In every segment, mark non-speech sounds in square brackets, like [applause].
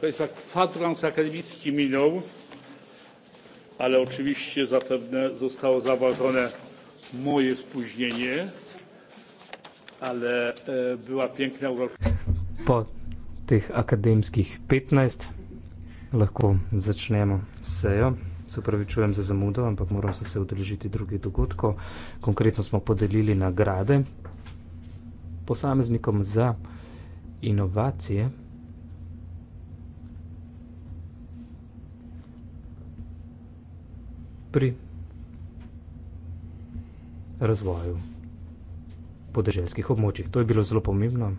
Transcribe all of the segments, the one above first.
Państwa, kwadrans akademicki minął, ale oczywiście zapewne zostało zauważone moje spóźnienie, ale e, była piękna uroczystość. Po tych akademickich 15 lekko zaczniemy sejo. Super wyczułem ze zamudą, ampak moram se se udeležiti drugi dogodko. Konkretno smo podelili nagrade posameznikom za inovacije. Pri razvoju podeželskih območij. To je bilo zelo pomembno,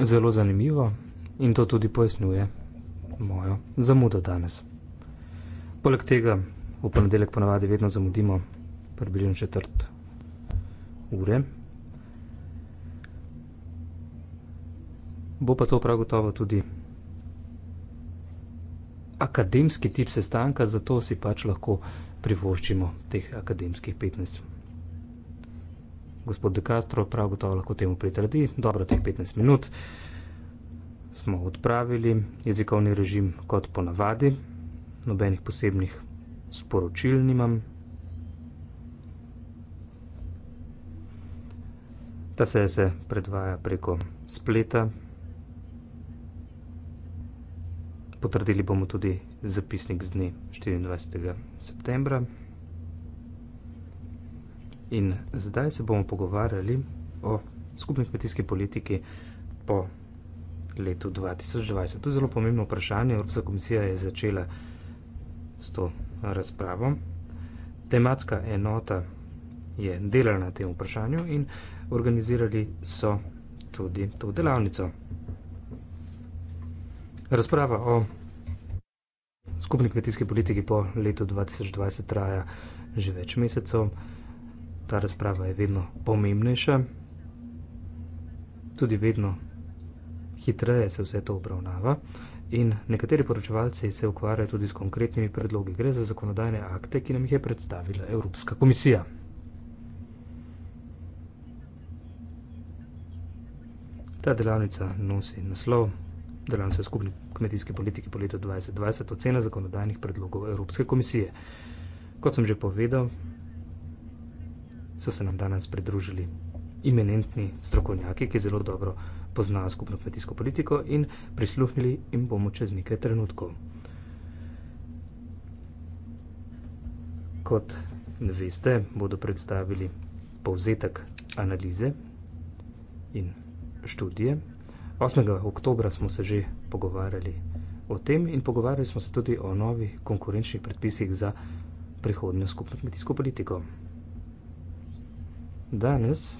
zelo zanimivo in to tudi pojasnjuje mojo zamudo danes. Poleg tega, v ponedeljek ponavadi vedno zamudimo približno četrt ure. Bo pa to prav gotovo tudi akademski tip sestanka, zato si pač lahko privoščimo teh akademskih 15. Gospod De Castro prav gotovo lahko temu pritrdi, dobro teh 15 minut smo odpravili, jezikovni režim kot ponavadi, nobenih posebnih sporočil nimam. Ta seja se predvaja preko spleta. Potrdili bomo tudi zapisnik z dne 24. septembra. In zdaj se bomo pogovarjali o skupni kmetijski politiki po letu 2020. To je zelo pomembno vprašanje. Evropska komisija je začela s to razpravo. Tematska enota je delala na tem vprašanju in organizirali so tudi to delavnico. Razprava o skupni kmetijski politiki po letu 2020 traja že več mesecev. Ta razprava je vedno pomembnejša, tudi vedno hitreje se vse to obravnava. In nekateri poročevalci se ukvarjajo tudi s konkretnimi predlogi. Gre za zakonodajne akte, ki nam jih je predstavila Evropska komisija. Ta delavnica nosi naslov Delavnica o skupni kmetijski politiki po letu 2020, ocena zakonodajnih predlogov Evropske komisije. Kot sem že povedal, so se nam danes pridružili imenentni strokovnjaki, ki zelo dobro poznajo skupno kmetijsko politiko in prisluhnili in bomo čez nekaj trenutkov. Kot veste, bodo predstavili povzetek analize in študije. 8. oktobra smo se že pogovarjali o tem in pogovarjali smo se tudi o novi konkurenčni predpisih za prihodnjo skupno kmetijsko politiko. Danes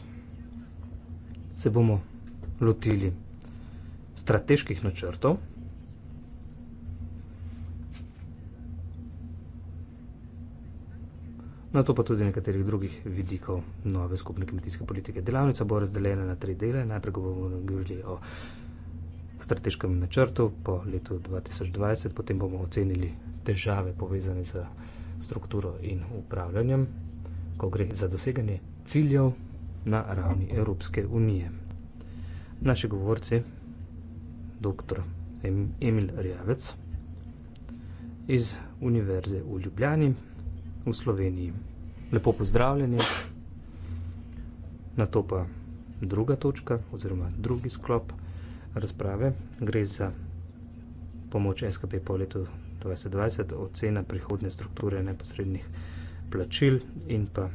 se bomo lotili strateških načrtov, na to pa tudi nekaterih drugih vidikov nove skupne kmetijske politike. Delavnica bo razdeljena na tri dele. Najprej bomo govorili o strateškem načrtu po letu 2020, potem bomo ocenili težave povezane z strukturo in upravljanjem, ko gre za doseganje ciljev na ravni Evropske unije. Naši govorci, dr. Emil Rjavec iz Univerze v Ljubljani, v Sloveniji. Lepo pozdravljeni. Na to pa druga točka oziroma drugi sklop razprave. Gre za pomoč SKP po letu 2020, ocena prihodne strukture neposrednih plačil in pa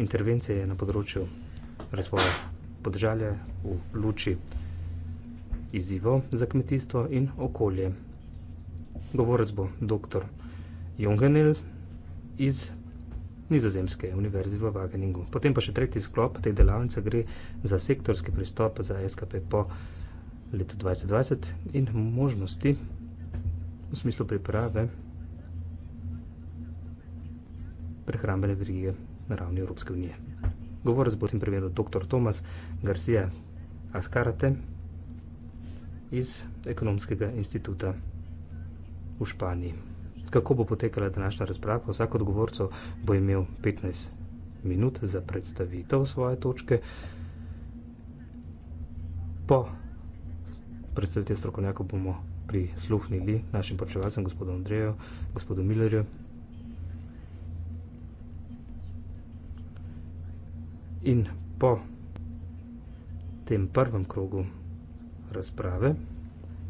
intervencije na področju razvoja podržalja v luči izzivo za kmetijstvo in okolje. Govorec bo dr. Jungenel iz nizozemske univerze v Wageningu. Potem pa še tretji sklop te delavnice gre za sektorski pristop za SKP po letu 2020 in možnosti v smislu priprave prehrambene verige na ravni Evropske unije. Govoril bo v tem primeru dr. Tomas Garcia Ascarate iz Ekonomskega instituta v Španiji kako bo potekala današnja razprava. Vsak od govorcev bo imel 15 minut za predstavitev svoje točke. Po predstavitvi strokovnjakov bomo prisluhnili našim počevalcem, gospodu Andreju, gospodu Millerju. In po tem prvem krogu razprave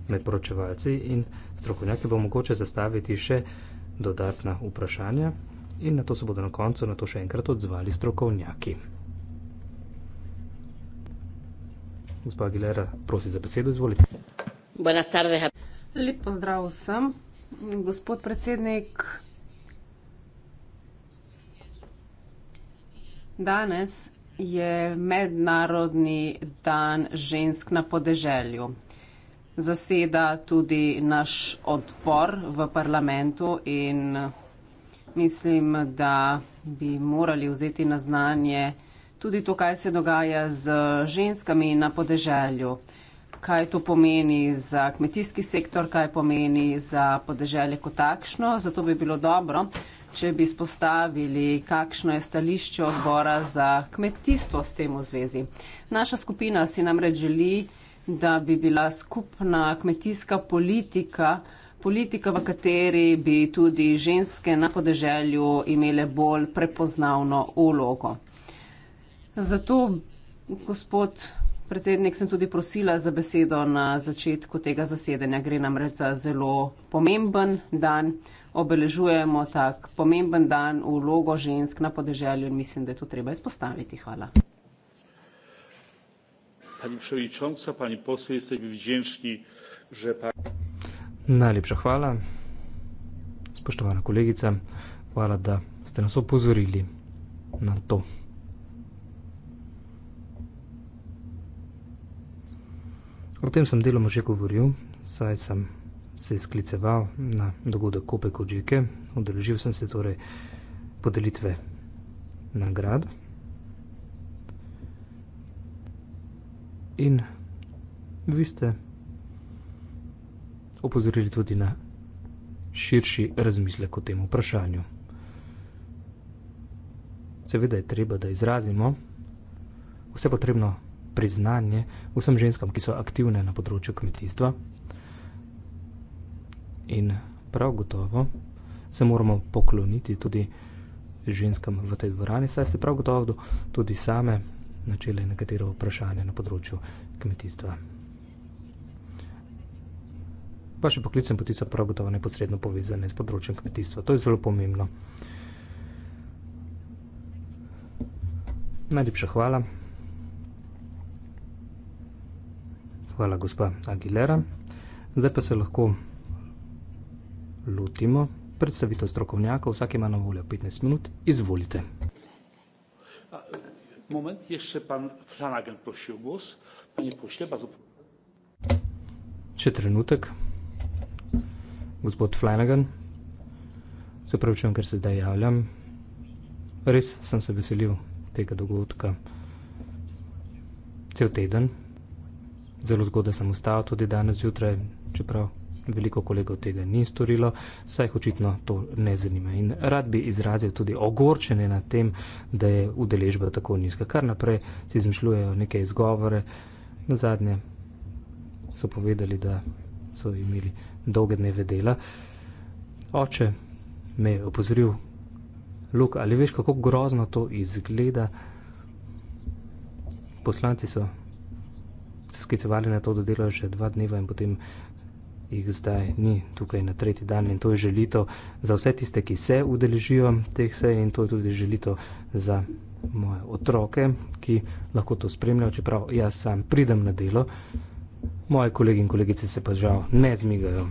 med poročevalci in strokovnjaki bo mogoče zastaviti še dodatna vprašanja in na to se bodo na koncu na to še enkrat odzvali strokovnjaki. Gospa Aguilera, prosim za besedo, izvolite. Ja. Lep pozdrav vsem. Gospod predsednik, danes je mednarodni dan žensk na podeželju zaseda tudi naš odpor v parlamentu in mislim, da bi morali vzeti na znanje tudi to, kaj se dogaja z ženskami na podeželju. Kaj to pomeni za kmetijski sektor, kaj pomeni za podeželje kot takšno. Zato bi bilo dobro, če bi spostavili, kakšno je stališče odbora za kmetijstvo s tem v zvezi. Naša skupina si namreč želi, da bi bila skupna kmetijska politika, politika, v kateri bi tudi ženske na podeželju imele bolj prepoznavno ulogo. Zato, gospod predsednik, sem tudi prosila za besedo na začetku tega zasedanja. Gre namreč za zelo pomemben dan. Obeležujemo tak pomemben dan v logo žensk na podeželju in mislim, da je to treba izpostaviti. Hvala pani przewodnicząca, pani poseł, jesteśmy wdzięczni, że pan. Najlepsza chwała. Spoštovana kolegica, hvala, da ste nas opozorili na to. O tem sem deloma že govoril, saj sem se skliceval na dogodek Kope Kodžike, odeležil sem se torej podelitve nagrad in vi ste opozorili tudi na širši razmislek o tem vprašanju. Seveda je treba, da izrazimo vse potrebno priznanje vsem ženskam, ki so aktivne na področju kmetijstva. In prav gotovo se moramo pokloniti tudi ženskam v tej dvorani, saj ste prav gotovo tudi same načele nekatero vprašanje na področju kmetijstva. Vaše poklicne poti so prav gotovo neposredno povezane s področjem kmetijstva. To je zelo pomembno. Najlepša hvala. Hvala, gospa Aguilera. Zdaj pa se lahko lotimo predstavitev strokovnjaka. Vsak ima na voljo 15 minut. Izvolite. Moment, jeszcze pan Flanagan prosił o głos. Panie pośle, bardzo proszę. Trzy minutek. Gospod Flanagan. Zapraviam, ker se zdaj javljam. Res sem se veselil tega dogodka. Cel teden. Zelo zgodaj sem vstal, tudi danes zjutraj, čeprav veliko kolegov tega ni storilo, saj jih očitno to ne zanima. In rad bi izrazil tudi ogorčenje na tem, da je udeležba tako nizka. Kar naprej si izmišljujejo neke izgovore. Na zadnje so povedali, da so imeli dolge dneve dela. Oče me je opozoril, Luk, ali veš, kako grozno to izgleda? Poslanci so se skicevali na to, da delajo še dva dneva in potem jih zdaj ni tukaj na tretji dan in to je želito za vse tiste, ki se udeležijo teh sej in to je tudi želito za moje otroke, ki lahko to spremljajo, čeprav jaz sam pridem na delo. Moje kolegi in kolegice se pa žal ne zmigajo.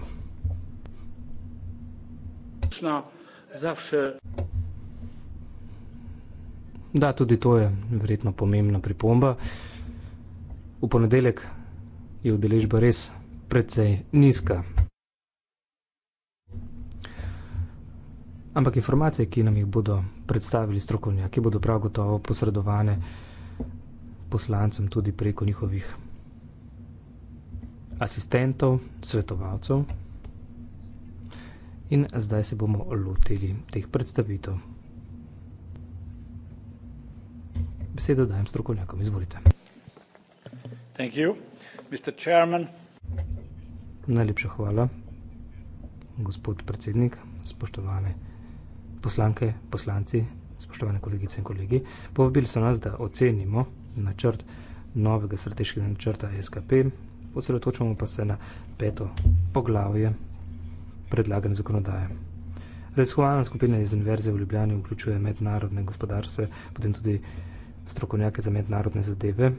Da, tudi to je verjetno pomembna pripomba. V ponedeljek je udeležba res precej nizka. Ampak informacije, ki nam jih bodo predstavili strokovnjaki, bodo prav gotovo posredovane poslancem tudi preko njihovih asistentov, svetovalcev. In zdaj se bomo lotili teh predstavitev. Besedo dajem strokovnjakom, izvolite. Thank you, Mr. Chairman. Najlepša hvala, gospod predsednik, spoštovane poslanke, poslanci, spoštovane kolegice in kolegi. Povabili so nas, da ocenimo načrt novega strateškega načrta SKP, osredotočamo pa se na peto poglavje predlagane zakonodaje. Raziskovalna skupina iz Univerze v Ljubljani vključuje mednarodne gospodarstve, potem tudi strokovnjake za mednarodne zadeve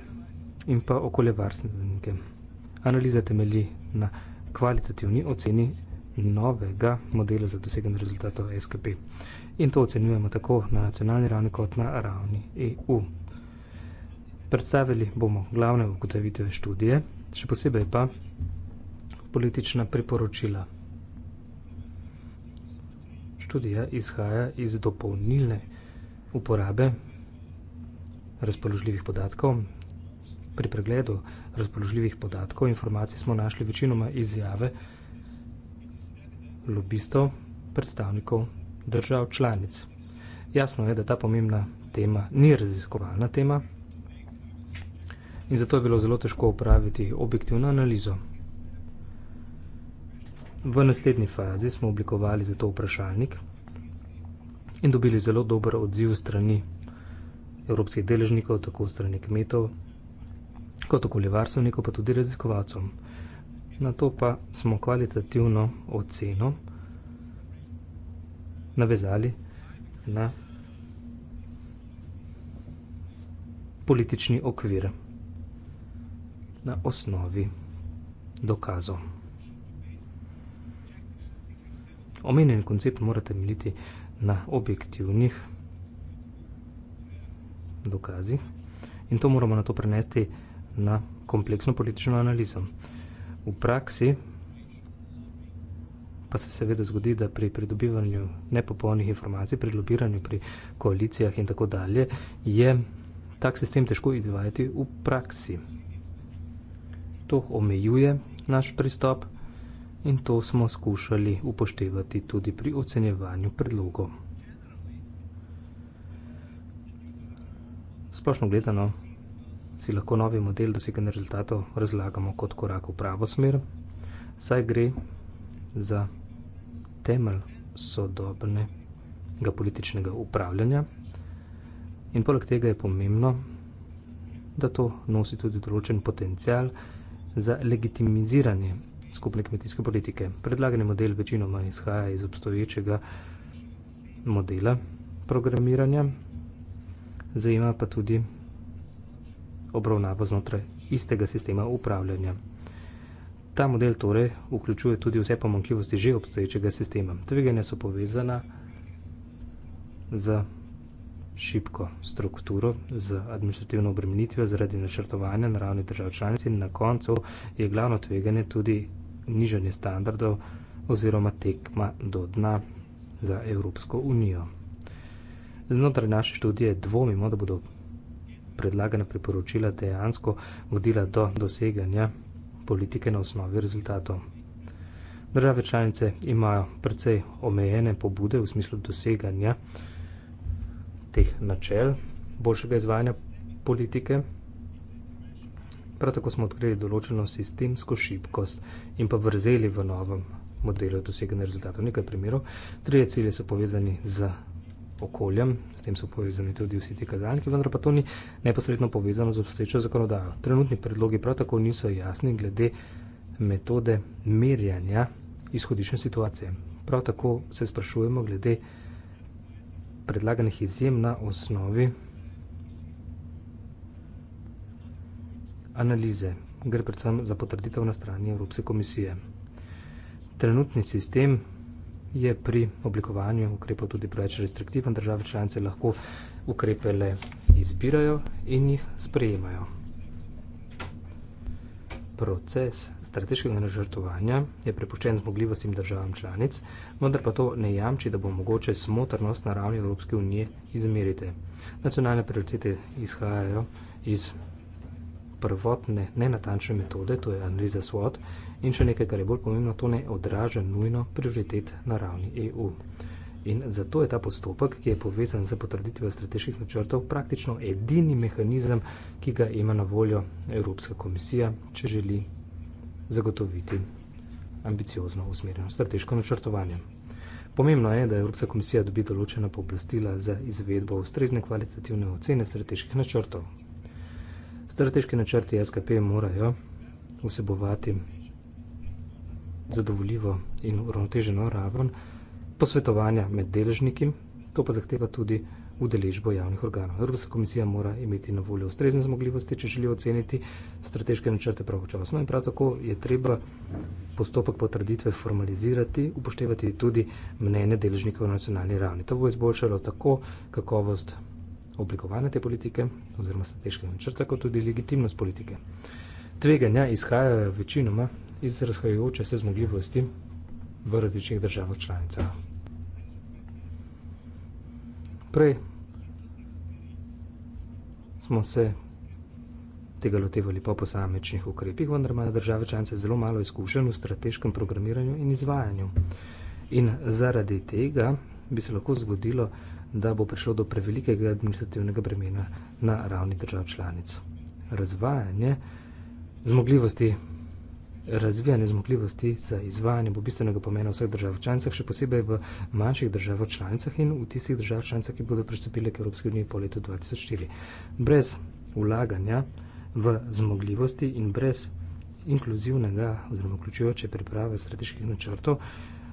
in pa okoljevarstvenike. Analiza temelji na kvalitativni oceni novega modela za doseganje rezultatov SKP. In to ocenjujemo tako na nacionalni ravni kot na ravni EU. Predstavili bomo glavne ugotovitve študije, še posebej pa politična priporočila. Študija izhaja iz dopolnilne uporabe razpoložljivih podatkov. Pri pregledu razpoložljivih podatkov. Informacije smo našli večinoma izjave lobistov, predstavnikov držav članic. Jasno je, da ta pomembna tema ni raziskovalna tema in zato je bilo zelo težko upraviti objektivno analizo. V naslednji fazi smo oblikovali zato vprašalnik in dobili zelo dober odziv strani evropskih deležnikov, tako strani kmetov, kot okoljevarstvenikom, pa tudi raziskovalcem. Na to pa smo kvalitativno oceno navezali na politični okvir, na osnovi dokazov. Omenjen koncept morate militi na objektivnih dokazih in to moramo na to prenesti na kompleksno politično analizo. V praksi pa se seveda zgodi, da pri pridobivanju nepopolnih informacij, pri lobiranju, pri koalicijah in tako dalje, je tak sistem težko izvajati v praksi. To omejuje naš pristop in to smo skušali upoštevati tudi pri ocenjevanju predlogov. Splošno gledano, si lahko novi model doseganja rezultatov razlagamo kot korak v pravo smer, saj gre za temelj sodobnega političnega upravljanja. In poleg tega je pomembno, da to nosi tudi določen potencial za legitimiziranje skupne kmetijske politike. Predlagani model večinoma izhaja iz obstoječega modela programiranja, zajema pa tudi obravnavo znotraj istega sistema upravljanja. Ta model torej vključuje tudi vse pomankljivosti že obstoječega sistema. Tveganja so povezana z šibko strukturo, z administrativno obremenitvijo zaradi načrtovanja na ravni držav članic in na koncu je glavno tveganje tudi nižanje standardov oziroma tekma do dna za Evropsko unijo. Znotraj naše študije dvomimo, da bodo predlagana priporočila dejansko vodila do doseganja politike na osnovi rezultatov. Države članice imajo precej omejene pobude v smislu doseganja teh načel boljšega izvajanja politike. Prav tako smo odkrili določeno sistemsko šibkost in pa vrzeli v novem modelu doseganja rezultatov. Nekaj primerov. Trije cilje so povezani z okoljem, s tem so povezani tudi vsi ti kazalniki, vendar pa to ni neposredno povezano z obstoječo zakonodajo. Trenutni predlogi prav tako niso jasni glede metode merjanja izhodišnje situacije. Prav tako se sprašujemo glede predlaganih izjem na osnovi analize. Gre predvsem za potrditev na strani Evropske komisije. Trenutni sistem je pri oblikovanju ukrepov tudi preveč restriktiven, države članice lahko ukrepe le izbirajo in jih sprejemajo. Proces strateškega načrtovanja je prepuščen zmogljivostim državam članic, vendar pa to ne jamči, da bo mogoče smotrnost na ravni Evropske unije izmeriti. Nacionalne prioritete izhajajo iz prvotne nenatančne metode, to je analiza SWOT, In še nekaj, kar je bolj pomembno, to ne odraža nujno prioritet na ravni EU. In zato je ta postopek, ki je povezan z potrditvijo strateških načrtov, praktično edini mehanizem, ki ga ima na voljo Evropska komisija, če želi zagotoviti ambiciozno usmerjeno strateško načrtovanje. Pomembno je, da Evropska komisija dobi določena pooblastila za izvedbo ustrezne kvalitativne ocene strateških načrtov. Strateški načrti SKP morajo vsebovati zadovoljivo in uravnoteženo raven posvetovanja med deležniki, to pa zahteva tudi udeležbo javnih organov. Evropska komisija mora imeti na voljo ustrezne zmogljivosti, če želi oceniti strateške načrte pravočasno in prav tako je treba postopek potrditve formalizirati, upoštevati tudi mnenje deležnikov na nacionalni ravni. To bo izboljšalo tako kakovost oblikovanja te politike oziroma strateškega načrta, kot tudi legitimnost politike. Tveganja izhajajo večinoma iz razhajajoče se zmogljivosti v različnih državah članicah. Prej smo se tega lotevali po posamečnih ukrepih, vendar imajo države članice zelo malo izkušen v strateškem programiranju in izvajanju. In zaradi tega bi se lahko zgodilo, da bo prišlo do prevelikega administrativnega bremena na ravni držav članic. Razvajanje zmogljivosti razvijanje zmogljivosti za izvajanje bo bistvenega pomena v vseh državah članicah, še posebej v manjših državah članicah in v tistih državah članicah, ki bodo pristopile k Evropski uniji po letu 2004. Brez ulaganja v zmogljivosti in brez inkluzivnega oziroma vključujoče priprave strateških načrtov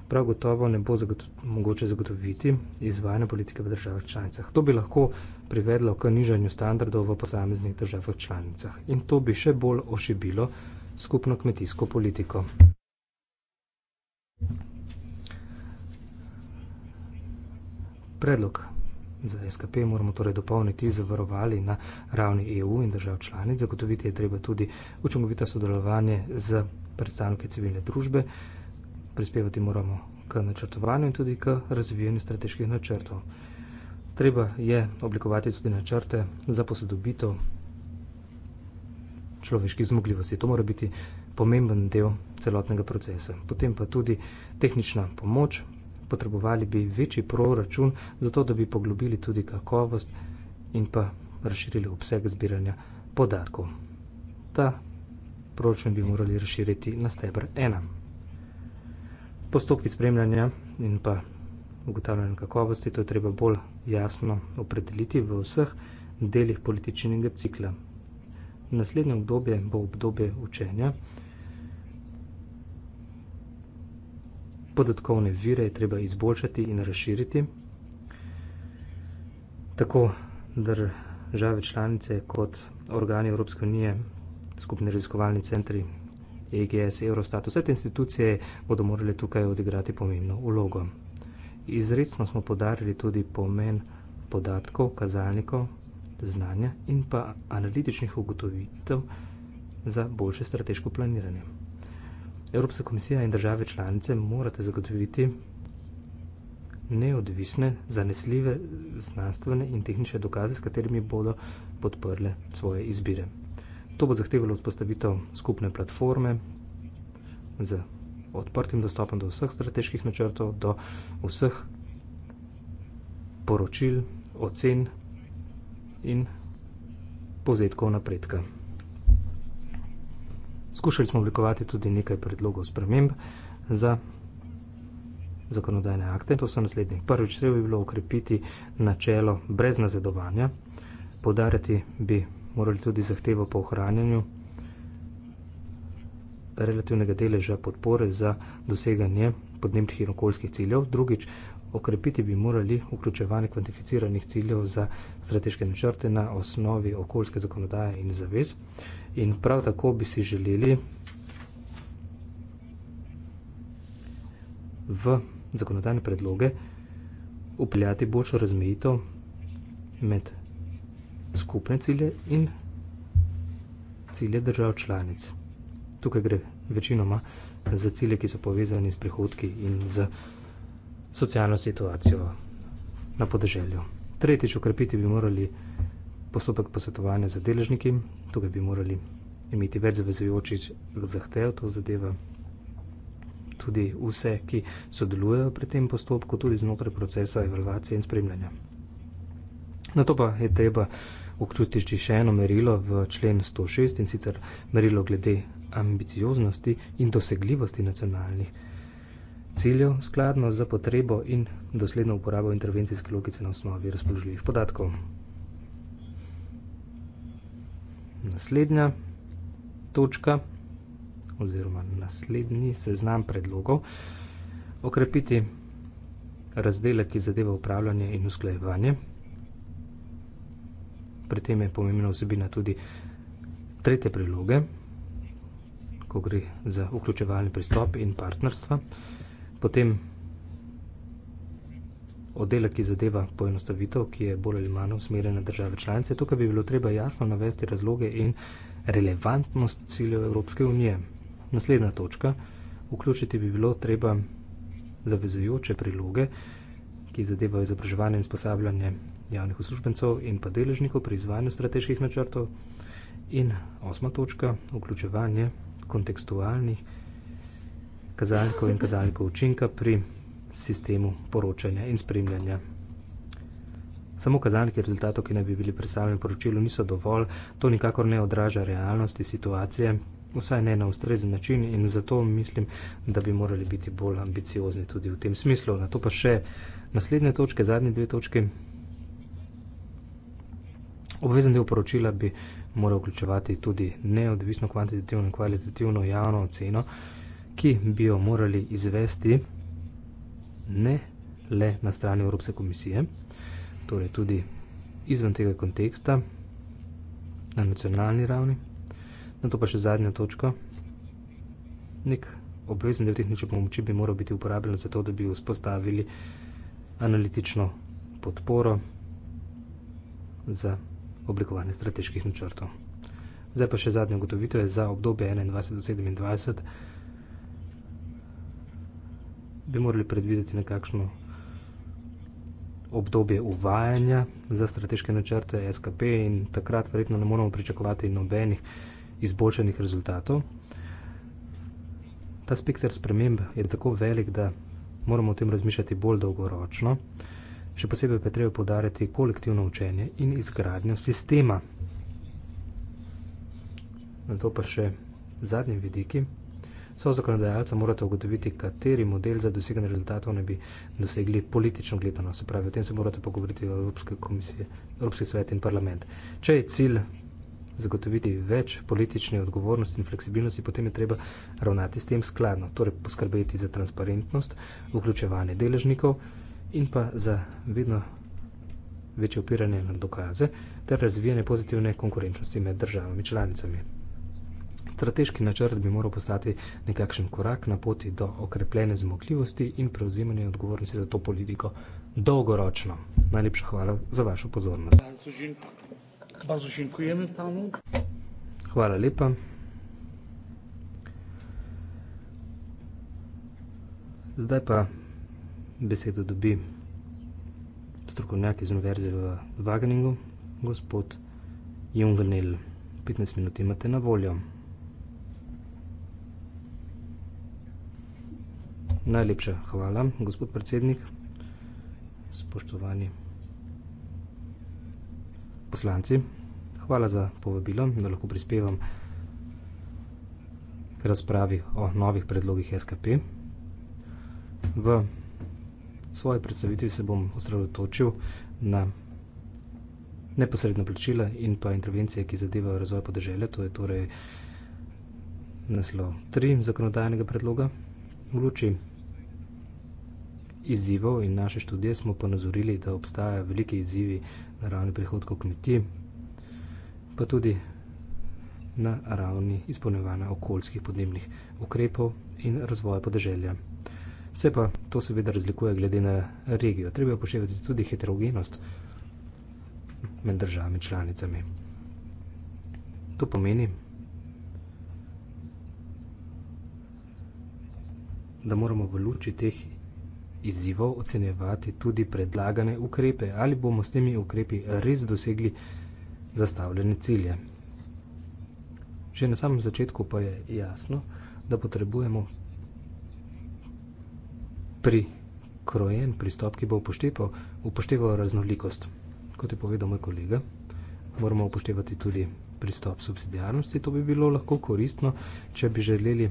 prav gotovo ne bo zagotov, mogoče zagotoviti izvajanja politike v državah članicah. To bi lahko privedlo k nižanju standardov v posameznih državah članicah in to bi še bolj ošibilo skupno kmetijsko politiko. Predlog za SKP moramo torej dopolniti, zavarovali na ravni EU in držav članic. Zagotoviti je treba tudi učinkovito sodelovanje z predstavniki civilne družbe. Prispevati moramo k načrtovanju in tudi k razvijanju strateških načrtov. Treba je oblikovati tudi načrte za posodobitev človeških zmogljivosti. To mora biti pomemben del celotnega procesa. Potem pa tudi tehnična pomoč, potrebovali bi večji proračun, zato da bi poglobili tudi kakovost in pa razširili obseg zbiranja podatkov. Ta proračun bi morali razširiti na stebr 1. Postopki spremljanja in pa ugotavljanja kakovosti, to je treba bolj jasno opredeliti v vseh delih političnega cikla. Naslednje obdobje bo obdobje učenja. Podatkovne vire je treba izboljšati in razširiti, tako države članice kot organi Evropske unije, skupni raziskovalni centri, EGS, Eurostat, vse te institucije bodo morali tukaj odigrati pomembno vlogo. Izredno smo podarili tudi pomen podatkov, kazalnikov, znanja in pa analitičnih ugotovitev za boljše strateško planiranje. Evropska komisija in države članice morate zagotoviti neodvisne, zanesljive znanstvene in tehnične dokaze, s katerimi bodo podprle svoje izbire. To bo zahtevalo vzpostavitev skupne platforme z odprtim dostopom do vseh strateških načrtov, do vseh poročil, ocen in povzetkov napredka. Skušali smo oblikovati tudi nekaj predlogov sprememb za zakonodajne akte. To so naslednji. Prvič treba bi bilo ukrepiti načelo brez nazadovanja. Podarjati bi morali tudi zahtevo po ohranjanju relativnega deleža podpore za doseganje podnebnih in okoljskih ciljev. Drugič, okrepiti bi morali vključevanje kvantificiranih ciljev za strateške načrte na osnovi okoljske zakonodaje in zavez. In prav tako bi si želeli v zakonodajne predloge upeljati boljšo razmejitev med skupne cilje in cilje držav članic. Tukaj gre večinoma za cilje, ki so povezani s prihodki in z socialno situacijo na podeželju. Tretjič, ukrepiti bi morali postopek posvetovanja za deležniki, tukaj bi morali imeti več zavezujočih zahtev, to zadeva tudi vse, ki sodelujejo pri tem postopku, tudi znotraj procesa evalvacije in spremljanja. Na to pa je treba vključiti še eno merilo v člen 106 in sicer merilo glede ambicioznosti in dosegljivosti nacionalnih ciljev, skladno z potrebo in dosledno uporabo intervencijske logike na osnovi razpoložljivih podatkov. Naslednja točka, oziroma naslednji seznam predlogov, okrepiti razdelek, ki zadeva upravljanje in usklajevanje. Pri tem je pomembna vsebina tudi tretje priloge, ko gre za vključevalni pristop in partnerstva potem oddelek, ki zadeva poenostavitev, ki je bolj ali manj usmerjen na države članice. Tukaj bi bilo treba jasno navesti razloge in relevantnost ciljev Evropske unije. Naslednja točka. Vključiti bi bilo treba zavezujoče priloge, ki zadevajo izobraževanje in sposabljanje javnih uslužbencev in pa deležnikov pri izvajanju strateških načrtov. In osma točka, vključevanje kontekstualnih kazalnikov in kazalnikov učinka pri sistemu poročanja in spremljanja. Samo kazalniki rezultatov, ki naj bi bili predstavljeni v poročilu, niso dovolj, to nikakor ne odraža realnosti situacije, vsaj ne na ustrezen način in zato mislim, da bi morali biti bolj ambiciozni tudi v tem smislu. Na to pa še naslednje točke, zadnje dve točke. Obvezen del poročila bi moral vključevati tudi neodvisno kvantitativno in kvalitativno javno oceno, uh, ki bi jo morali izvesti ne le na strani Evropske komisije, torej tudi izven tega konteksta, na nacionalni ravni. Na to pa še zadnja točka. Nek obvezen del tehnične pomoči bi moral biti uporabljen za to, da bi vzpostavili analitično podporo za oblikovanje strateških načrtov. Zdaj pa še zadnja ugotovitev je za obdobje 2021 do 2027 bi morali predvideti nekakšno obdobje uvajanja za strateške načrte SKP in takrat verjetno ne moramo pričakovati nobenih izboljšanih rezultatov. Ta spektr sprememb je tako velik, da moramo o tem razmišljati bolj dolgoročno. Še posebej pa je treba podariti kolektivno učenje in izgradnjo sistema. Na to pa še zadnji vidiki so zakonodajalca morate ugotoviti, kateri model za doseganje rezultatov ne bi dosegli politično gledano. Se pravi, o tem se morate pogovoriti v Evropske komisije, Evropski svet in parlament. Če je cilj zagotoviti več politične odgovornosti in fleksibilnosti, potem je treba ravnati s tem skladno, torej poskrbeti za transparentnost, vključevanje deležnikov in pa za vedno večje upiranje na dokaze ter razvijanje pozitivne konkurenčnosti med državami članicami. Strateški načrt bi moral postati nekakšen korak na poti do okrepljene zmogljivosti in prevzemanja odgovornosti za to politiko dolgoročno. Najlepša hvala za vašo pozornost. Hvala lepa. Zdaj pa besedo dobi strokovnjak iz Univerze v Wageningu, gospod Jungnel. 15 minut imate na voljo. Najlepša hvala, gospod predsednik. Spoštovani poslanci, hvala za povabilo, da lahko prispevam k razpravi o novih predlogih SKP. V svoji predstavitvi se bom osredotočil na neposredno plačila in pa intervencije, ki zadevajo razvoj podeželja, to je torej naslov 3 zakonodajnega predloga v luči izzivov in naše študije smo ponazorili, da obstajajo velike izzivi na ravni prihodkov kmetij, pa tudi na ravni izpolnjevanja okoljskih podnebnih ukrepov in razvoja podeželja. Vse pa to seveda razlikuje glede na regijo. Treba je upoštevati tudi heterogenost med državami članicami. To pomeni, da moramo v luči teh izzivov ocenjevati tudi predlagane ukrepe, ali bomo s temi ukrepi res dosegli zastavljene cilje. Že na samem začetku pa je jasno, da potrebujemo pri krojen pristop, ki bo upošteval, upošteval raznolikost. Kot je povedal moj kolega, moramo upoštevati tudi pristop subsidijarnosti. To bi bilo lahko koristno, če bi želeli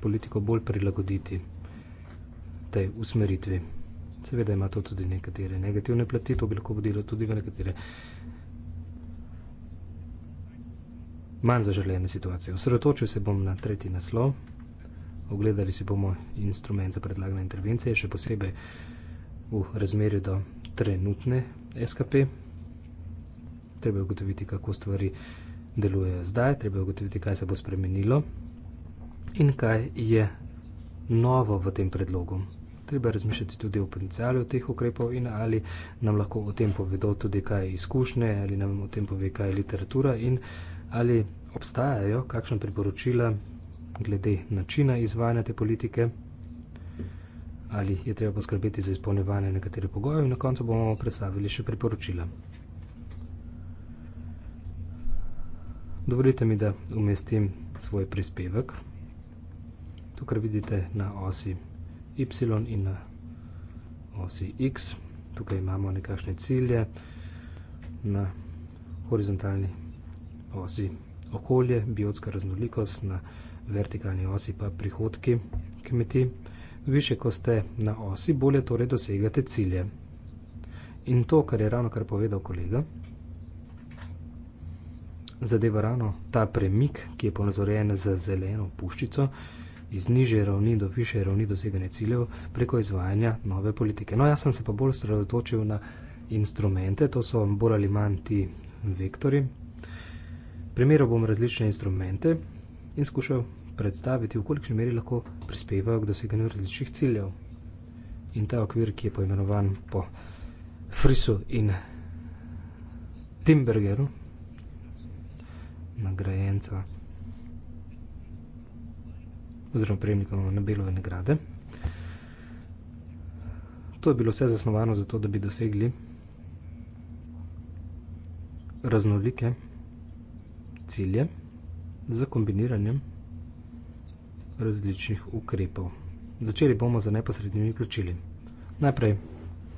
politiko bolj prilagoditi tej usmeritvi. Seveda ima to tudi nekatere negativne plati, to bi lahko vodilo tudi v nekatere manj zaželene situacije. Osredotočil se bom na tretji naslov, ogledali si bomo instrument za predlagane intervencije, še posebej v razmerju do trenutne SKP. Treba je ugotoviti, kako stvari delujejo zdaj, treba je ugotoviti, kaj se bo spremenilo in kaj je novo v tem predlogu treba razmišljati tudi o potencijalu teh ukrepov in ali nam lahko o tem povedo tudi kaj izkušnje, ali nam o tem pove kaj literatura in ali obstajajo kakšna priporočila glede načina izvajanja te politike, ali je treba poskrbeti za izpolnjevanje nekaterih pogojev in na koncu bomo predstavili še priporočila. Dovolite mi, da umestim svoj prispevek. Tukaj vidite na osi y in na osi x. Tukaj imamo nekakšne cilje na horizontalni osi okolje, biotska raznolikost, na vertikalni osi pa prihodki kmeti. Više, ko ste na osi, bolje torej dosegate cilje. In to, kar je ravno kar povedal kolega, zadeva ravno ta premik, ki je ponazorjen za zeleno puščico, iz niže ravni do više ravni doseganja ciljev preko izvajanja nove politike. No, jaz sem se pa bolj sredotočil na instrumente, to so bolj ali manj ti vektori. Primeral bom različne instrumente in skušal predstaviti, v kolikšni meri lahko prispevajo k doseganju različnih ciljev. In ta okvir, ki je poimenovan po Frisu in Timbergeru, nagrajenca oziroma prejemnikov Nobelove nagrade. To je bilo vse zasnovano zato, da bi dosegli raznolike cilje z kombiniranjem različnih ukrepov. Začeli bomo z neposrednimi ključili. Najprej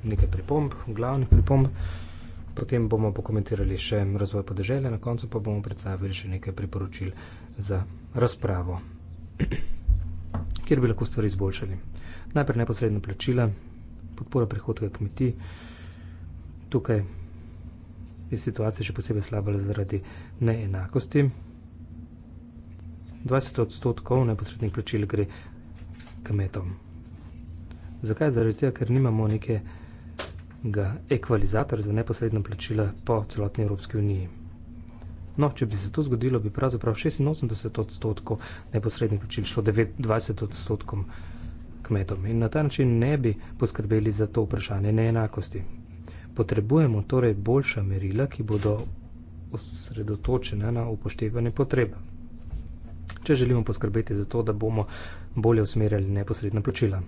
nekaj pripomb, glavnih pripomb, potem bomo pokomentirali še razvoj podeželja, na koncu pa bomo predstavili še nekaj priporočil za razpravo. Thank you kjer bi lahko stvari izboljšali. Najprej neposredno plačila, podpora prihodka kmetij. Tukaj je situacija še posebej slaba zaradi neenakosti. 20 odstotkov neposrednih plačil gre kmetom. Zakaj? Zaradi tega, ker nimamo nekega ekvalizatorja za neposredna plačila po celotni Evropski uniji. No, če bi se to zgodilo, bi pravzaprav 86 odstotkov neposrednih plačil šlo 20 odstotkom kmetom in na ta način ne bi poskrbeli za to vprašanje neenakosti. Potrebujemo torej boljša merila, ki bodo osredotočena na upoštevanje potreb. Če želimo poskrbeti za to, da bomo bolje usmerjali neposredna plačila.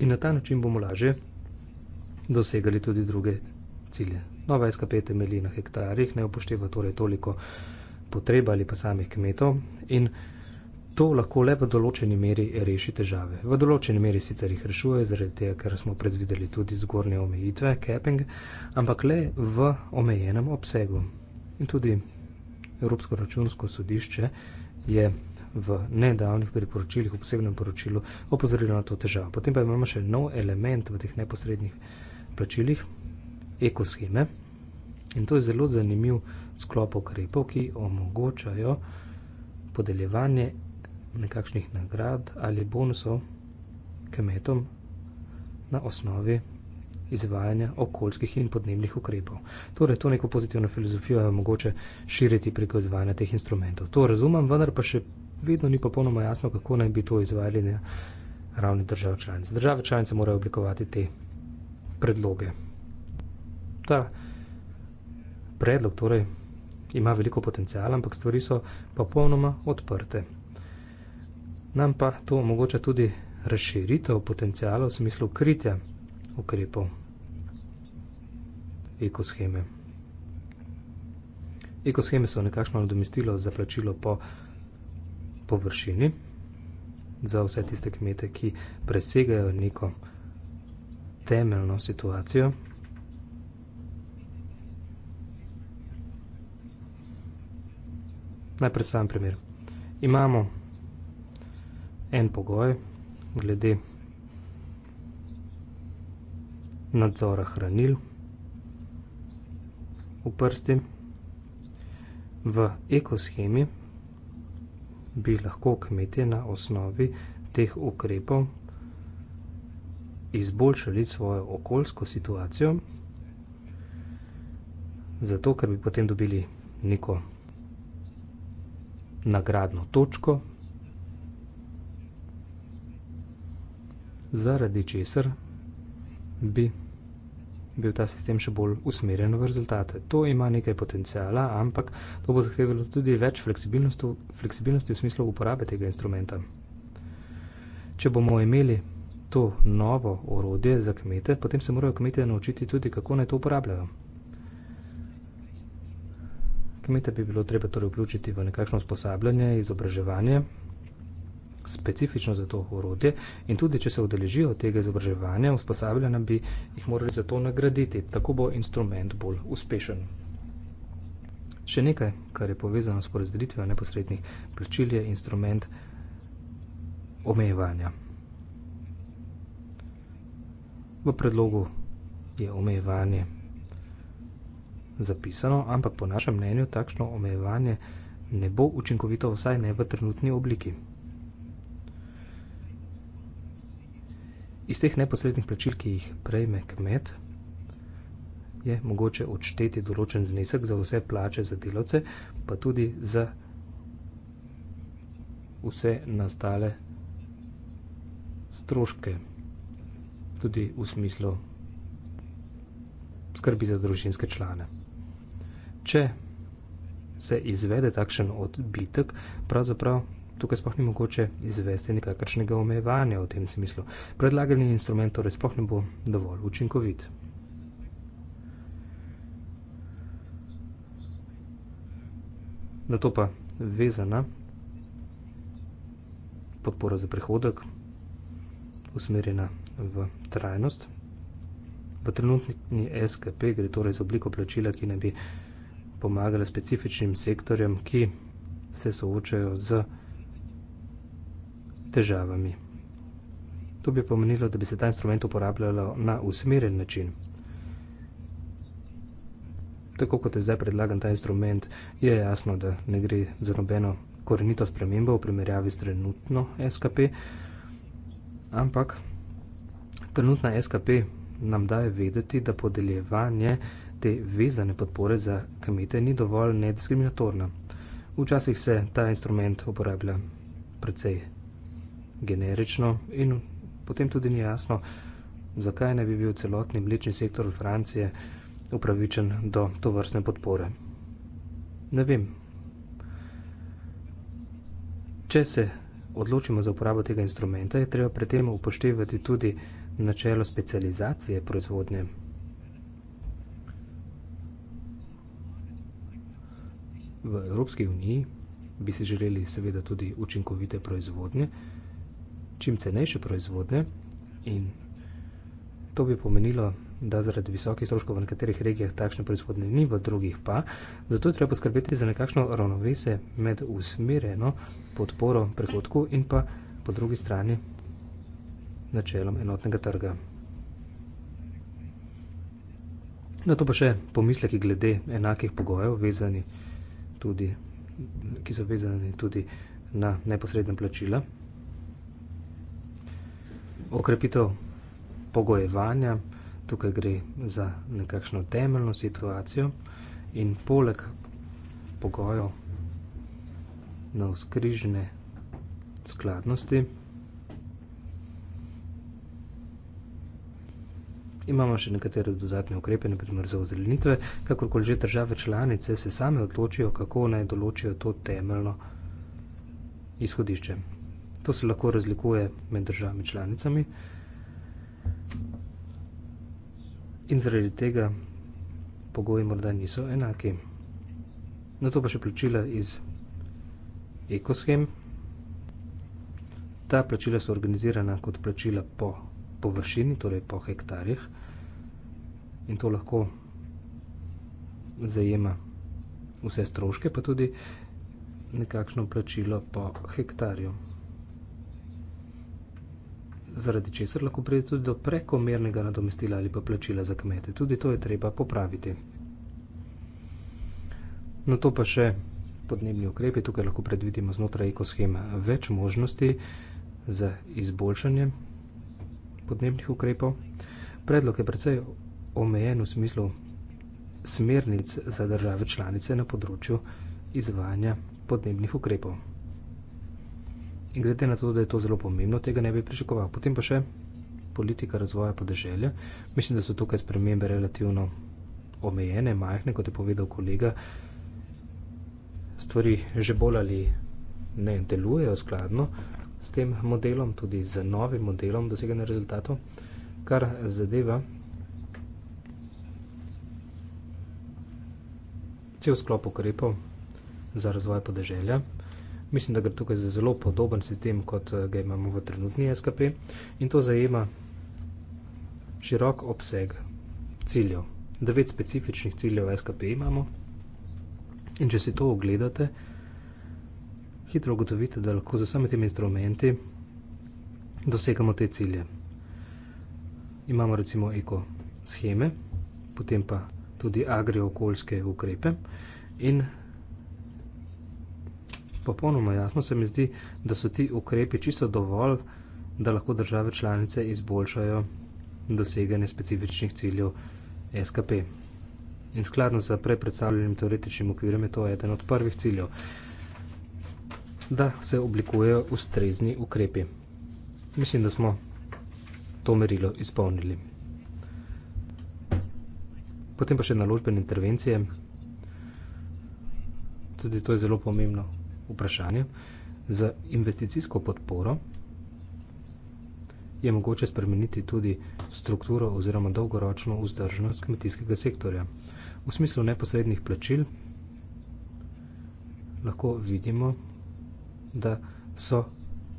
In na ta način bomo lažje dosegali tudi druge cilje. Nova SKP temelji na hektarjih, ne upošteva torej toliko potreb ali pa samih kmetov in to lahko le v določeni meri reši težave. V določeni meri sicer jih rešuje, zaradi tega, ker smo predvideli tudi zgornje omejitve, capping, ampak le v omejenem obsegu. In tudi Evropsko računsko sodišče je v nedavnih priporočilih, v posebnem poročilu, opozorilo na to težavo. Potem pa imamo še nov element v teh neposrednih plačilih, ekosheme. In to je zelo zanimiv sklop ukrepov, ki omogočajo podeljevanje nekakšnih nagrad ali bonusov kmetom na osnovi izvajanja okoljskih in podnebnih ukrepov. Torej, to neko pozitivno filozofijo je mogoče širiti preko izvajanja teh instrumentov. To razumem, vendar pa še vedno ni popolnoma jasno, kako naj bi to izvajali na ravni držav članic. Države članice morajo oblikovati te predloge ta predlog torej ima veliko potencijala, ampak stvari so popolnoma odprte. Nam pa to omogoča tudi razširitev potencijala v smislu kritja ukrepov ekosheme. Ekosheme so nekakšno nadomestilo za plačilo po površini za vse tiste kmete, ki presegajo neko temeljno situacijo. Naj predstavim primer. Imamo en pogoj glede nadzora hranil v prsti. V ekoshemi bi lahko kmetje na osnovi teh ukrepov izboljšali svojo okoljsko situacijo, zato ker bi potem dobili neko nagradno točko, zaradi česar bi bil ta sistem še bolj usmerjen v rezultate. To ima nekaj potencijala, ampak to bo zahtevalo tudi več fleksibilnosti, fleksibilnosti v smislu uporabe tega instrumenta. Če bomo imeli to novo orodje za kmete, potem se morajo kmete naučiti tudi, kako naj to uporabljajo. Kmete bi bilo treba torej vključiti v nekakšno usposabljanje, izobraževanje, specifično za to orodje in tudi, če se udeležijo tega izobraževanja, usposabljanja, bi jih morali za to nagraditi. Tako bo instrument bolj uspešen. Še nekaj, kar je povezano s porazdelitvijo neposrednih plačil, je instrument omejevanja. V predlogu je omejevanje zapisano, ampak po našem mnenju takšno omejevanje ne bo učinkovito vsaj ne v trenutni obliki. Iz teh neposrednih plačil, ki jih prejme kmet, je mogoče odšteti določen znesek za vse plače za delavce, pa tudi za vse nastale stroške, tudi v smislu skrbi za družinske člane če se izvede takšen odbitek, pravzaprav tukaj sploh ni mogoče izvesti nekakršnega omejevanja v tem smislu. Predlagani instrument torej sploh ne bo dovolj učinkovit. Na to pa vezana podpora za prihodek, usmerjena v trajnost. V trenutni SKP gre torej za obliko plačila, ki ne bi vzpravljala pomagale specifičnim sektorjem, ki se soočajo z težavami. To bi pomenilo, da bi se ta instrument uporabljalo na usmeren način. Tako kot je zdaj predlagan ta instrument, je jasno, da ne gre za nobeno korenito spremembo v primerjavi s trenutno SKP, ampak trenutna SKP nam daje vedeti, da podeljevanje te vezane podpore za kmete ni dovolj nediskriminatorna. Včasih se ta instrument uporablja precej generično in potem tudi ni jasno, zakaj ne bi bil celotni mlečni sektor v Francije upravičen do tovrstne podpore. Ne vem. Če se odločimo za uporabo tega instrumenta, je treba pri tem upoštevati tudi načelo specializacije proizvodnje V Evropski uniji bi si želeli seveda tudi učinkovite proizvodnje, čim cenejše proizvodnje in to bi pomenilo, da zaradi visokih stroškov v nekaterih regijah takšne proizvodnje ni, v drugih pa, zato je treba poskrbeti za nekakšno ravnovese med usmerjeno podporo prihodku in pa po drugi strani načelom enotnega trga. Na to pa še pomisleki glede enakih pogojev vezani na tudi, ki so vezani tudi na neposredna plačila. Okrepitev pogojevanja, tukaj gre za nekakšno temeljno situacijo in poleg pogojev na skladnosti, Imamo še nekatere dodatne ukrepe, naprimer za ozelenitve, kakorkoli že države članice se same odločijo, kako naj določijo to temeljno izhodišče. To se lahko razlikuje med državami članicami in zaradi tega pogoji morda niso enaki. Na to pa še plačila iz ekoschem. Ta plačila so organizirana kot plačila po površini, torej po hektarjih. In to lahko zajema vse stroške, pa tudi nekakšno plačilo po hektarju. Zaradi česar lahko pride tudi do prekomernega nadomestila ali pa plačila za kmete. Tudi to je treba popraviti. Na no, to pa še podnebni ukrepi. Tukaj lahko predvidimo znotraj ekosheme več možnosti za izboljšanje podnebnih ukrepov. Predlog je predvsej omejen v smislu smernic za države članice na področju izvajanja podnebnih ukrepov. In glede na to, da je to zelo pomembno, tega ne bi pričakoval. Potem pa še politika razvoja podeželja. Mislim, da so tukaj spremembe relativno omejene, majhne, kot je povedal kolega. Stvari že bolj ali ne delujejo skladno s tem modelom, tudi z novim modelom doseganja rezultatov, kar zadeva cel sklop ukrepov za razvoj podeželja. Mislim, da gre tukaj za zelo podoben sistem, kot ga imamo v trenutni SKP in to zajema širok obseg ciljev. Devet specifičnih ciljev SKP imamo in če si to ogledate, hitro ugotovite, da lahko z vsemi temi instrumenti dosegamo te cilje. Imamo recimo ekosheme, potem pa tudi agriokoljske ukrepe in popolnoma jasno se mi zdi, da so ti ukrepi čisto dovolj, da lahko države članice izboljšajo doseganje specifičnih ciljev SKP. In skladno z prej predstavljenim teoretičnim okvirom je to eden od prvih ciljev da se oblikujejo ustrezni ukrepi. Mislim, da smo to merilo izpolnili. Potem pa še naložbene intervencije. Tudi to je zelo pomembno vprašanje. Z investicijsko podporo je mogoče spremeniti tudi strukturo oziroma dolgoročno vzdržnost kmetijskega sektorja. V smislu neposrednih plačil lahko vidimo, da so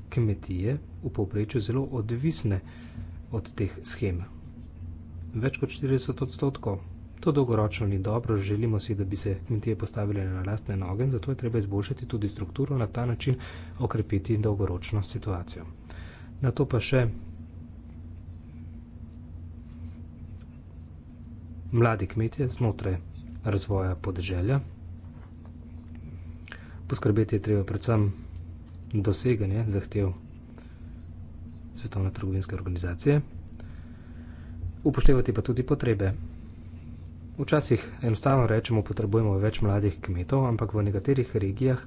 kmetije v povprečju zelo odvisne od teh schem. Več kot 40 odstotkov. To dolgoročno ni dobro, želimo si, da bi se kmetije postavile na lastne noge, zato je treba izboljšati tudi strukturo na ta način, okrepiti dolgoročno situacijo. Na to pa še mladi kmetje znotraj razvoja podeželja. Poskrbeti je treba predvsem doseganje zahtev Svetovne trgovinske organizacije, upoštevati pa tudi potrebe. Včasih enostavno rečemo, potrebujemo več mladih kmetov, ampak v nekaterih regijah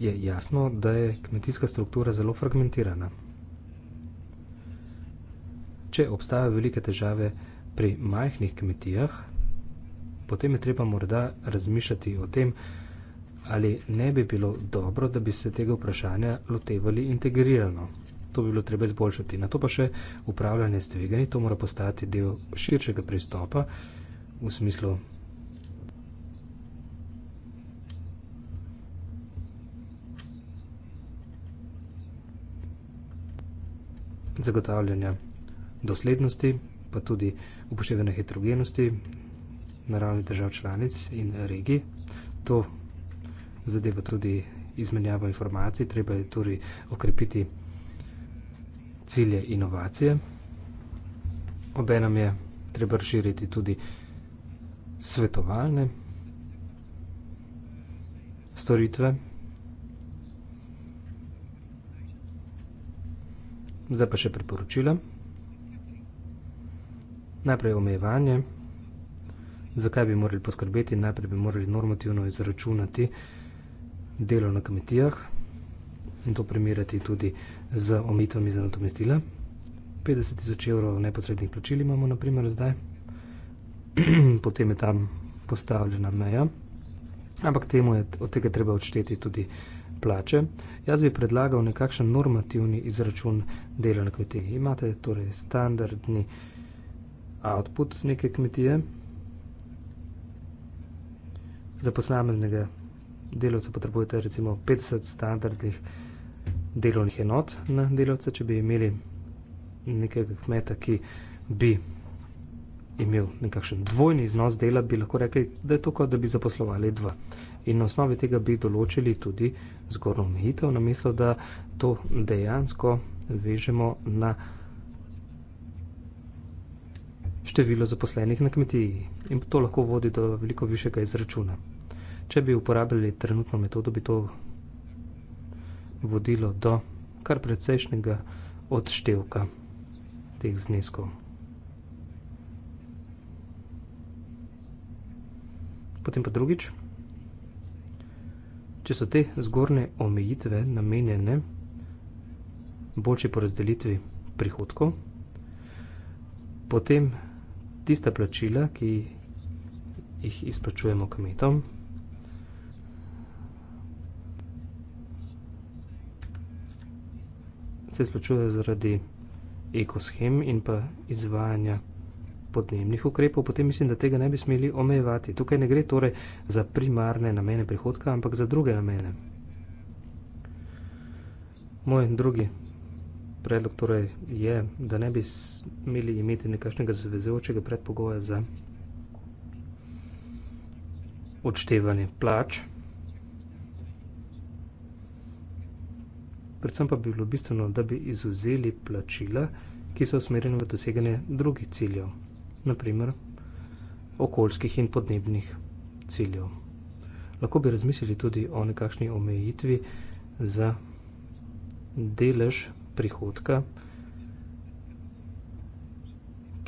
je jasno, da je kmetijska struktura zelo fragmentirana. Če obstajajo velike težave pri majhnih kmetijah, potem je treba morda razmišljati o tem, da ali ne bi bilo dobro, da bi se tega vprašanja lotevali integrirano. To bi bilo treba izboljšati. Na to pa še upravljanje s tveganji, to mora postati del širšega pristopa v smislu. Zagotavljanja doslednosti, pa tudi upoštevanja heterogenosti naravnih držav članic in regij. To zadeva tudi izmenjava informacij, treba je tudi torej okrepiti cilje inovacije. Obenem je treba razširiti tudi svetovalne storitve. Zdaj pa še priporočila. Najprej omejevanje. Zakaj bi morali poskrbeti? Najprej bi morali normativno izračunati vsega, delo na kmetijah in to primerjati tudi z omitvami za nadomestila. 50 tisoč evrov neposrednih plačil imamo naprimer zdaj, [clears throat] potem je tam postavljena meja, ampak temu je od tega treba odšteti tudi plače. Jaz bi predlagal nekakšen normativni izračun dela na kmetiji. Imate torej standardni output z neke kmetije, za posameznega delavce potrebujete recimo 50 standardnih delovnih enot na delavce, če bi imeli nekega kmeta, ki bi imel nekakšen dvojni iznos dela, bi lahko rekli, da je to kot, da bi zaposlovali dva. In na osnovi tega bi določili tudi zgornjo omejitev, namesto da to dejansko vežemo na število zaposlenih na kmetiji. In to lahko vodi do veliko višjega izračuna. Če bi uporabljali trenutno metodo, bi to vodilo do kar precejšnjega odštevka teh zneskov. Potem pa drugič, če so te zgorne omejitve namenjene boljši porazdelitvi prihodkov, potem tista plačila, ki jih izplačujemo kmetom, se izplačujejo zaradi ekoshem in pa izvajanja podnebnih ukrepov, potem mislim, da tega ne bi smeli omejevati. Tukaj ne gre torej za primarne namene prihodka, ampak za druge namene. Moj drugi predlog torej je, da ne bi smeli imeti nekakšnega zavezujočega predpogoja za odštevanje plač. predvsem pa bi bilo bistveno, da bi izuzeli plačila, ki so usmerjene v doseganje drugih ciljev, naprimer okoljskih in podnebnih ciljev. Lahko bi razmislili tudi o nekakšni omejitvi za delež prihodka,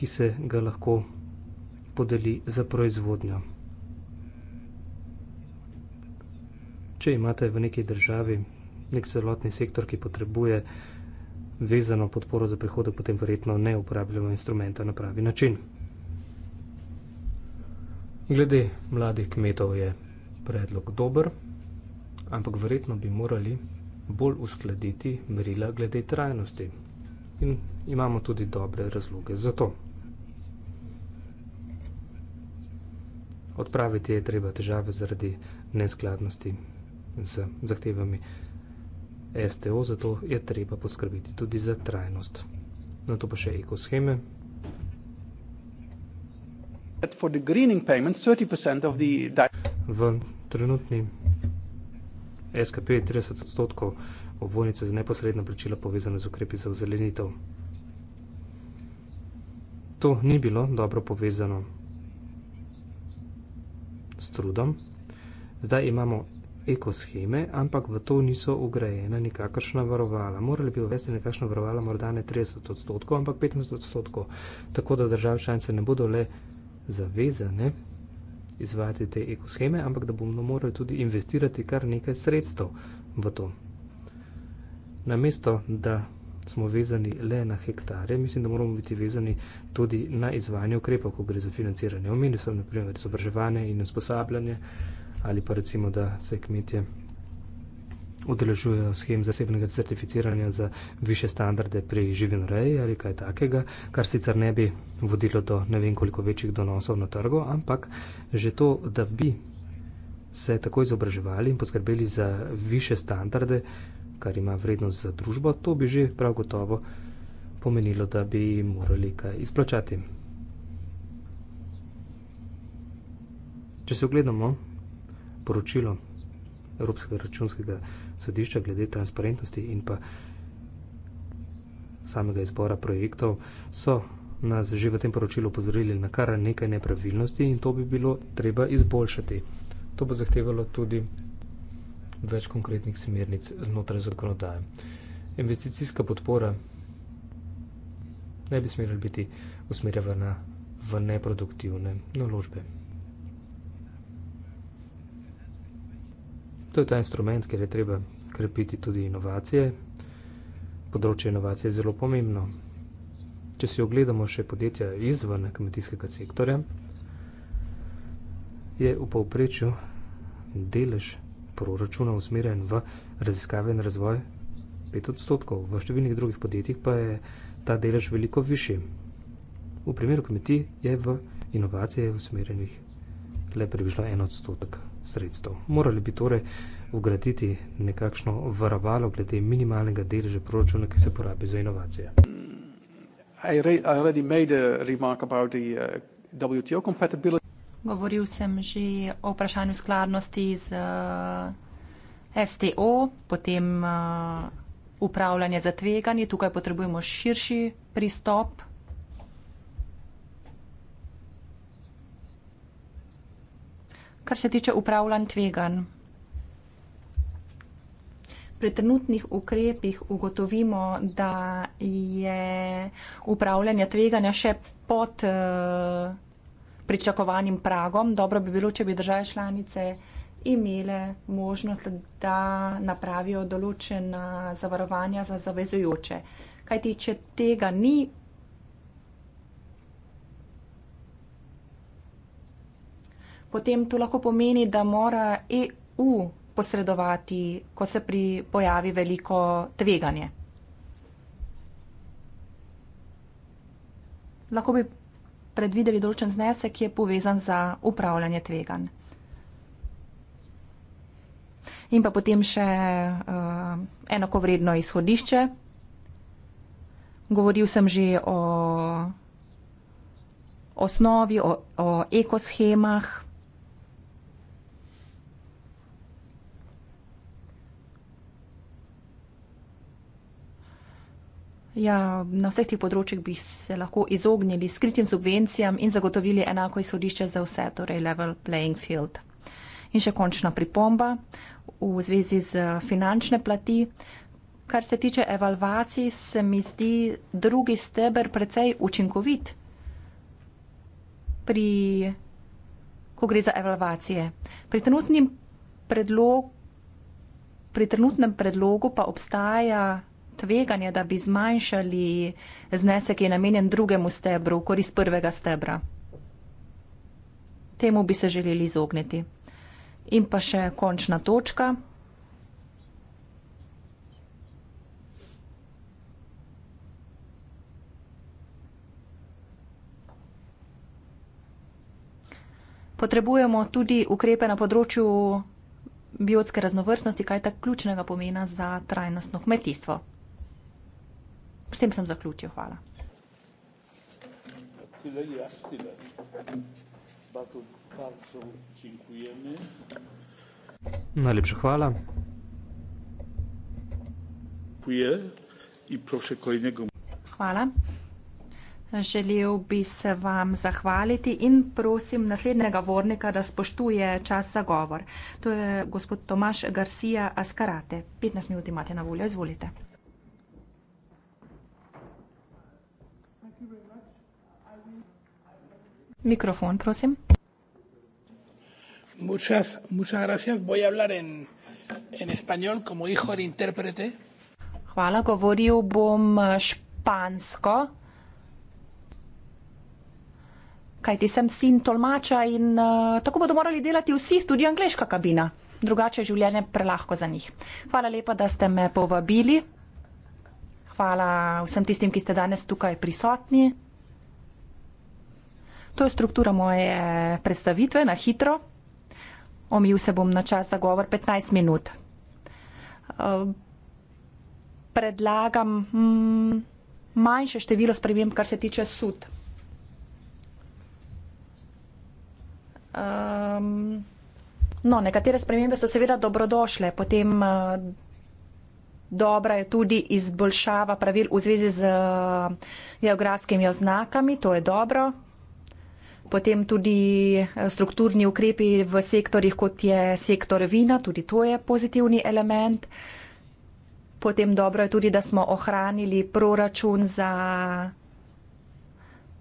ki se ga lahko podeli za proizvodnjo. Če imate v neki državi nek celotni sektor, ki potrebuje vezano podporo za prihodek, potem verjetno ne uporabljamo instrumenta na pravi način. Glede mladih kmetov je predlog dober, ampak verjetno bi morali bolj uskladiti merila glede trajnosti. In imamo tudi dobre razloge za to. Odpraviti je treba težave zaradi neskladnosti z zahtevami. STO, zato je treba poskrbeti tudi za trajnost. Na to pa še ekosheme. V trenutni SKP je 30 odstotkov obvojnice za neposredna plačila povezane z ukrepi za ozelenitev. To ni bilo dobro povezano s trudom. Zdaj imamo ekosheme, ampak v to niso ugrajena nikakršna varovala. Morali bi uvesti nekakšna varovala, morda ne 30 odstotkov, ampak 15 odstotkov, tako da države članice ne bodo le zavezane izvajati te ekosheme, ampak da bomo morali tudi investirati kar nekaj sredstev v to. Namesto, da smo vezani le na hektare, mislim, da moramo biti vezani tudi na izvajanje ukrepov, ko gre za financiranje. Omenil sem, naprimer, izobraževanje in usposabljanje. Uh, ali pa recimo, da se kmetje udeležujejo schem zasebnega certificiranja za više standarde pri živinoreji ali kaj takega, kar sicer ne bi vodilo do ne vem koliko večjih donosov na trgu, ampak že to, da bi se tako izobraževali in poskrbeli za više standarde, kar ima vrednost za družbo, to bi že prav gotovo pomenilo, da bi morali kaj izplačati. Če se ogledamo, poročilo Evropskega računskega sodišča glede transparentnosti in pa samega izbora projektov, so nas že v tem poročilu upozorili na kar nekaj nepravilnosti in to bi bilo treba izboljšati. To bo zahtevalo tudi več konkretnih smernic znotraj zakonodaje. Investicijska podpora ne bi smela biti usmerjena v neproduktivne naložbe. No To je ta instrument, kjer je treba krepiti tudi inovacije. Področje inovacije je zelo pomembno. Če si ogledamo še podjetja izven kmetijskega sektorja, je v povprečju delež proračuna usmerjen v raziskave in razvoj 5 odstotkov, v številnih drugih podjetjih pa je ta delež veliko višji. V primeru kmetij je v inovacije usmerjenih le približno 1 odstotek sredstev. Morali bi torej ugraditi nekakšno varovalo glede minimalnega deleža proračuna, ki se porabi za inovacije. Mm, uh, Govoril sem že o vprašanju skladnosti z uh, STO, potem uh, upravljanje za tveganje. Tukaj potrebujemo širši pristop. kar se tiče upravljanj tvegan? Pri trenutnih ukrepih ugotovimo, da je upravljanje tveganja še pod eh, pričakovanim pragom. Dobro bi bilo, če bi države članice imele možnost, da napravijo določena zavarovanja za zavezujoče. Kajti, če tega ni, potem to lahko pomeni, da mora EU posredovati, ko se pri pojavi veliko tveganje. Lahko bi predvideli določen znesek, ki je povezan za upravljanje tvegan. In pa potem še uh, enakovredno izhodišče. Govoril sem že o osnovi, o, o ekoshemah. Ja, na vseh teh področjih bi se lahko izognili skritim subvencijam in zagotovili enako izhodišče za vse, torej level playing field. In še končna pripomba v zvezi z finančne plati. Kar se tiče evalvacij, se mi zdi drugi steber precej učinkovit pri, ko gre za evalvacije. Pri trenutnem predlogu, predlogu pa obstaja tveganje, da bi zmanjšali znesek, ki je namenjen drugemu stebru, korist prvega stebra. Temu bi se želeli izogniti. In pa še končna točka. Potrebujemo tudi ukrepe na področju biotske raznovrstnosti, kaj je tako ključnega pomena za trajnostno kmetijstvo. S tem sem zaključil. Hvala. Tyle ja, tyle. Bardzo, bardzo dziękujemy. Najlepsza chwała. Dziękuję i proszę kolejnego. Chwała. Želel bi se vam zahvaliti in prosim naslednjega vornika, da spoštuje čas za govor. To je gospod Tomaš Garcia Askarate. 15 minut imate na voljo, izvolite. Mikrofon, prosim. Muchas, muchas gracias. Voy a hablar en, en español como hijo de intérprete. Hvala, govoril bom eh, špansko. Kaj ti sem sin tolmača in uh, tako bodo morali delati vsi, tudi angliška kabina. Drugače je življenje prelahko za njih. Hvala lepa, da ste me povabili. Hvala vsem tistim, ki ste danes tukaj prisotni. To je struktura moje predstavitve na hitro. Omil se bom na čas za govor 15 minut. Ehm, predlagam mm, manjše število sprememb, kar se tiče sud. Um, no, nekatere spremembe so seveda dobrodošle, potem uh, dobra je tudi izboljšava pravil v zvezi z uh, geografskimi oznakami, to je dobro, potem tudi eh, strukturni ukrepi v sektorjih, kot je sektor vina, tudi to je pozitivni element. Potem dobro je tudi, da smo ohranili proračun za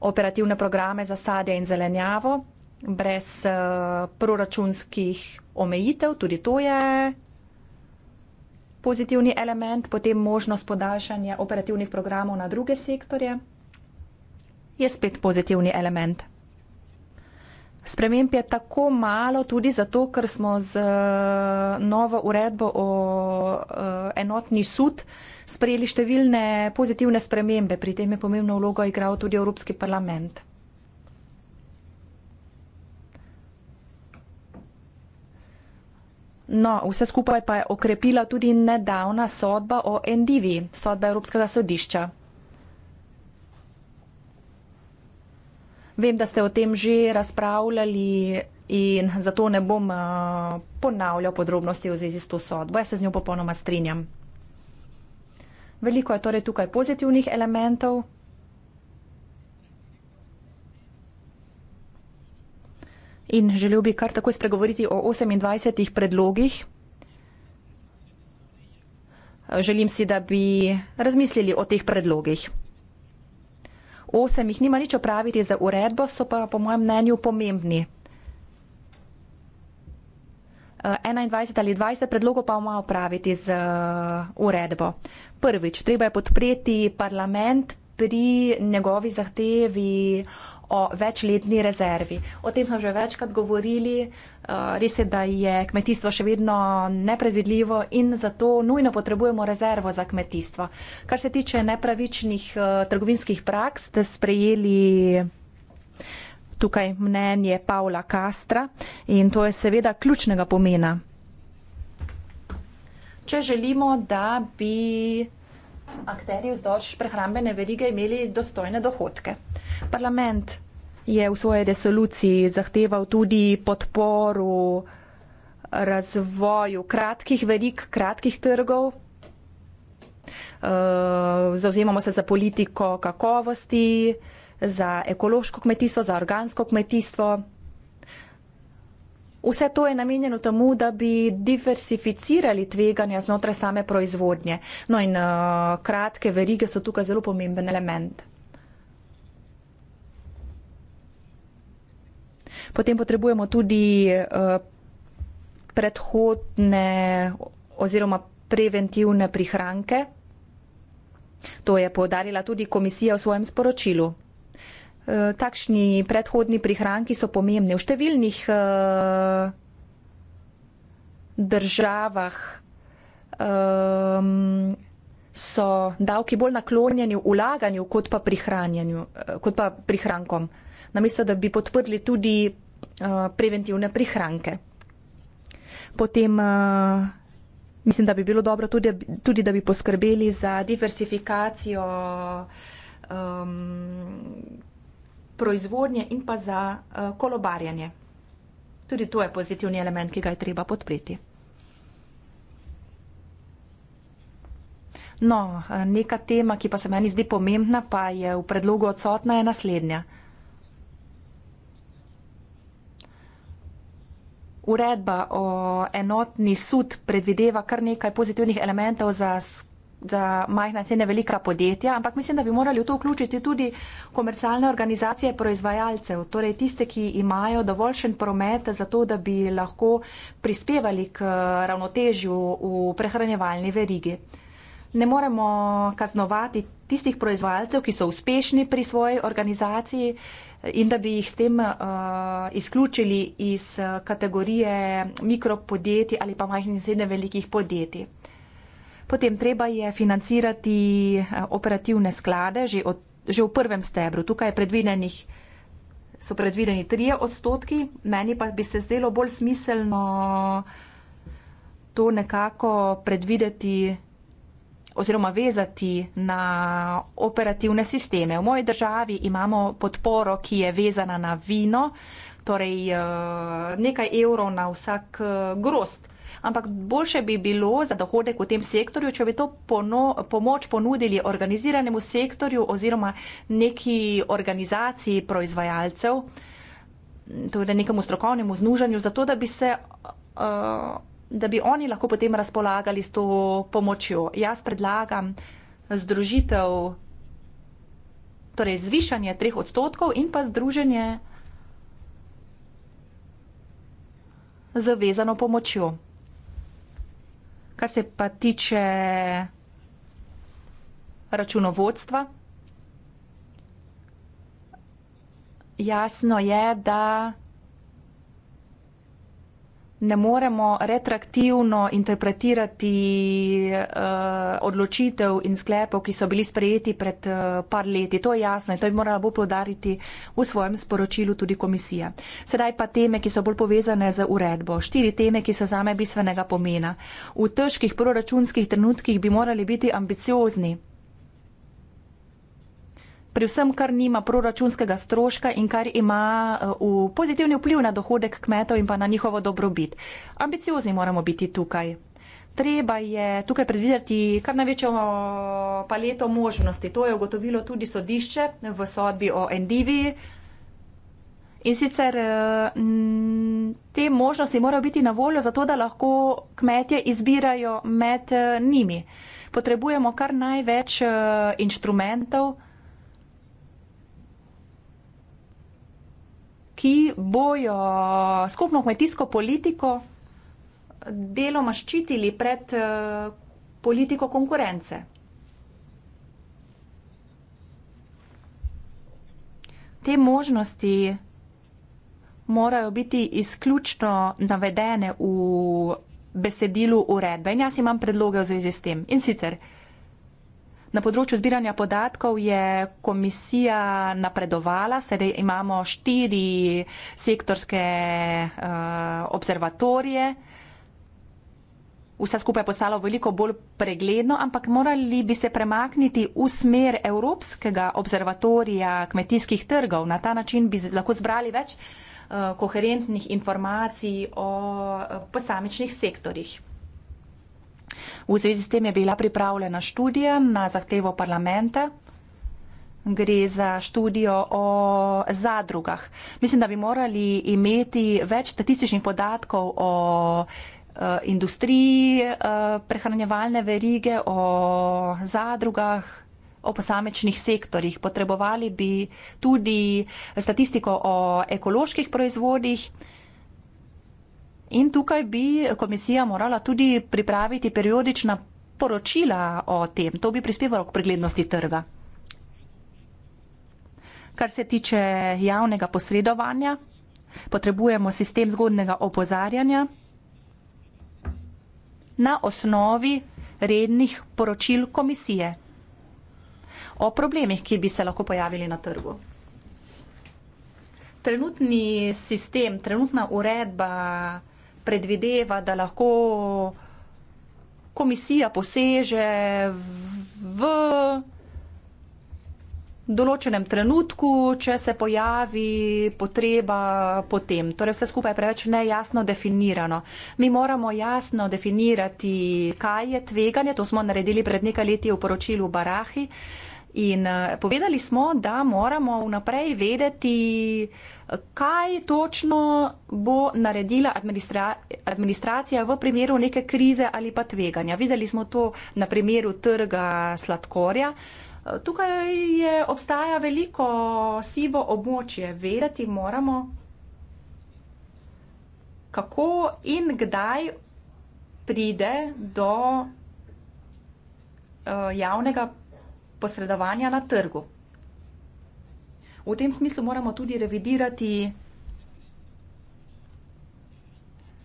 operativne programe za sadje in zelenjavo, brez eh, proračunskih omejitev, tudi to je pozitivni element, potem možnost podaljšanja operativnih programov na druge sektorje je spet pozitivni element. Sprememb je tako malo tudi zato, ker smo z eh, novo uredbo o eh, enotni sud sprejeli številne pozitivne spremembe. Pri tem je pomembno vlogo igral tudi Evropski parlament. No, vse skupaj pa je okrepila tudi nedavna sodba o NDV, sodba Evropskega sodišča. Vem, da ste o tem že razpravljali in zato ne bom eh, ponavljal podrobnosti v zvezi s to sodbo. Jaz se z njo popolnoma strinjam. Veliko je torej tukaj pozitivnih elementov. In želel bi kar takoj spregovoriti o 28 predlogih. Želim si, da bi razmislili o teh predlogih osem jih nima nič opraviti za uredbo, so pa po mojem mnenju pomembni. 21 eh, ali 20 predlogov pa ima opraviti z eh, uredbo. Prvič, treba je podpreti parlament pri njegovi zahtevi o večletni rezervi. O tem smo že večkrat govorili. Eh, res je, da je kmetijstvo še vedno nepredvidljivo in zato nujno potrebujemo rezervo za kmetijstvo. Kar se tiče nepravičnih eh, trgovinskih praks, ste sprejeli. Tukaj mnenje Pavla Kastra in to je seveda ključnega pomena. Če želimo, da bi akteri vzdolž prehrambene verige imeli dostojne dohodke. Parlament je v svoji resoluciji zahteval tudi podporu razvoju kratkih verig, kratkih trgov. Eh, Zauzemamo se za politiko kakovosti, za ekološko kmetijstvo, za organsko kmetijstvo. Vse to je namenjeno temu, da bi diversificirali tveganja znotraj same proizvodnje. No in uh, kratke verige so tukaj zelo pomemben element. Potem potrebujemo tudi uh, predhodne oziroma preventivne prihranke. To je povdarila tudi komisija v svojem sporočilu. Eh, takšni predhodni prihranki so pomembni. V številnih eh, državah ehm, so davki bolj naklonjeni vlaganju kot pa, eh, kot pa prihrankom, namesto da bi podprli tudi preventivne prihranke. Potem mislim, da bi bilo dobro tudi, tudi da bi poskrbeli za diversifikacijo ehm, proizvodnje in pa za eh, kolobarjanje. Tudi to je pozitivni element, ki ga je treba podpreti. No, eh, neka tema, ki pa se meni zdi pomembna, pa je v predlogu odsotna, je naslednja. Uredba o enotni sud predvideva kar nekaj pozitivnih elementov za skupaj za majhna cene velika podjetja, ampak mislim, da bi morali v to vključiti tudi komercialne organizacije proizvajalcev, torej tiste, ki imajo dovoljšen promet za to, da bi lahko prispevali k eh, ravnotežju v prehranjevalni verigi. Ne moremo kaznovati tistih proizvajalcev, ki so uspešni pri svoji organizaciji eh, in da bi jih s tem uh, izključili iz kategorije mikropodjetij ali pa majhnih in srednje velikih podjetij. Potem treba je financirati eh, operativne sklade že, od, že v prvem stebru. Tukaj so predvideni tri odstotki, meni pa bi se zdelo bolj smiselno to nekako predvideti oziroma vezati na operativne sisteme. V moji državi imamo podporo, ki je vezana na vino, torej eh, nekaj evrov na vsak eh, grost ampak boljše bi bilo za dohodek v tem sektorju, če bi to pono, pomoč ponudili organiziranemu sektorju oziroma neki organizaciji proizvajalcev, torej nekemu strokovnemu znužanju, zato da bi se. Uh, da bi oni lahko potem razpolagali s to pomočjo. Jaz predlagam združitev, torej zvišanje treh odstotkov in pa združenje zavezano pomočjo. Kar se pa tiče računovodstva, jasno je, da ne moremo retraktivno interpretirati uh, odločitev in sklepov, ki so bili sprejeti pred uh, par leti. To je jasno in to je morala bolj podariti v svojem sporočilu tudi komisija. Sedaj pa teme, ki so bolj povezane z uredbo. Štiri teme, ki so zame bistvenega pomena. V težkih proračunskih trenutkih bi morali biti ambiciozni pri vsem, kar nima proračunskega stroška in kar ima eh, v pozitivni vpliv na dohodek kmetov in pa na njihovo dobrobit. Ambiciozni moramo biti tukaj. Treba je tukaj predvideti kar največjo eh, paleto možnosti. To je ugotovilo tudi sodišče v sodbi o endivi. In sicer eh, te možnosti morajo biti na voljo zato, da lahko kmetje izbirajo med njimi. Potrebujemo kar največ inštrumentov. ki bojo skupno kmetijsko politiko deloma ščitili pred eh, politiko konkurence. Te možnosti morajo biti izključno navedene v besedilu uredbe. In jaz imam predloge v zvezi s tem. In sicer, Na področju zbiranja podatkov je komisija napredovala, sedaj imamo štiri sektorske uh, observatorije. Vse skupaj je postalo veliko bolj pregledno, ampak morali bi se premakniti v smer Evropskega observatorija kmetijskih trgov. Na ta način bi lahko zbrali več uh, koherentnih informacij o uh, posamičnih sektorjih. V zvezi s tem je bila pripravljena študija na zahtevo parlamenta. Gre za študijo o zadrugah. Mislim, da bi morali imeti več statističnih podatkov o eh, industriji eh, prehranjevalne verige, o zadrugah, o posamečnih sektorjih. Potrebovali bi tudi statistiko o ekoloških proizvodih, In tukaj bi komisija morala tudi pripraviti periodična poročila o tem. To bi prispevalo k preglednosti trga. Kar se tiče javnega posredovanja, potrebujemo sistem zgodnega opozarjanja na osnovi rednih poročil komisije o problemih, ki bi se lahko pojavili na trgu. Trenutni sistem, trenutna uredba predvideva, da lahko komisija poseže v določenem trenutku, če se pojavi potreba potem. Torej vse skupaj je preveč nejasno definirano. Mi moramo jasno definirati, kaj je tveganje. To smo naredili pred nekaj leti v poročilu Barahi. Uh, In eh, povedali smo, da moramo vnaprej vedeti, kaj točno bo naredila administra administracija v primeru neke krize ali pa tveganja. Videli smo to na primeru trga sladkorja. Eh, tukaj je, obstaja veliko sivo območje. Vedeti moramo, kako in kdaj pride do eh, javnega posredovanja na trgu. V tem smislu moramo tudi revidirati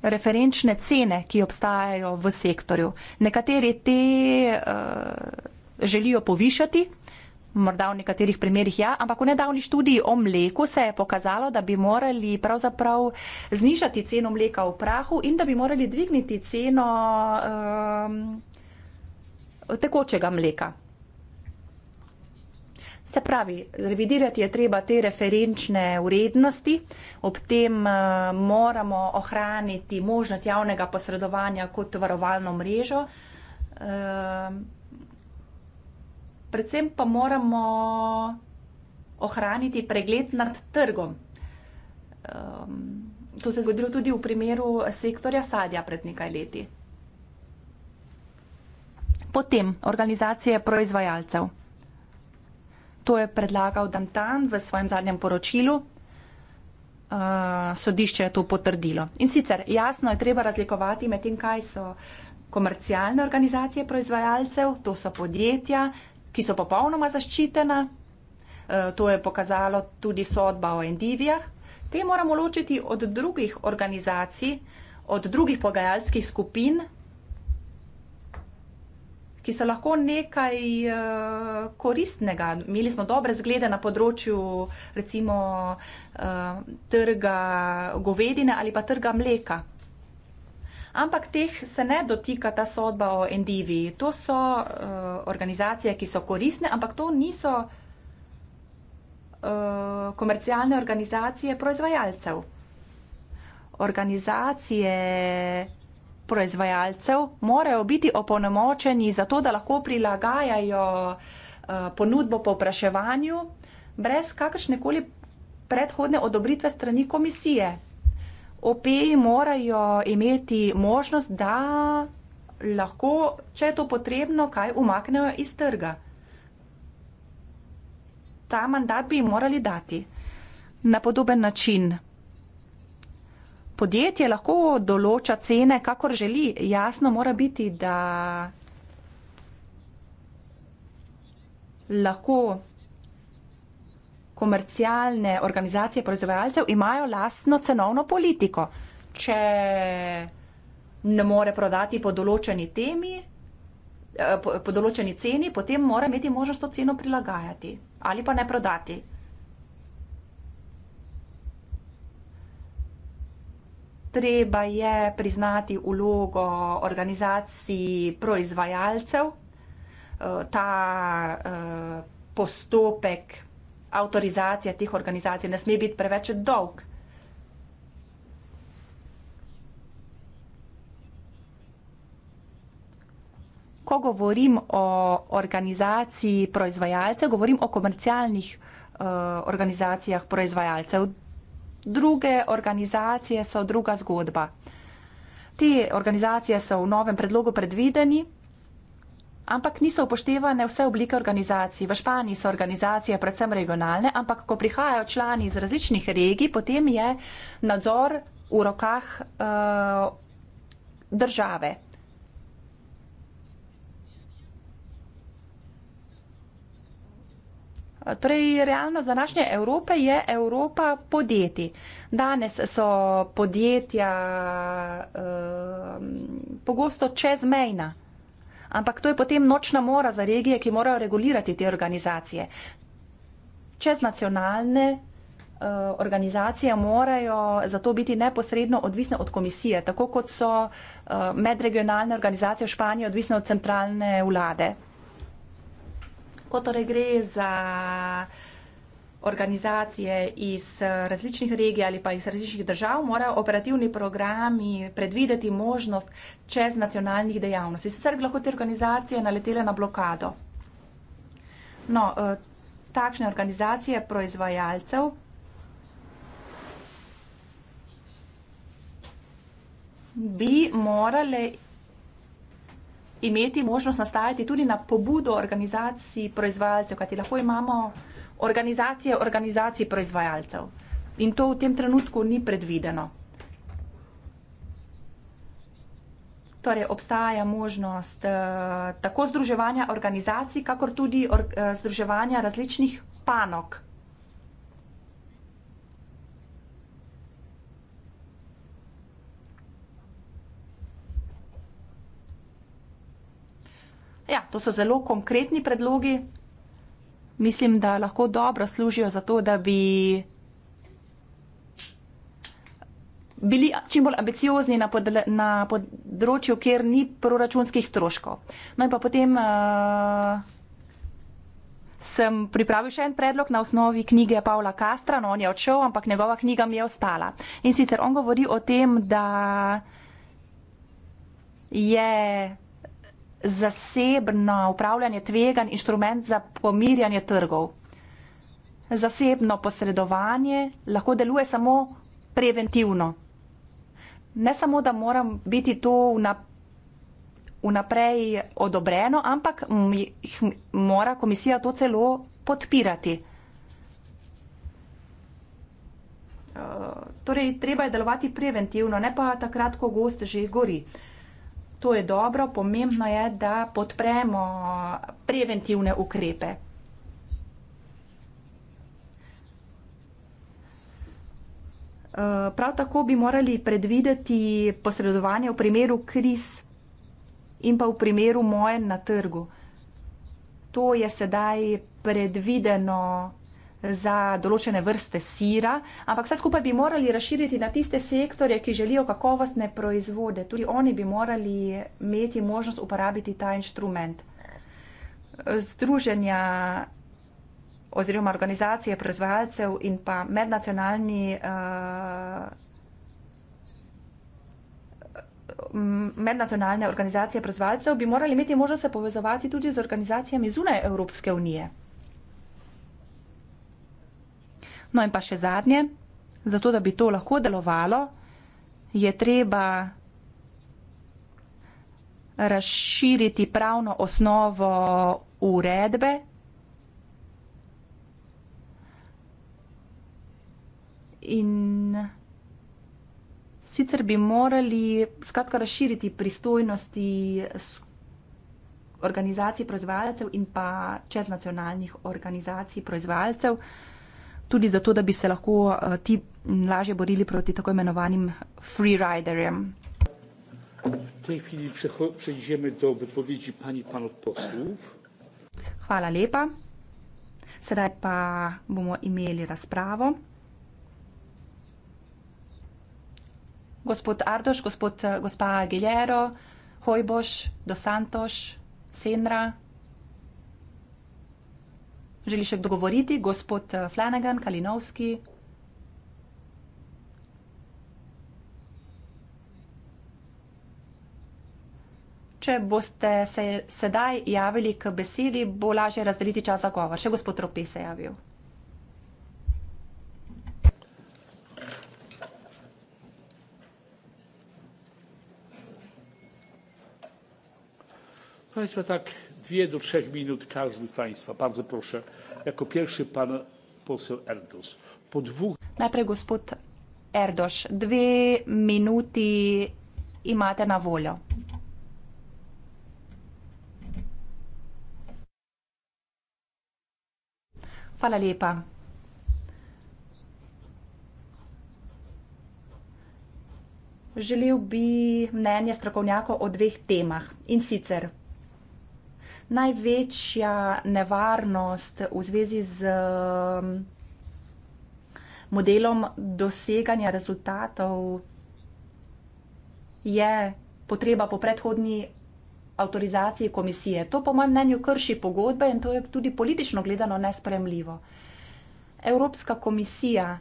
referenčne cene, ki obstajajo v sektorju. Nekateri te uh, želijo povišati, morda v nekaterih primerjih ja, ampak v nedavni študiji o mleku se je pokazalo, da bi morali pravzaprav znižati ceno mleka v prahu in da bi morali dvigniti ceno um, tekočega mleka. Se pravi, revidirati je treba te referenčne vrednosti, ob tem eh, moramo ohraniti možnost javnega posredovanja kot varovalno mrežo. Eh, predvsem pa moramo ohraniti pregled nad trgom. Eh, to se je zgodilo tudi v primeru sektorja sadja pred nekaj leti. Potem organizacije proizvajalcev. To je predlagal Dantan v svojem zadnjem poročilu. Uh, sodišče je to potrdilo. In sicer jasno je treba razlikovati med tem, kaj so komercialne organizacije proizvajalcev, to so podjetja, ki so popolnoma zaščitena. Uh, to je pokazalo tudi sodba o endivijah. Te moramo ločiti od drugih organizacij, od drugih pogajalskih skupin, ki so lahko nekaj eh, koristnega. Imeli smo dobre zglede na področju recimo eh, trga govedine ali pa trga mleka. Ampak teh se ne dotika ta sodba o NDV. To so eh, organizacije, ki so koristne, ampak to niso komercialne organizacije proizvajalcev. Organizacije proizvajalcev morajo biti opolnomočeni za to, da lahko prilagajajo eh, ponudbo po vpraševanju brez kakršnekoli predhodne odobritve strani komisije. OPEji morajo imeti možnost, da lahko, če je to potrebno, kaj umaknejo iz trga. Ta mandat bi jim morali dati. Na podoben način podjetje lahko določa cene, kakor želi. Jasno mora biti, da lahko komercialne organizacije proizvajalcev imajo lastno cenovno politiko. Če ne more prodati po določeni temi, eh, po, po določeni ceni, potem mora imeti možnost to ceno prilagajati ali pa ne prodati. treba je priznati ulogo organizacij proizvajalcev. E, ta e, postopek avtorizacije teh organizacij ne sme biti preveč dolg. Ko govorim o organizaciji proizvajalcev, govorim o komercialnih e, organizacijah proizvajalcev druge organizacije so druga zgodba. Te organizacije so v novem predlogu predvideni, ampak niso upoštevane vse oblike organizacij. V Španiji so organizacije predvsem regionalne, ampak ko prihajajo člani iz različnih regij, potem je nadzor v rokah uh, države. Eh, torej, realnost današnje Evrope je Evropa podjetij. Danes so podjetja um, pogosto čezmejna, ampak to je potem nočna mora za regije, ki morajo regulirati te organizacije. Čeznacionalne uh, eh, organizacije morajo zato biti neposredno odvisne od komisije, tako kot so uh, medregionalne organizacije v Španiji odvisne od centralne vlade lahko torej gre za organizacije iz eh, različnih regij ali pa iz različnih držav, morajo operativni programi predvideti možnost čez nacionalnih dejavnosti. Sicer bi lahko te organizacije naletele na blokado. No, eh, takšne organizacije proizvajalcev bi morale imeti možnost nastajati tudi na pobudo organizacij proizvajalcev, kajti lahko imamo organizacije organizacij proizvajalcev. In to v tem trenutku ni predvideno. Torej obstaja možnost, eh, tako združevanja organizacij kakor tudi eh, združevanja različnih panog. Ja, to so zelo konkretni predlogi. Mislim, da lahko dobro služijo za to, da bi bili čim bolj ambiciozni na, pod, na področju, kjer ni proračunskih stroškov. No in pa potem uh, sem pripravil še en predlog na osnovi knjige Pavla Kastra, no on je odšel, ampak njegova knjiga mi je ostala. In sicer on govori o tem, da je zasebno upravljanje tvegan inštrument za pomirjanje trgov. Zasebno posredovanje lahko deluje samo preventivno. Ne samo, da moram biti to vnaprej odobreno, ampak jih mora komisija to celo podpirati. Torej, treba je delovati preventivno, ne pa takrat, ko gost že gori to je dobro, pomembno je, da podpremo preventivne ukrepe. Prav tako bi morali predvideti posredovanje v primeru kriz in pa v primeru moje na trgu. To je sedaj predvideno za določene vrste sira, ampak vse skupaj bi morali razširiti na tiste sektorje, ki želijo kakovostne proizvode. Tudi oni bi morali imeti možnost uporabiti ta inštrument. Združenja oziroma organizacije proizvajalcev in pa mednacionalni eh, mednacionalne organizacije proizvajalcev bi morali imeti možnost se povezovati tudi z organizacijami zunaj Evropske unije. No in pa še zadnje, zato da bi to lahko delovalo, je treba razširiti pravno osnovo uredbe in sicer bi morali skratka razširiti pristojnosti organizacij proizvajalcev in pa čeznacionalnih organizacij proizvajalcev tudi zato, da bi se lahko eh, ti lažje borili proti tako imenovanim freeriderjem. V tej hvili prejdemo do odpovedi pani panov poslov. Hvala lepa. Sedaj pa bomo imeli razpravo. Gospod Ardoš, gospod, eh, gospa Gilero, Hojboš, Dosantoš, Senra. Želi še kdo govoriti? Gospod eh, Flanagan, Kalinovski? Če boste se sedaj javili k besedi, bo lažje razdeliti čas za govor. Še gospod Trope se javil. Prej smo tako dwie do trzech minut każdy z państwa. Bardzo proszę. Jako pierwszy pan poseł Erdos. Po dwóch... Najpierw gospod Erdos. Dwie minuty i macie na wolę. Hvala lepa. Želel bi mnenje strokovnjakov o dveh temah in sicer največja nevarnost v zvezi z um, modelom doseganja rezultatov je potreba po predhodni avtorizaciji komisije. To po mojem mnenju krši pogodbe in to je tudi politično gledano nespremljivo. Evropska komisija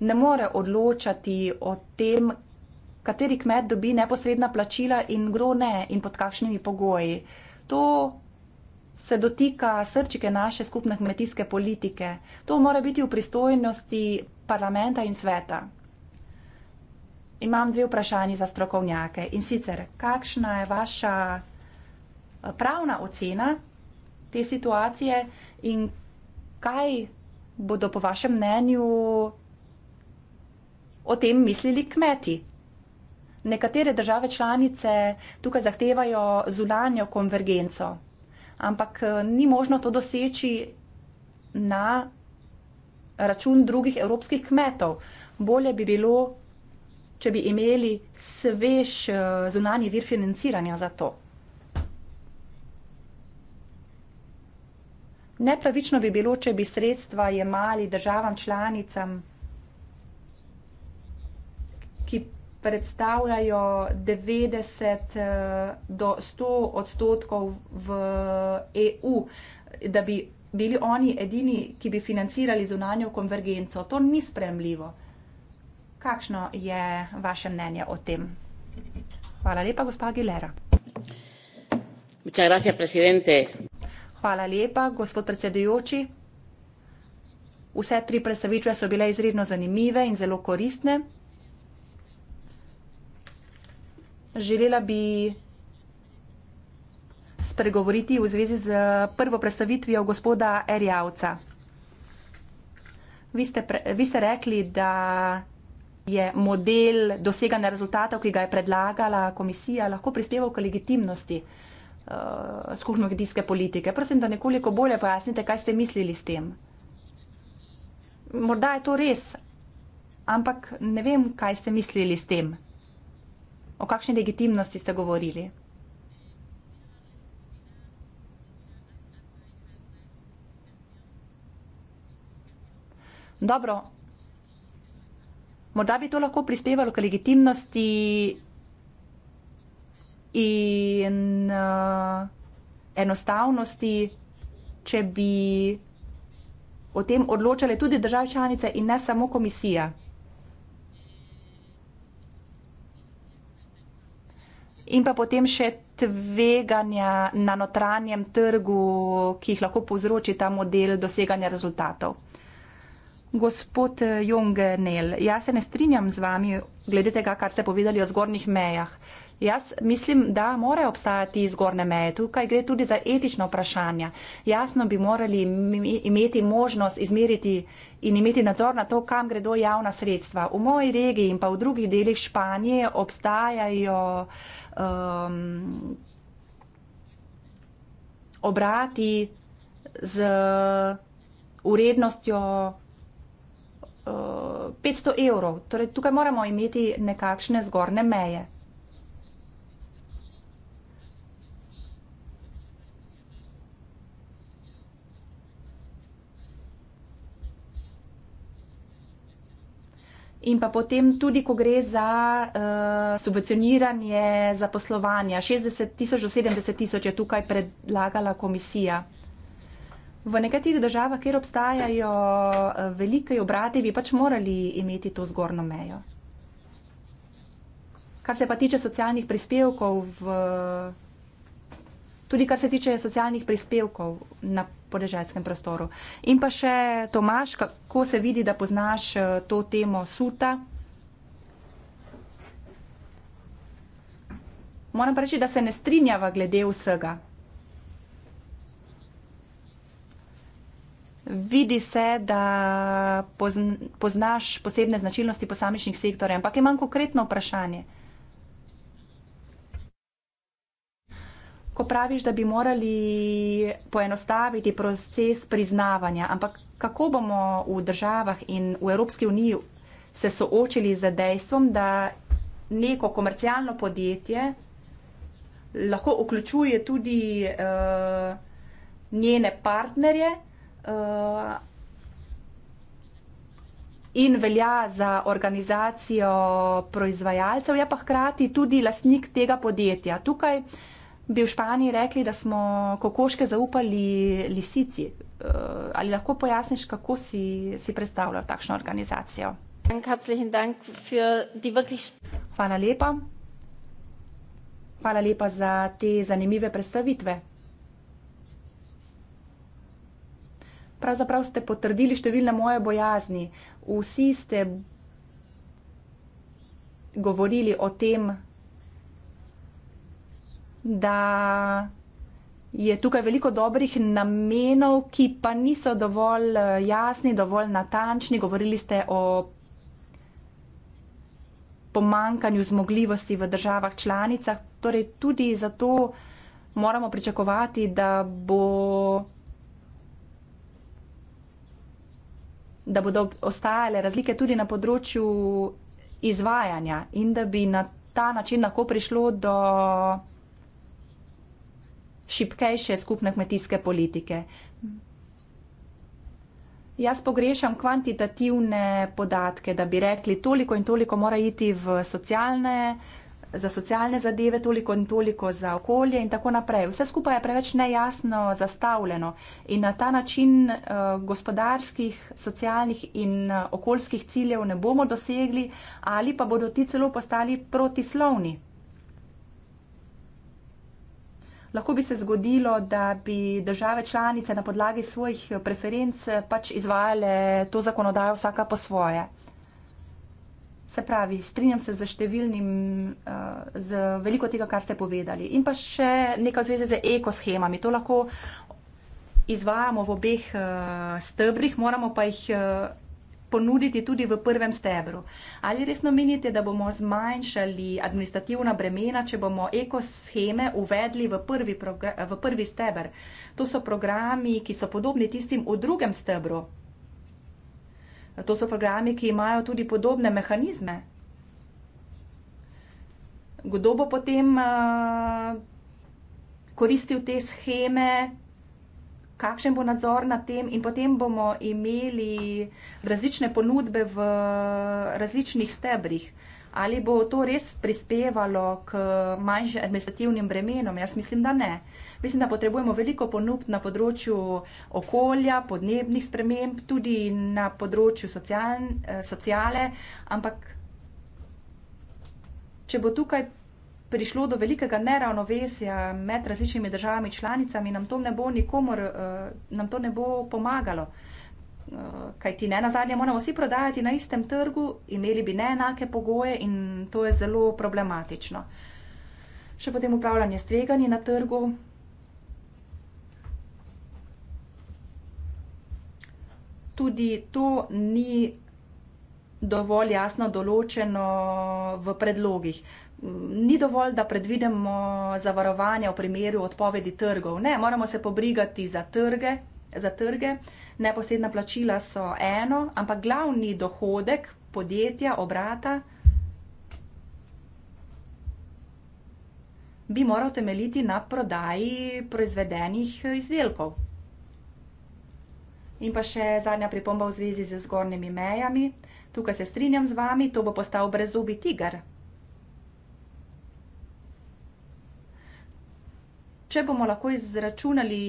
ne more odločati o tem, kateri kmet dobi neposredna plačila in kdo ne in pod kakšnimi pogoji. To se dotika srčike naše skupne kmetijske politike. To mora biti v pristojnosti parlamenta in sveta. Imam dve vprašanji za strokovnjake in sicer, kakšna je vaša eh, pravna ocena te situacije in kaj bodo po vašem mnenju o tem mislili kmeti? Nekatere države članice tukaj zahtevajo zunanjo konvergenco ampak eh, ni možno to doseči na račun drugih evropskih kmetov. Bolje bi bilo, če bi imeli svež eh, zunanji vir financiranja za to. Nepravično bi bilo, če bi sredstva jemali državam članicam, ki predstavljajo 90 eh, do 100 odstotkov v EU, da bi bili oni edini, ki bi financirali zunanjo konvergenco. To ni spremljivo. Kakšno je vaše mnenje o tem? Hvala lepa, gospa Gilera. Hvala lepa, gospod predsedujoči. Vse tri predstavitve so bile izredno zanimive in zelo koristne. Želela bi spregovoriti v zvezi z prvo predstavitvijo gospoda Erjavca. Vi ste, pre, vi ste rekli, da je model doseganja rezultatov, ki ga je predlagala komisija, lahko prispeval k legitimnosti uh, skupno kmetijske politike. Prosim, da nekoliko bolje pojasnite, kaj ste mislili s tem. Morda je to res, ampak ne vem, kaj ste mislili s tem. O kakšni legitimnosti ste govorili? Dobro. Morda bi to lahko prispevalo k legitimnosti in uh, enostavnosti, če bi o tem odločale tudi države članice in ne samo komisija. in pa potem še tveganja na notranjem trgu, ki jih lahko povzroči ta model doseganja rezultatov. Gospod Jungenel, jaz se ne strinjam z vami glede tega, kar ste povedali o zgornjih mejah. Jaz mislim, da morajo obstajati zgorne meje. Tukaj gre tudi za etično vprašanje. Jasno bi morali imeti možnost izmeriti in imeti nadzor na to, kam gredo javna sredstva. V moji regiji in pa v drugih delih Španije obstajajo um, obrati z urednostjo. 500 uh, evrov. Torej, tukaj moramo imeti nekakšne zgorne meje. In pa potem tudi, ko gre za uh, subvencioniranje zaposlovanja. 60 tisoč do 70 tisoč je tukaj predlagala komisija. V nekaterih državah, kjer obstajajo eh, velike obrati, bi pač morali imeti to zgornjo mejo. Kar se pa tiče socialnih prispevkov, v, tudi kar se tiče socialnih prispevkov na podeželskem prostoru. In pa še Tomaš, kako se vidi, da poznaš eh, to temo suta? Moram pa reči, da se ne strinjava glede vsega. Vidi se, da pozn, poznaš posebne značilnosti posamičnih sektorjev, ampak imam konkretno vprašanje. ko praviš, da bi morali poenostaviti proces priznavanja, ampak kako bomo v državah in v Evropski uniji se soočili z dejstvom, da neko komercialno podjetje lahko vključuje tudi uh, njene partnerje uh, in velja za organizacijo proizvajalcev, je ja pa hkrati tudi lastnik tega podjetja. Tukaj uh, bi v Španiji rekli, da smo kokoške zaupali lisici. Eh, ali lahko pojasniš, kako si, si predstavljal takšno organizacijo? Hvala lepa. Hvala lepa za te zanimive predstavitve. Pravzaprav ste potrdili številne moje bojazni. Vsi ste govorili o tem, da je tukaj veliko dobrih namenov, ki pa niso dovolj eh, jasni, dovolj natančni. Govorili ste o pomankanju zmogljivosti v državah članicah. Torej, tudi zato moramo pričakovati, da bo. da bodo ostajale razlike tudi na področju izvajanja in da bi na ta način lahko prišlo do šipkejše skupne kmetijske politike. Jaz pogrešam kvantitativne podatke, da bi rekli, toliko in toliko mora iti v socialne, za socialne zadeve, toliko in toliko za okolje in tako naprej. Vse skupaj je preveč nejasno zastavljeno in na ta način uh, gospodarskih, socialnih in eh, okoljskih ciljev ne bomo dosegli ali pa bodo ti celo postali protislovni. Lahko bi se zgodilo, da bi države članice na podlagi svojih preferenc pač izvajale to zakonodajo vsaka po svoje. Se pravi, strinjam se z številnim, eh, z veliko tega, kar ste povedali. In pa še nekaj v zvezi z ekoshemami. To lahko izvajamo v obeh eh, stebrih, moramo pa jih eh, ponuditi tudi v prvem stebru. Ali resno menite, da bomo zmanjšali administrativna bremena, če bomo ekosheme uvedli v prvi, v prvi steber? To so programi, ki so podobni tistim v drugem stebru. To so programi, ki imajo tudi podobne mehanizme. Kdo bo potem uh, koristil te scheme, kakšen bo nadzor nad tem, in potem bomo imeli različne ponudbe v različnih stebrih. Ali bo to res prispevalo k manjšim administrativnim bremenom? Jaz mislim, da ne. Mislim, da potrebujemo veliko ponudb na področju okolja, podnebnih sprememb, tudi na področju socialne, eh, ampak če bo tukaj prišlo do velikega neravnovesja med različnimi državami članicami, nam to ne bo nikomor, eh, nam to ne bo pomagalo. Eh, Kaj ti ne nazadnje moramo vsi prodajati na istem trgu, imeli bi neenake pogoje in to je zelo problematično. Še potem upravljanje streganji na trgu. Tudi to ni dovolj jasno določeno v predlogih ni dovolj, da predvidimo zavarovanje v primeru odpovedi trgov. Ne, moramo se pobrigati za trge. Za trge. Neposredna plačila so eno, ampak glavni dohodek podjetja, obrata, bi moral temeljiti na prodaji proizvedenih izdelkov. In pa še zadnja pripomba v zvezi z zgornjimi mejami. Tukaj se strinjam z vami, to bo postal brezobi tiger. če bomo lahko izračunali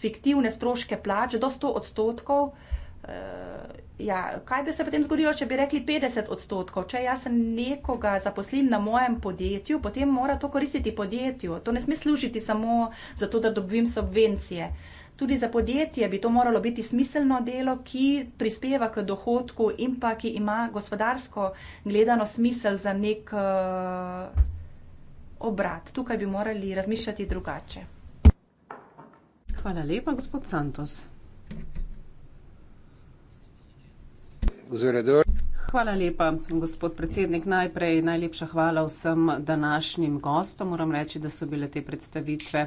fiktivne stroške plač do 100 odstotkov, uh, ja, kaj bi se potem zgodilo, če bi rekli 50 odstotkov? Če jaz nekoga zaposlim na mojem podjetju, potem mora to koristiti podjetju. To ne sme služiti samo zato, da dobim subvencije. Tudi za podjetje bi to moralo biti smiselno delo, ki prispeva k dohodku in pa ki ima gospodarsko gledano smisel za nek. Uh, obrat. Tukaj bi morali razmišljati drugače. Hvala lepa, gospod Santos. Hvala lepa, gospod predsednik. Najprej najlepša hvala vsem današnjim gostom. Moram reči, da so bile te predstavitve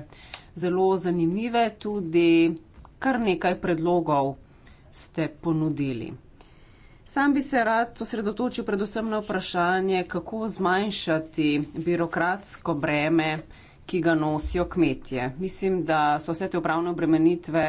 zelo zanimive. Tudi kar nekaj predlogov ste ponudili. Sam bi se rad osredotočil predvsem na vprašanje, kako zmanjšati birokratsko breme, ki ga nosijo kmetje. Mislim, da so vse te upravne obremenitve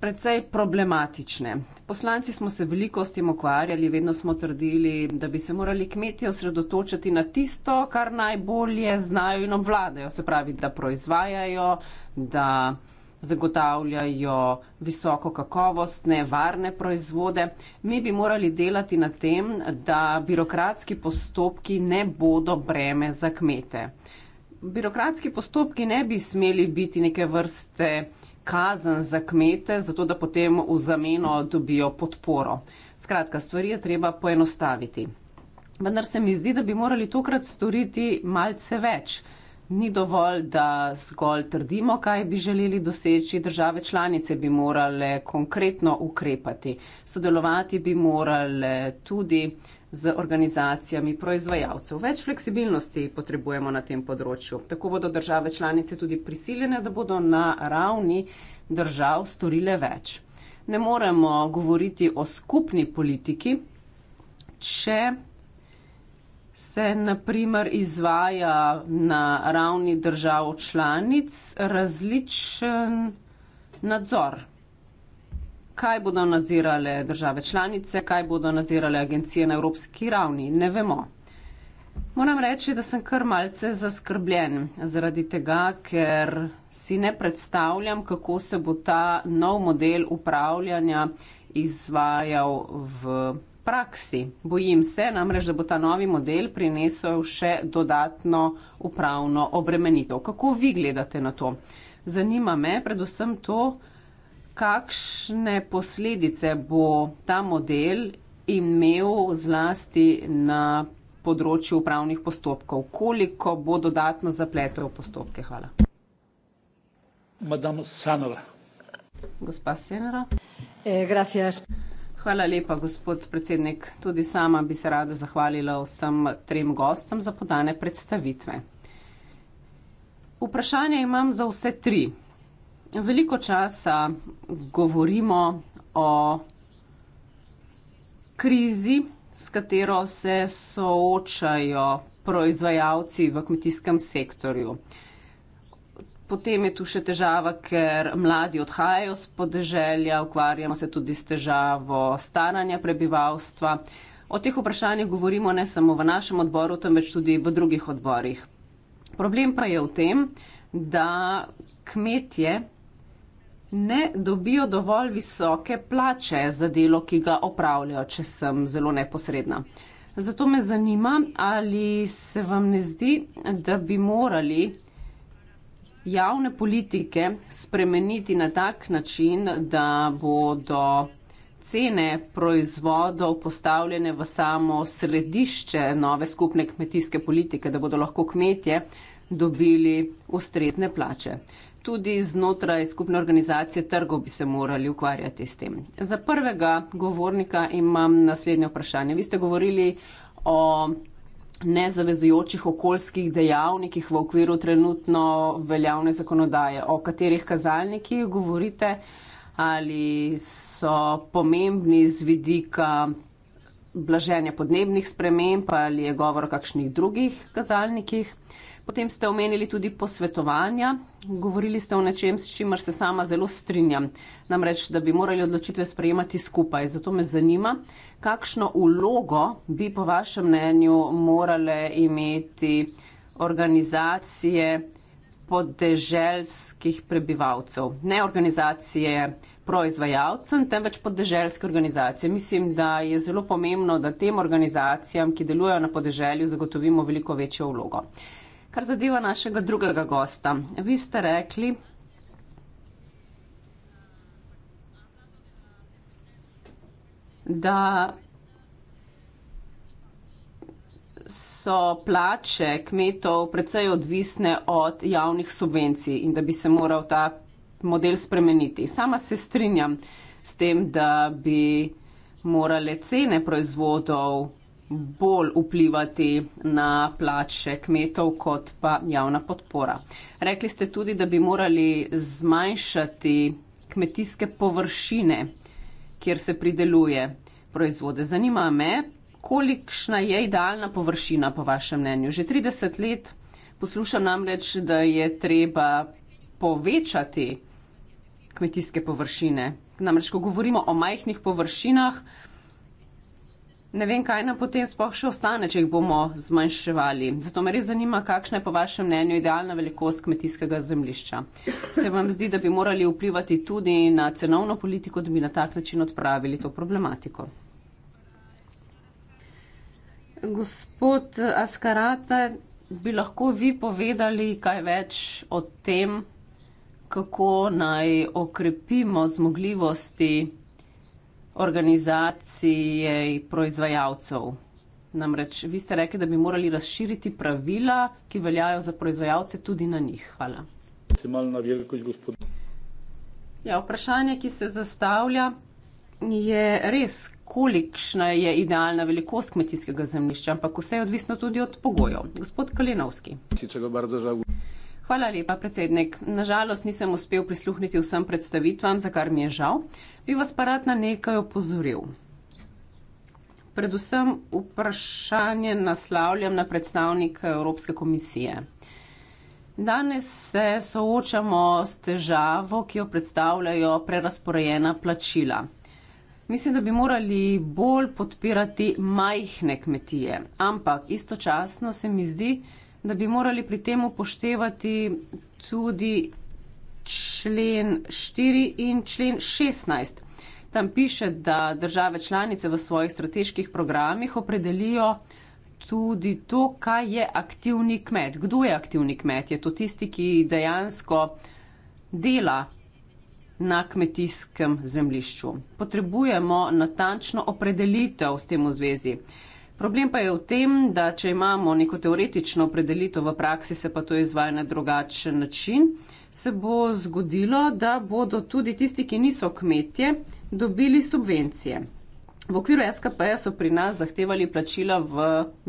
predvsej problematične. Poslanci smo se veliko s tem ukvarjali, vedno smo trdili, da bi se morali kmetje osredotočiti na tisto, kar najbolje znajo in obvladajo, se pravi, da proizvajajo, da zagotavljajo visoko kakovostne, varne proizvode. Mi bi morali delati na tem, da birokratski postopki ne bodo breme za kmete. Birokratski postopki ne bi smeli biti neke vrste kazen za kmete, zato da potem v zameno dobijo podporo. Skratka, stvari je treba poenostaviti. Vendar se mi zdi, da bi morali tokrat storiti malce več. Ni dovolj, da zgolj trdimo, kaj bi želeli doseči. Države članice bi morale konkretno ukrepati. Sodelovati bi morale tudi z organizacijami proizvajalcev. Več fleksibilnosti potrebujemo na tem področju. Tako bodo države članice tudi prisiljene, da bodo na ravni držav storile več. Ne moremo govoriti o skupni politiki, če se naprimer izvaja na ravni držav članic različen nadzor. Kaj bodo nadzirale države članice, kaj bodo nadzirale agencije na evropski ravni, ne vemo. Moram reči, da sem kar malce zaskrbljen zaradi tega, ker si ne predstavljam, kako se bo ta nov model upravljanja izvajal v praksi. Bojim se namreč, da bo ta novi model prinesel še dodatno upravno obremenitev. Kako vi gledate na to? Zanima me predvsem to, kakšne posledice bo ta model imel zlasti na področju upravnih postopkov, koliko bo dodatno zapletel v postopke. Hvala. Madame Sanova. Gospa Senera. Eh, gracias. Hvala lepa, gospod predsednik. Tudi sama bi se rada zahvalila vsem trem gostom za podane predstavitve. Vprašanje imam za vse tri. Veliko časa govorimo o krizi, s katero se soočajo proizvajalci v kmetijskem sektorju. Uh, Potem je tu še težava, ker mladi odhajajo z podeželja, ukvarjamo se tudi s težavo staranja prebivalstva. O teh vprašanjih govorimo ne samo v našem odboru, temveč tudi v drugih odborih. Problem pa je v tem, da kmetje ne dobijo dovolj visoke plače za delo, ki ga opravljajo, če sem zelo neposredna. Zato me zanima, ali se vam ne zdi, da bi morali javne politike spremeniti na tak način, da bodo cene proizvodov postavljene v samo središče nove skupne kmetijske politike, da bodo lahko kmetje dobili ustrezne plače. Tudi znotraj skupne organizacije trgov bi se morali ukvarjati s tem. Za prvega govornika imam naslednje vprašanje. Vi ste govorili o nezavezujočih okoljskih dejavnikih v okviru trenutno veljavne zakonodaje, o katerih kazalnikih govorite, ali so pomembni z vidika blaženja podnebnih sprememb, ali je govor o kakšnih drugih kazalnikih. Potem ste omenili tudi posvetovanja, govorili ste o nečem, s čimer se sama zelo strinjam, namreč, da bi morali odločitve sprejemati skupaj. Zato me zanima, kakšno vlogo bi po vašem mnenju morale imeti organizacije podeželskih prebivalcev? Ne organizacije proizvajalcem, temveč podeželske organizacije. Mislim, da je zelo pomembno, da tem organizacijam, ki delujejo na podeželju, zagotovimo veliko večjo vlogo. Kar zadeva našega drugega gosta. Vi ste rekli, da so plače kmetov precej odvisne od javnih subvencij in da bi se moral ta model spremeniti. Sama se strinjam s tem, da bi morale cene proizvodov bolj vplivati na plače kmetov kot pa javna podpora. Rekli ste tudi, da bi morali zmanjšati kmetijske površine kjer se prideluje proizvode. Zanima me, kolikšna je idealna površina po vašem mnenju. Že 30 let poslušam namreč, da je treba povečati kmetijske površine. Namreč, ko govorimo o majhnih površinah, ne vem, kaj nam potem sploh še ostane, če jih bomo zmanjševali. Zato me res zanima, kakšna je po vašem mnenju idealna velikost kmetijskega zemlišča. Se vam zdi, da bi morali vplivati tudi na cenovno politiko, da bi na tak način odpravili to problematiko? Gospod Askarate, bi lahko vi povedali kaj več o tem, kako naj okrepimo zmogljivosti organizacij proizvajalcev. Namreč vi ste rekli, da bi morali razširiti pravila, ki veljajo za proizvajalce, tudi na njih. Hvala. Ja, vprašanje, ki se zastavlja, je res, kolikšna je idealna velikost kmetijskega zemljišča, ampak vse je odvisno tudi od pogojev. Gospod Kalinovski. Hvala lepa, predsednik. Nažalost nisem uspel prisluhniti vsem predstavitvam, za kar mi je žal bi vas pa rad na nekaj opozoril. Predvsem vprašanje naslavljam na predstavnike Evropske komisije. Danes se soočamo s težavo, ki jo predstavljajo prerasporejena plačila. Mislim, da bi morali bolj podpirati majhne kmetije, ampak istočasno se mi zdi, da bi morali pri tem upoštevati tudi člen 4 in člen 16. Tam piše, da države članice v svojih strateških programih opredelijo tudi to, kaj je aktivni kmet. Kdo je aktivni kmet? Je to tisti, ki dejansko dela na kmetijskem zemlišču. Potrebujemo natančno opredelitev s tem v zvezi. Problem pa je v tem, da če imamo neko teoretično opredelitev v praksi, se pa to izvaja na drugačen način se bo zgodilo, da bodo tudi tisti, ki niso kmetje, dobili subvencije. V okviru SKP-ja so pri nas zahtevali plačila v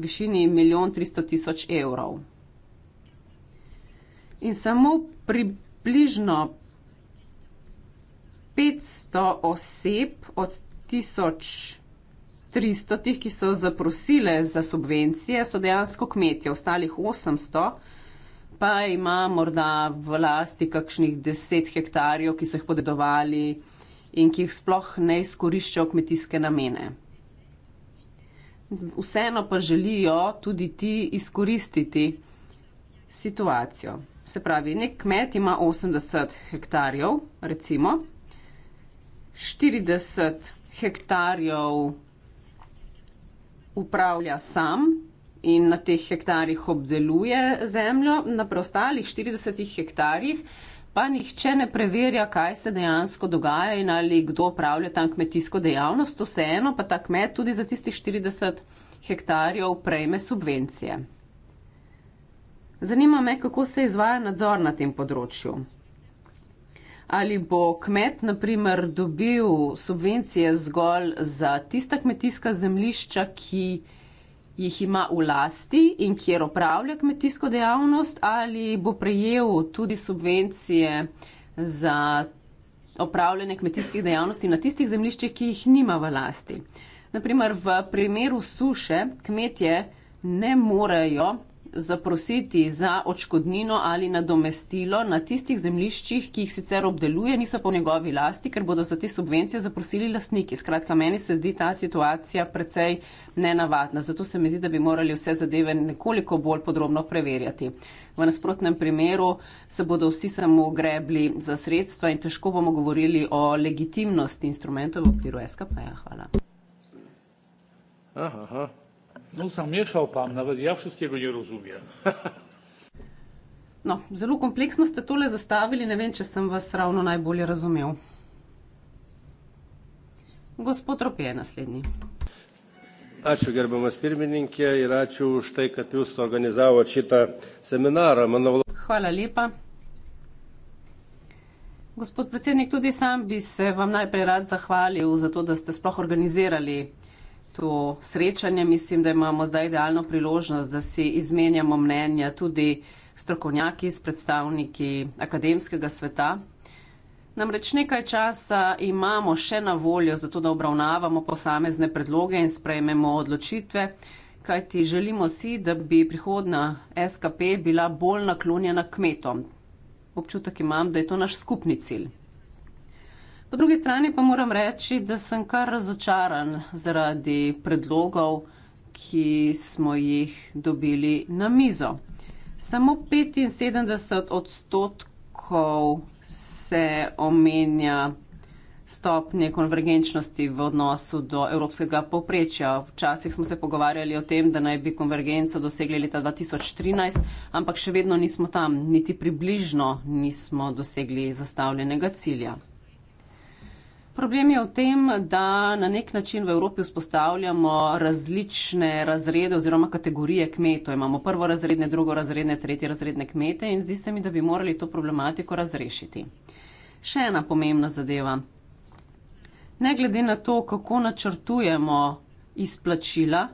višini 1 300 tisoč evrov. In samo približno 500 oseb od 1300, ki so zaprosile za subvencije, so dejansko kmetje, ostalih 800 pa ima morda v lasti kakšnih deset hektarjev, ki so jih podedovali in ki jih sploh ne izkoriščajo kmetijske namene. Vseeno pa želijo tudi ti izkoristiti situacijo. Se pravi, nek kmet ima 80 hektarjev, recimo 40 hektarjev upravlja sam, in na teh hektarjih obdeluje zemljo, na preostalih 40 hektarjih pa nihče ne preverja, kaj se dejansko dogaja in ali kdo upravlja tam kmetijsko dejavnost. Vseeno pa ta kmet tudi za tistih 40 hektarjev prejme subvencije. Zanima me, kako se izvaja nadzor na tem področju. Ali bo kmet, naprimer, dobil subvencije zgolj za tista kmetijska zemlišča, ki jih jih ima v lasti in kjer opravlja kmetijsko dejavnost, ali bo prejel tudi subvencije za opravljanje kmetijskih dejavnosti na tistih zemljiščih, ki jih nima v lasti. Naprimer, v primeru suše kmetje ne morejo zaprositi za očkodnino ali nadomestilo na tistih zemliščih, ki jih sicer obdeluje, niso pa v njegovi lasti, ker bodo za te subvencije zaprosili lastniki. Skratka, meni se zdi ta situacija precej nenavadna. Zato se mi zdi, da bi morali vse zadeve nekoliko bolj podrobno preverjati. V nasprotnem primeru se bodo vsi samo grebli za sredstva in težko bomo govorili o legitimnosti instrumentov v okviru SKP. Hvala. Aha, aha. No, zamešal pa, navad, ja vsega ne razumem. no, zelo kompleksno ste tole zastavili, ne vem, če sem vas ravno najbolje razumel. Gospod Rope je naslednji. Ačiū gerbiamas pirmininkė ir ačiū už tai, kad jūs organizavo šitą seminarą. Manau... Hvala lepa. Gospod predsednik, tudi sam bi se vam najprej rad zahvalil za to, da ste sploh organizirali to srečanje. Mislim, da imamo zdaj idealno priložnost, da si izmenjamo mnenja tudi strokovnjaki s predstavniki akademskega sveta. Namreč nekaj časa imamo še na voljo za to, da obravnavamo posamezne predloge in sprejmemo odločitve, kajti želimo si, da bi prihodna SKP bila bolj naklonjena kmetom. Občutek imam, da je to naš skupni cilj. Po drugi strani pa moram reči, da sem kar razočaran zaradi predlogov, ki smo jih dobili na mizo. Samo 75 odstotkov se omenja stopnje konvergenčnosti v odnosu do evropskega poprečja. Včasih smo se pogovarjali o tem, da naj bi konvergenco dosegli leta 2013, ampak še vedno nismo tam, niti približno nismo dosegli zastavljenega cilja. Problem je v tem, da na nek način v Evropi vzpostavljamo različne razrede oziroma kategorije kmetov. Imamo prvorazredne, drugorazredne, tretjerazredne kmete in zdi se mi, da bi morali to problematiko razrešiti. Še ena pomembna zadeva. Ne glede na to, kako načrtujemo izplačila,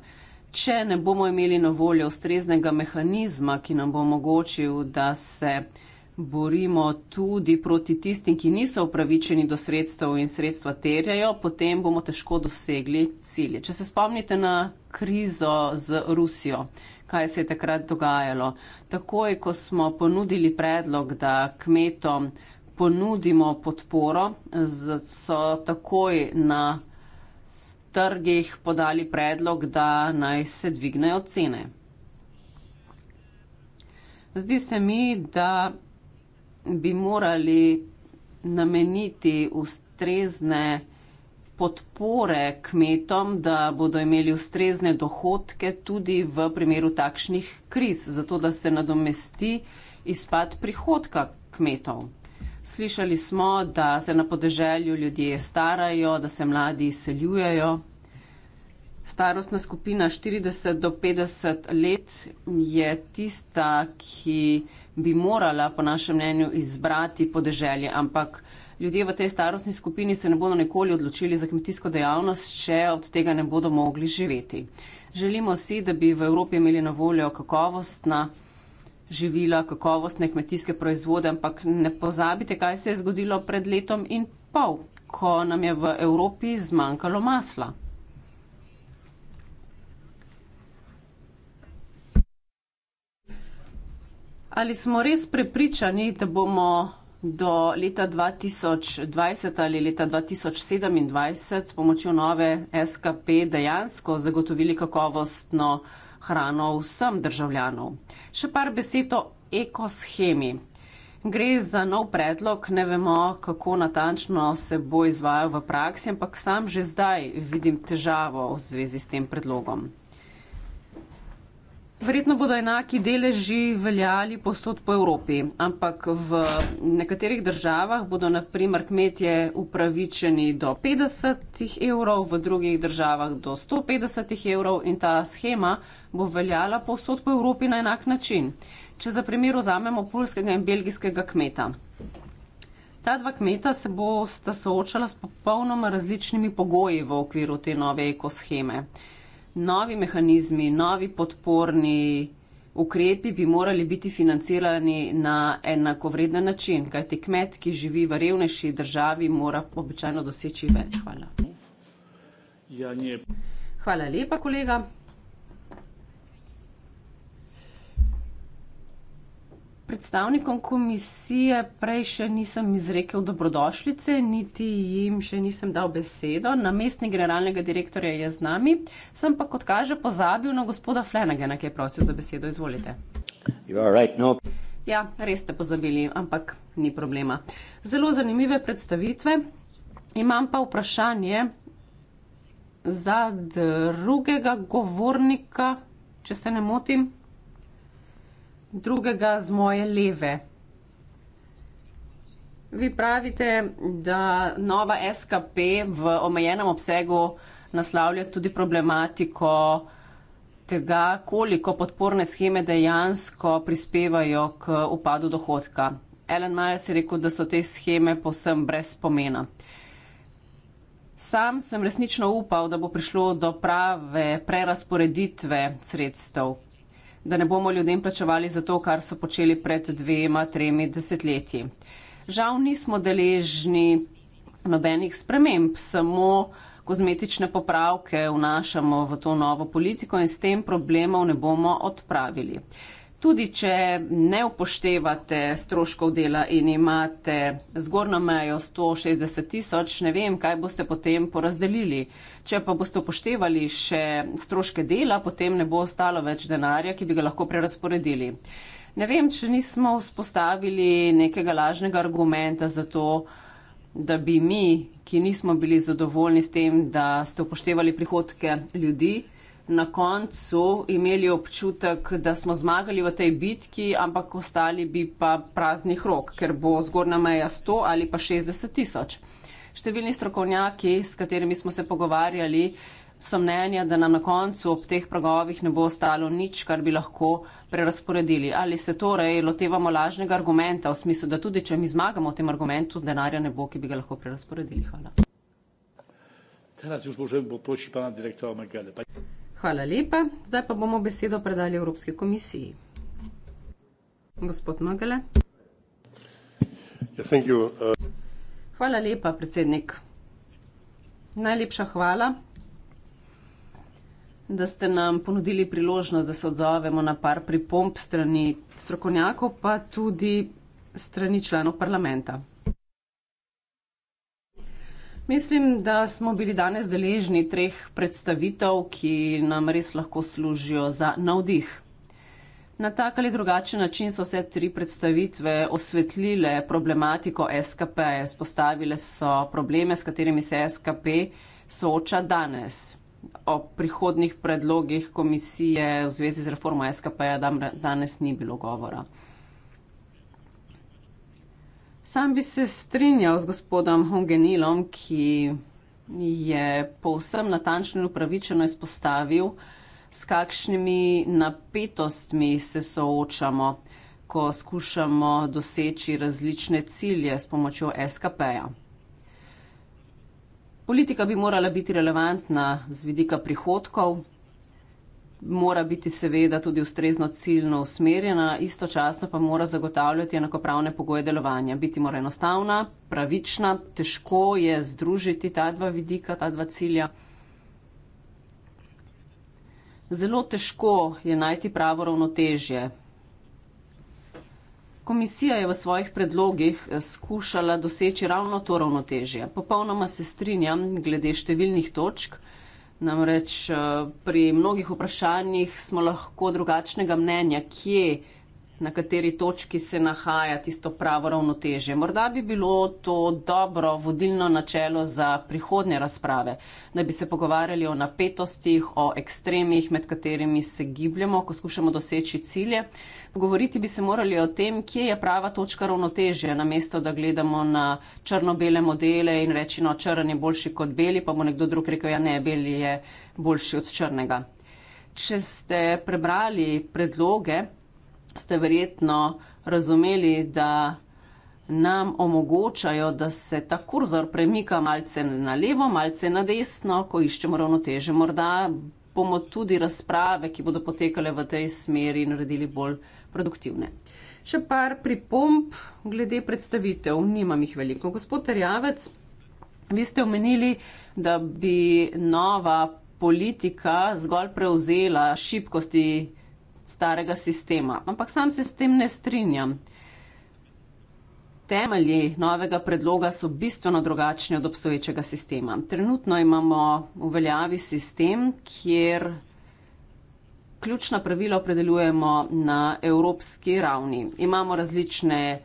če ne bomo imeli na voljo ustreznega mehanizma, ki nam bo omogočil, da se borimo tudi proti tistim, ki niso upravičeni do sredstev in sredstva terjajo, potem bomo težko dosegli cilje. Če se spomnite na krizo z Rusijo, kaj se je takrat dogajalo. Takoj, ko smo ponudili predlog, da kmetom ponudimo podporo, so takoj na trgih podali predlog, da naj se dvignejo cene. Zdi se mi, da bi morali nameniti ustrezne podpore kmetom, da bodo imeli ustrezne dohodke tudi v primeru takšnih kriz, zato da se nadomesti izpad prihodka kmetov. Slišali smo, da se na podeželju ljudje starajo, da se mladi izseljujejo. Starostna skupina 40 do 50 let je tista, ki bi morala, po našem mnenju, izbrati podeželje. Ampak ljudje v tej starostni skupini se ne bodo nikoli odločili za kmetijsko dejavnost, če od tega ne bodo mogli živeti. Želimo si, da bi v Evropi imeli na voljo kakovostna živila, kakovostne kmetijske proizvode, ampak ne pozabite, kaj se je zgodilo pred letom in pol, ko nam je v Evropi zmanjkalo masla. Ali smo res prepričani, da bomo do leta 2020 ali leta 2027 s pomočjo nove SKP dejansko zagotovili kakovostno hrano vsem državljanom? Še par besed o ekoshemi. Gre za nov predlog, ne vemo, kako natančno se bo izvajal v praksi, ampak sam že zdaj vidim težavo v zvezi s tem predlogom. Verjetno bodo enaki deleži veljali posod po Evropi, ampak v nekaterih državah bodo naprimer kmetje upravičeni do 50 evrov, v drugih državah do 150 evrov in ta schema bo veljala posod po Evropi na enak način. Če za primer vzamemo polskega in belgijskega kmeta. Ta dva kmeta se bosta soočala s popolnoma različnimi pogoji v okviru te nove ekosheme. Novi mehanizmi, novi podporni ukrepi bi morali biti financirani na enakovreden način, kajti kmet, ki živi v revnejši državi, mora običajno doseči več. Hvala. Ja, Hvala lepa, kolega. predstavnikom komisije prej še nisem izrekel dobrodošlice, niti jim še nisem dal besedo. Namestnik generalnega direktorja je z nami, sem pa kot kaže pozabil na gospoda Flanagana, ki je prosil za besedo. Izvolite. Right, no. Ja, res ste pozabili, ampak ni problema. Zelo zanimive predstavitve. Imam pa vprašanje za drugega govornika, če se ne motim drugega z moje leve. Vi pravite, da nova SKP v omejenem obsegu naslavlja tudi problematiko tega, koliko podporne scheme dejansko prispevajo k upadu dohodka. Ellen Miles je rekel, da so te scheme povsem brez pomena. Sam sem resnično upal, da bo prišlo do prave prerasporeditve sredstev, da ne bomo ljudem plačevali za to, kar so počeli pred dvema, tremi desetletji. Žal nismo deležni nobenih sprememb, samo kozmetične popravke vnašamo v to novo politiko in s tem problemov ne bomo odpravili tudi če ne upoštevate stroškov dela in imate zgornjo mejo 160 tisoč, ne vem, kaj boste potem porazdelili. Če pa boste upoštevali še stroške dela, potem ne bo ostalo več denarja, ki bi ga lahko prerasporedili. Ne vem, če nismo vzpostavili nekega lažnega argumenta za to, da bi mi, ki nismo bili zadovoljni s tem, da ste upoštevali prihodke ljudi, na koncu imeli občutek, da smo zmagali v tej bitki, ampak ostali bi pa praznih rok, ker bo zgornja meja 100 ali pa 60 tisoč. Številni strokovnjaki, s katerimi smo se pogovarjali, so mnenja, da nam na koncu ob teh pragovih ne bo ostalo nič, kar bi lahko prerasporedili. Ali se torej lotevamo lažnega argumenta v smislu, da tudi, če mi zmagamo v tem argumentu, denarja ne bo, ki bi ga lahko prerasporedili? Hvala. Teraz już możemy poprosić pana dyrektora Magale. Hvala lepa. Zdaj pa bomo besedo predali Evropski komisiji. Gospod Mogele. Ja, uh, hvala lepa, predsednik. Najlepša hvala, da ste nam ponudili priložnost, da se odzovemo na par pripomp strani strokovnjakov, pa tudi strani članov parlamenta. Mislim, da smo bili danes deležni treh predstavitev, ki nam res lahko služijo za navdih. Na tak ali drugačen način so vse tri predstavitve osvetlile problematiko SKP, spostavile so probleme, s katerimi se SKP sooča danes. O prihodnih predlogih komisije v zvezi z reformo SKP-ja danes ni bilo govora. Sam bi se strinjal z gospodom Hongenilom, ki je povsem natančno in upravičeno izpostavil, s kakšnimi napetostmi se soočamo, ko skušamo doseči različne cilje s pomočjo SKP-ja. Politika bi morala biti relevantna z vidika prihodkov, mora biti seveda tudi ustrezno ciljno usmerjena, istočasno pa mora zagotavljati enakopravne pogoje delovanja. Biti mora enostavna, pravična, težko je združiti ta dva vidika, ta dva cilja. Zelo težko je najti pravo ravnotežje. Komisija je v svojih predlogih eh, skušala doseči ravno to ravnotežje. Popolnoma se strinjam glede številnih točk. Namreč eh, pri mnogih vprašanjih smo lahko drugačnega mnenja, kje na kateri točki se nahaja tisto pravo ravnoteže. Morda bi bilo to dobro vodilno načelo za prihodnje razprave, da bi se pogovarjali o napetostih, o ekstremih, med katerimi se gibljamo, ko skušamo doseči cilje. Govoriti bi se morali o tem, kje je prava točka ravnoteže, namesto da gledamo na črno-bele modele in rečemo, no, črn je boljši kot beli, pa bo nekdo drug rekel, ja ne, beli je boljši od črnega. Če ste prebrali predloge, ste verjetno razumeli, da nam omogočajo, da se ta kurzor premika malce na levo, malce na desno, ko iščemo ravnoteže. Morda bomo tudi razprave, ki bodo potekale v tej smeri, naredili bolj produktivne. Še par pripomp glede predstavitev, nimam jih veliko. Gospod Terjavec, vi ste omenili, da bi nova politika zgolj prevzela šibkosti starega sistema. Ampak sam se s tem ne strinjam. Temelji novega predloga so bistveno drugačni od obstoječega sistema. Trenutno imamo v veljavi sistem, kjer ključna pravila opredeljujemo na evropski ravni. Imamo različne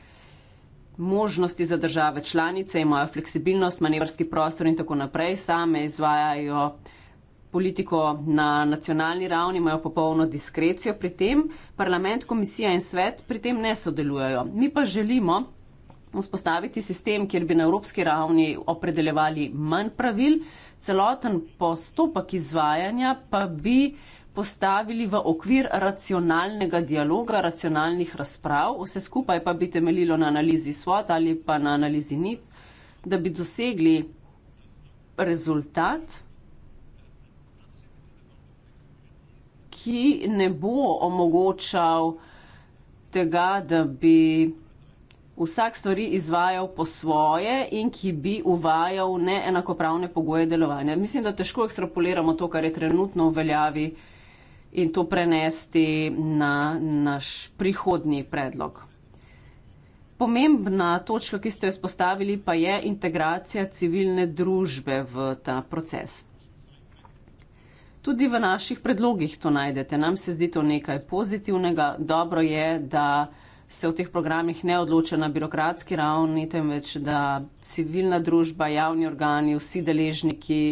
možnosti za države članice, imajo fleksibilnost, manevrski prostor in tako naprej, same izvajajo politiko na nacionalni ravni, imajo popolno diskrecijo pri tem, parlament, komisija in svet pri tem ne sodelujejo. Mi pa želimo vzpostaviti sistem, kjer bi na evropski ravni opredeljevali manj pravil, celoten postopek izvajanja pa bi postavili v okvir racionalnega dialoga, racionalnih razprav, vse skupaj pa bi temeljilo na analizi SWOT ali pa na analizi NIT, da bi dosegli rezultat, ki ne bo omogočal tega, da bi vsak stvari izvajal po svoje in ki bi uvajal neenakopravne pogoje delovanja. Mislim, da težko ekstrapoliramo to, kar je trenutno v veljavi in to prenesti na naš prihodni predlog. Pomembna točka, ki ste jo spostavili, pa je integracija civilne družbe v ta proces. Tudi v naših predlogih to najdete. Nam se zdi to nekaj pozitivnega. Dobro je, da se v teh programih ne odloča na birokratski ravni, temveč da civilna družba, javni organi, vsi deležniki,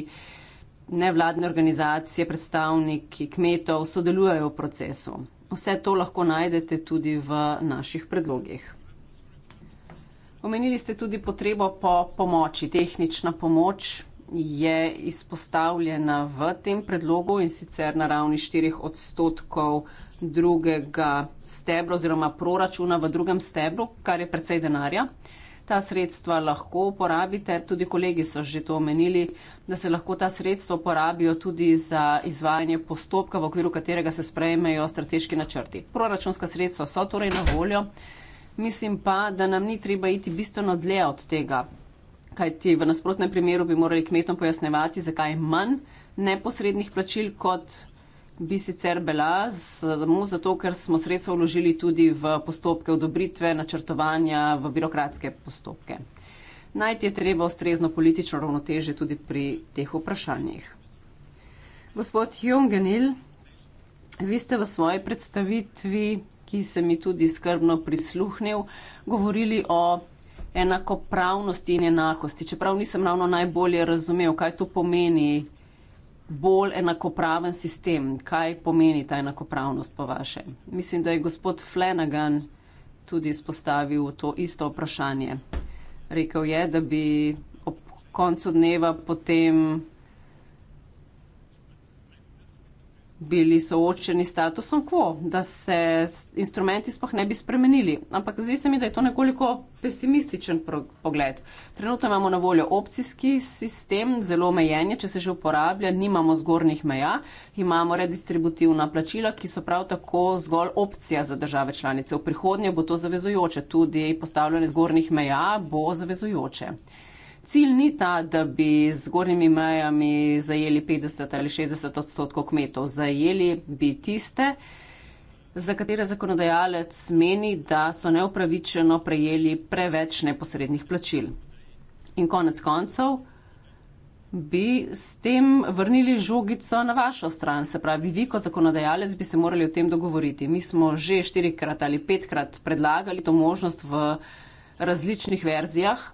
nevladne organizacije, predstavniki kmetov sodelujejo v procesu. Vse to lahko najdete tudi v naših predlogih. Omenili ste tudi potrebo po pomoči, tehnična pomoč, je izpostavljena v tem predlogu in sicer na ravni 4 odstotkov drugega stebra oziroma proračuna v drugem stebru, kar je precej denarja. Ta sredstva lahko uporabite, tudi kolegi so že to omenili, da se lahko ta sredstva uporabijo tudi za izvajanje postopka, v okviru katerega se sprejmejo strateški načrti. Proračunska sredstva so torej na voljo. Mislim pa, da nam ni treba iti bistveno dlje od tega kajti v nasprotnem primeru bi morali kmetom pojasnevati, zakaj je manj neposrednih plačil, kot bi sicer bila, samo zato, ker smo sredstva vložili tudi v postopke odobritve, načrtovanja, v birokratske postopke. Najti je treba ustrezno politično ravnoteže tudi pri teh vprašanjih. Gospod Jungenil, vi ste v svoji predstavitvi, ki se mi tudi skrbno prisluhnil, govorili o enakopravnosti in enakosti. Čeprav nisem ravno najbolje razumel, kaj to pomeni bolj enakopraven sistem, kaj pomeni ta enakopravnost po vaše. Mislim, da je gospod Flanagan tudi izpostavil to isto vprašanje. Rekel je, da bi ob koncu dneva potem bili soočeni s statusom quo, da se instrumenti sploh ne bi spremenili. Ampak zdi se mi, da je to nekoliko pesimističen pogled. Trenutno imamo na voljo opcijski sistem, zelo omejen je, če se že uporablja, nimamo zgornjih meja, imamo redistributivna plačila, ki so prav tako zgolj opcija za države članice. V prihodnje bo to zavezujoče, tudi postavljanje zgornjih meja bo zavezujoče. Cilj ni ta, da bi z gornjimi mejami zajeli 50 ali 60 odstotkov kmetov. Zajeli bi tiste, za katere zakonodajalec meni, da so neupravičeno prejeli preveč neposrednih plačil. In konec koncev bi s tem vrnili žogico na vašo stran. Se pravi, vi kot zakonodajalec bi se morali o tem dogovoriti. Mi smo že štirikrat ali petkrat predlagali to možnost v različnih verzijah,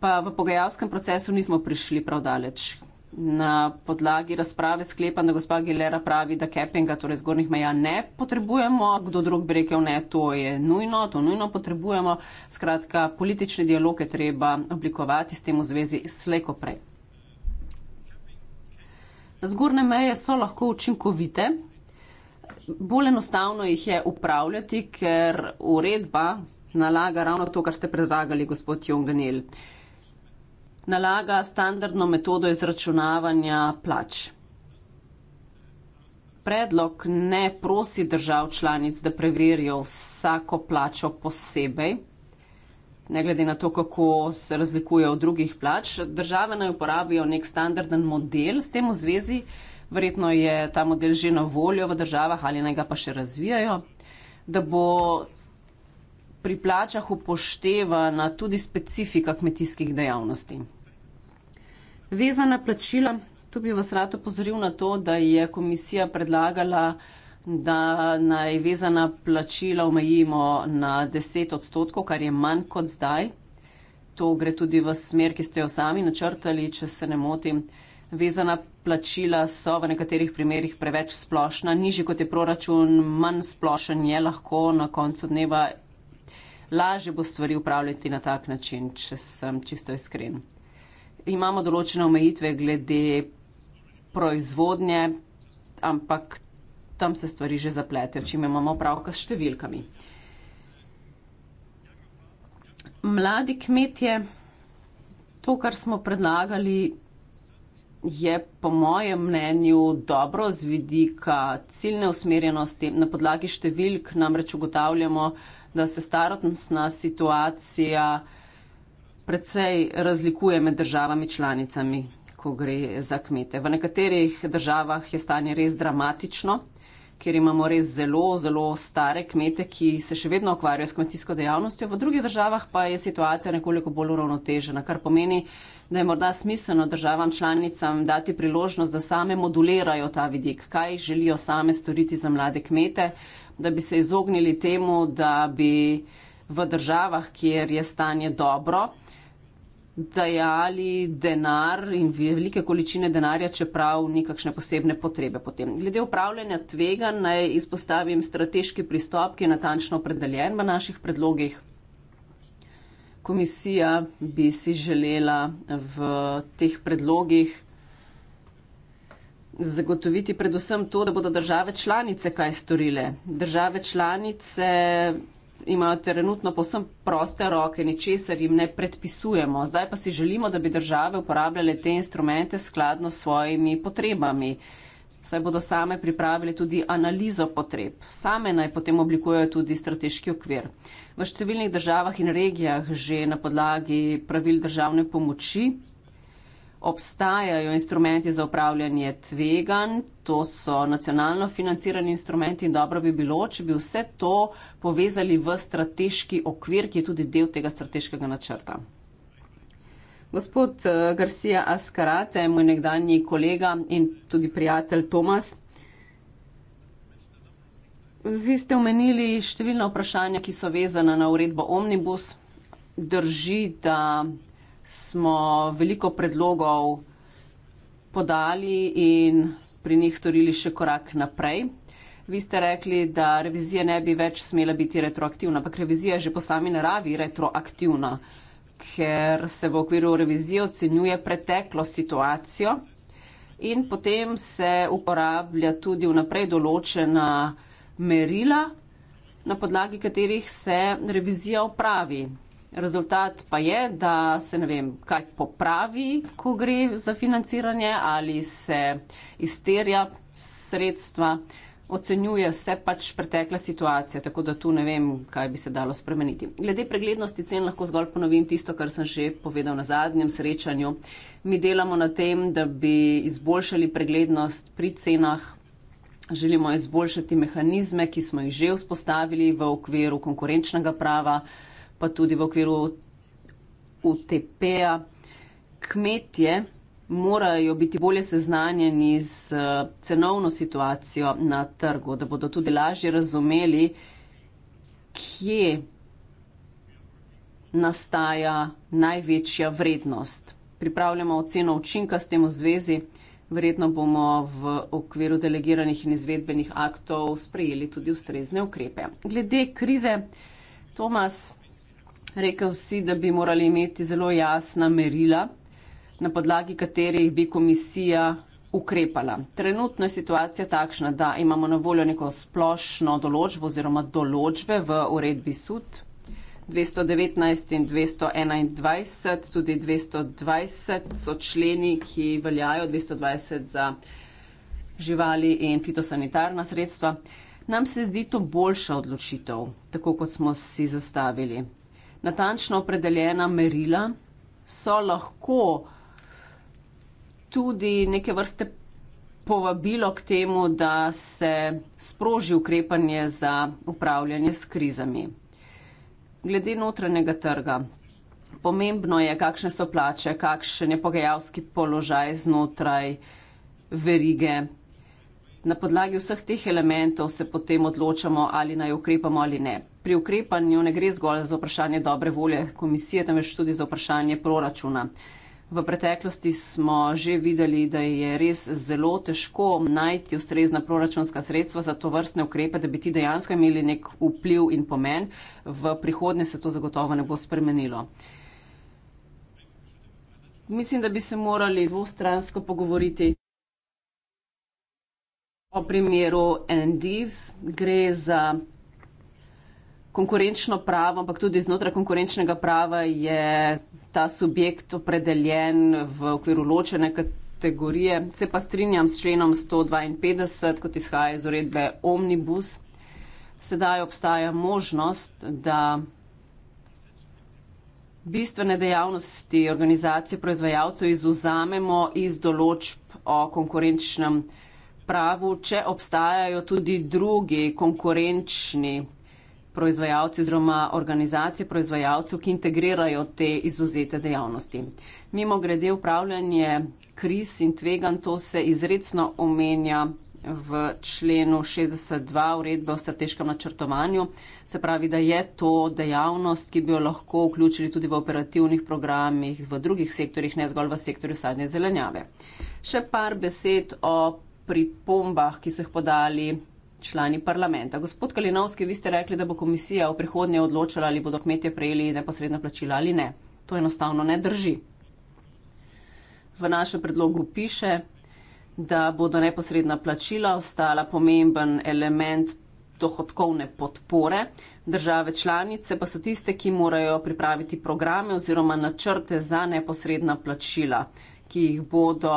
pa v pogajalskem procesu nismo prišli prav daleč. Na podlagi razprave sklepam, da gospa Gilera pravi, da kepinga, torej zgornjih meja, ne potrebujemo, kdo drug bi rekel ne, to je nujno, to nujno potrebujemo. Skratka, politični dialog je treba oblikovati s tem v zvezi slejko prej. Zgornje meje so lahko učinkovite. Bolj enostavno jih je upravljati, ker uredba nalaga ravno to, kar ste predlagali, gospod Jonganel. Uh, nalaga standardno metodo izračunavanja plač. Predlog ne prosi držav članic, da preverijo vsako plačo posebej, ne glede na to, kako se razlikuje od drugih plač. Države naj uporabijo nek standarden model s tem v zvezi, verjetno je ta model že na voljo v državah ali naj ga pa še razvijajo, da bo pri plačah upoštevana tudi specifika kmetijskih dejavnosti vezana plačila. Tu bi vas rad opozoril na to, da je komisija predlagala, da naj vezana plačila omejimo na 10 odstotkov, kar je manj kot zdaj. To gre tudi v smer, ki ste jo sami načrtali, če se ne motim. Vezana plačila so v nekaterih primerjih preveč splošna, nižji kot je proračun, manj splošen je lahko na koncu dneva. Lažje bo stvari upravljati na tak način, če sem čisto iskren imamo določene omejitve glede proizvodnje, ampak tam se stvari že zapletejo, čim imamo pravka s številkami. Mladi kmetje, to, kar smo predlagali, je po mojem mnenju dobro z vidika ciljne usmerjenosti. Na podlagi številk namreč ugotavljamo, da se starostna situacija precej razlikuje med državami članicami, ko gre za kmete. V nekaterih državah je stanje res dramatično, ker imamo res zelo, zelo stare kmete, ki se še vedno ukvarjajo s kmetijsko dejavnostjo, v drugih državah pa je situacija nekoliko bolj uravnotežena, kar pomeni, da je morda smiselno državam članicam dati priložnost, da same modulirajo ta vidik, kaj želijo same storiti za mlade kmete, da bi se izognili temu, da bi v državah, kjer je stanje dobro, dajali denar in velike količine denarja, čeprav ni kakšne posebne potrebe potem. Glede upravljanja tvega naj izpostavim strateški pristop, ki je natančno opredeljen v naših predlogih. Komisija bi si želela v teh predlogih zagotoviti predvsem to, da bodo države članice kaj storile. Države članice imajo trenutno povsem proste roke, ničesar jim ne predpisujemo. Zdaj pa si želimo, da bi države uporabljale te instrumente skladno s svojimi potrebami. Saj bodo same pripravili tudi analizo potreb. Same naj potem oblikujejo tudi strateški okvir. V številnih državah in regijah že na podlagi pravil državne pomoči obstajajo instrumenti za upravljanje tvegan, to so nacionalno financirani instrumenti in dobro bi bilo, če bi vse to povezali v strateški okvir, ki je tudi del tega strateškega načrta. Gospod eh, Garcia Askarate, moj nekdanji kolega in tudi prijatelj Tomas, vi ste omenili številna vprašanja, ki so vezana na uredbo Omnibus. Drži, da smo veliko predlogov podali in pri njih storili še korak naprej. Vi ste rekli, da revizija ne bi več smela biti retroaktivna, ampak revizija je že po sami naravi retroaktivna, ker se v okviru revizije ocenjuje preteklo situacijo in potem se uporablja tudi vnaprej določena merila, na podlagi katerih se revizija opravi. Rezultat pa je, da se ne vem, kaj popravi, ko gre za financiranje ali se izterja sredstva, ocenjuje se pač pretekla situacija, tako da tu ne vem, kaj bi se dalo spremeniti. Glede preglednosti cen lahko zgolj ponovim tisto, kar sem že povedal na zadnjem srečanju. Mi delamo na tem, da bi izboljšali preglednost pri cenah. Želimo izboljšati mehanizme, ki smo jih že vzpostavili v okviru konkurenčnega prava pa tudi v okviru UTP-ja. Kmetje morajo biti bolje seznanjeni z eh, cenovno situacijo na trgu, da bodo tudi lažje razumeli, kje nastaja največja vrednost. Pripravljamo oceno učinka s tem v zvezi. Verjetno bomo v okviru delegiranih in izvedbenih aktov sprejeli tudi ustrezne ukrepe. Glede krize, Tomas, Rekel si, da bi morali imeti zelo jasna merila, na podlagi katerih bi komisija ukrepala. Trenutno je situacija takšna, da imamo na voljo neko splošno določbo oziroma določbe v uredbi sud 219 in 221, tudi 220 so členi, ki veljajo 220 za živali in fitosanitarna sredstva. Nam se zdi to boljša odločitev, tako kot smo si zastavili natančno opredeljena merila, so lahko tudi neke vrste povabilo k temu, da se sproži ukrepanje za upravljanje s krizami. Glede notranjega trga, pomembno je, kakšne so plače, kakšen je pogajalski položaj znotraj verige Na podlagi vseh teh elementov se potem odločamo, ali naj ukrepamo ali ne. Pri ukrepanju ne gre zgolj za vprašanje dobre volje komisije, temveč tudi za vprašanje proračuna. V preteklosti smo že videli, da je res zelo težko najti ustrezna proračunska sredstva za to vrstne ukrepe, da bi ti dejansko imeli nek vpliv in pomen. V prihodnje se to zagotovo ne bo spremenilo. Mislim, da bi se morali dvostransko pogovoriti o primeru Endives, gre za konkurenčno pravo, ampak tudi znotraj konkurenčnega prava je ta subjekt opredeljen v okviru ločene kategorije. Se pa strinjam s členom 152, kot izhaja iz uredbe Omnibus. Sedaj obstaja možnost, da bistvene dejavnosti organizacije proizvajalcev izuzamemo iz določb o konkurenčnem pravu pravu, če obstajajo tudi drugi konkurenčni proizvajalci oziroma organizacije proizvajalcev, ki integrirajo te izuzete dejavnosti. Mimo grede upravljanje kriz in tvegan, to se izredno omenja v členu 62 uredbe o strateškem načrtovanju. Se pravi, da je to dejavnost, ki bi jo lahko vključili tudi v operativnih programih v drugih sektorjih, ne zgolj v sektorju sadne zelenjave. Še par besed o pripombah, ki so jih podali člani parlamenta. Gospod Kalinovski, vi ste rekli, da bo komisija v prihodnje odločala, ali bodo kmetje prejeli neposredno plačila ali ne. To enostavno ne drži. V našem predlogu piše, da bodo neposredna plačila ostala pomemben element dohodkovne podpore. Države članice pa so tiste, ki morajo pripraviti programe oziroma načrte za neposredna plačila, ki jih bodo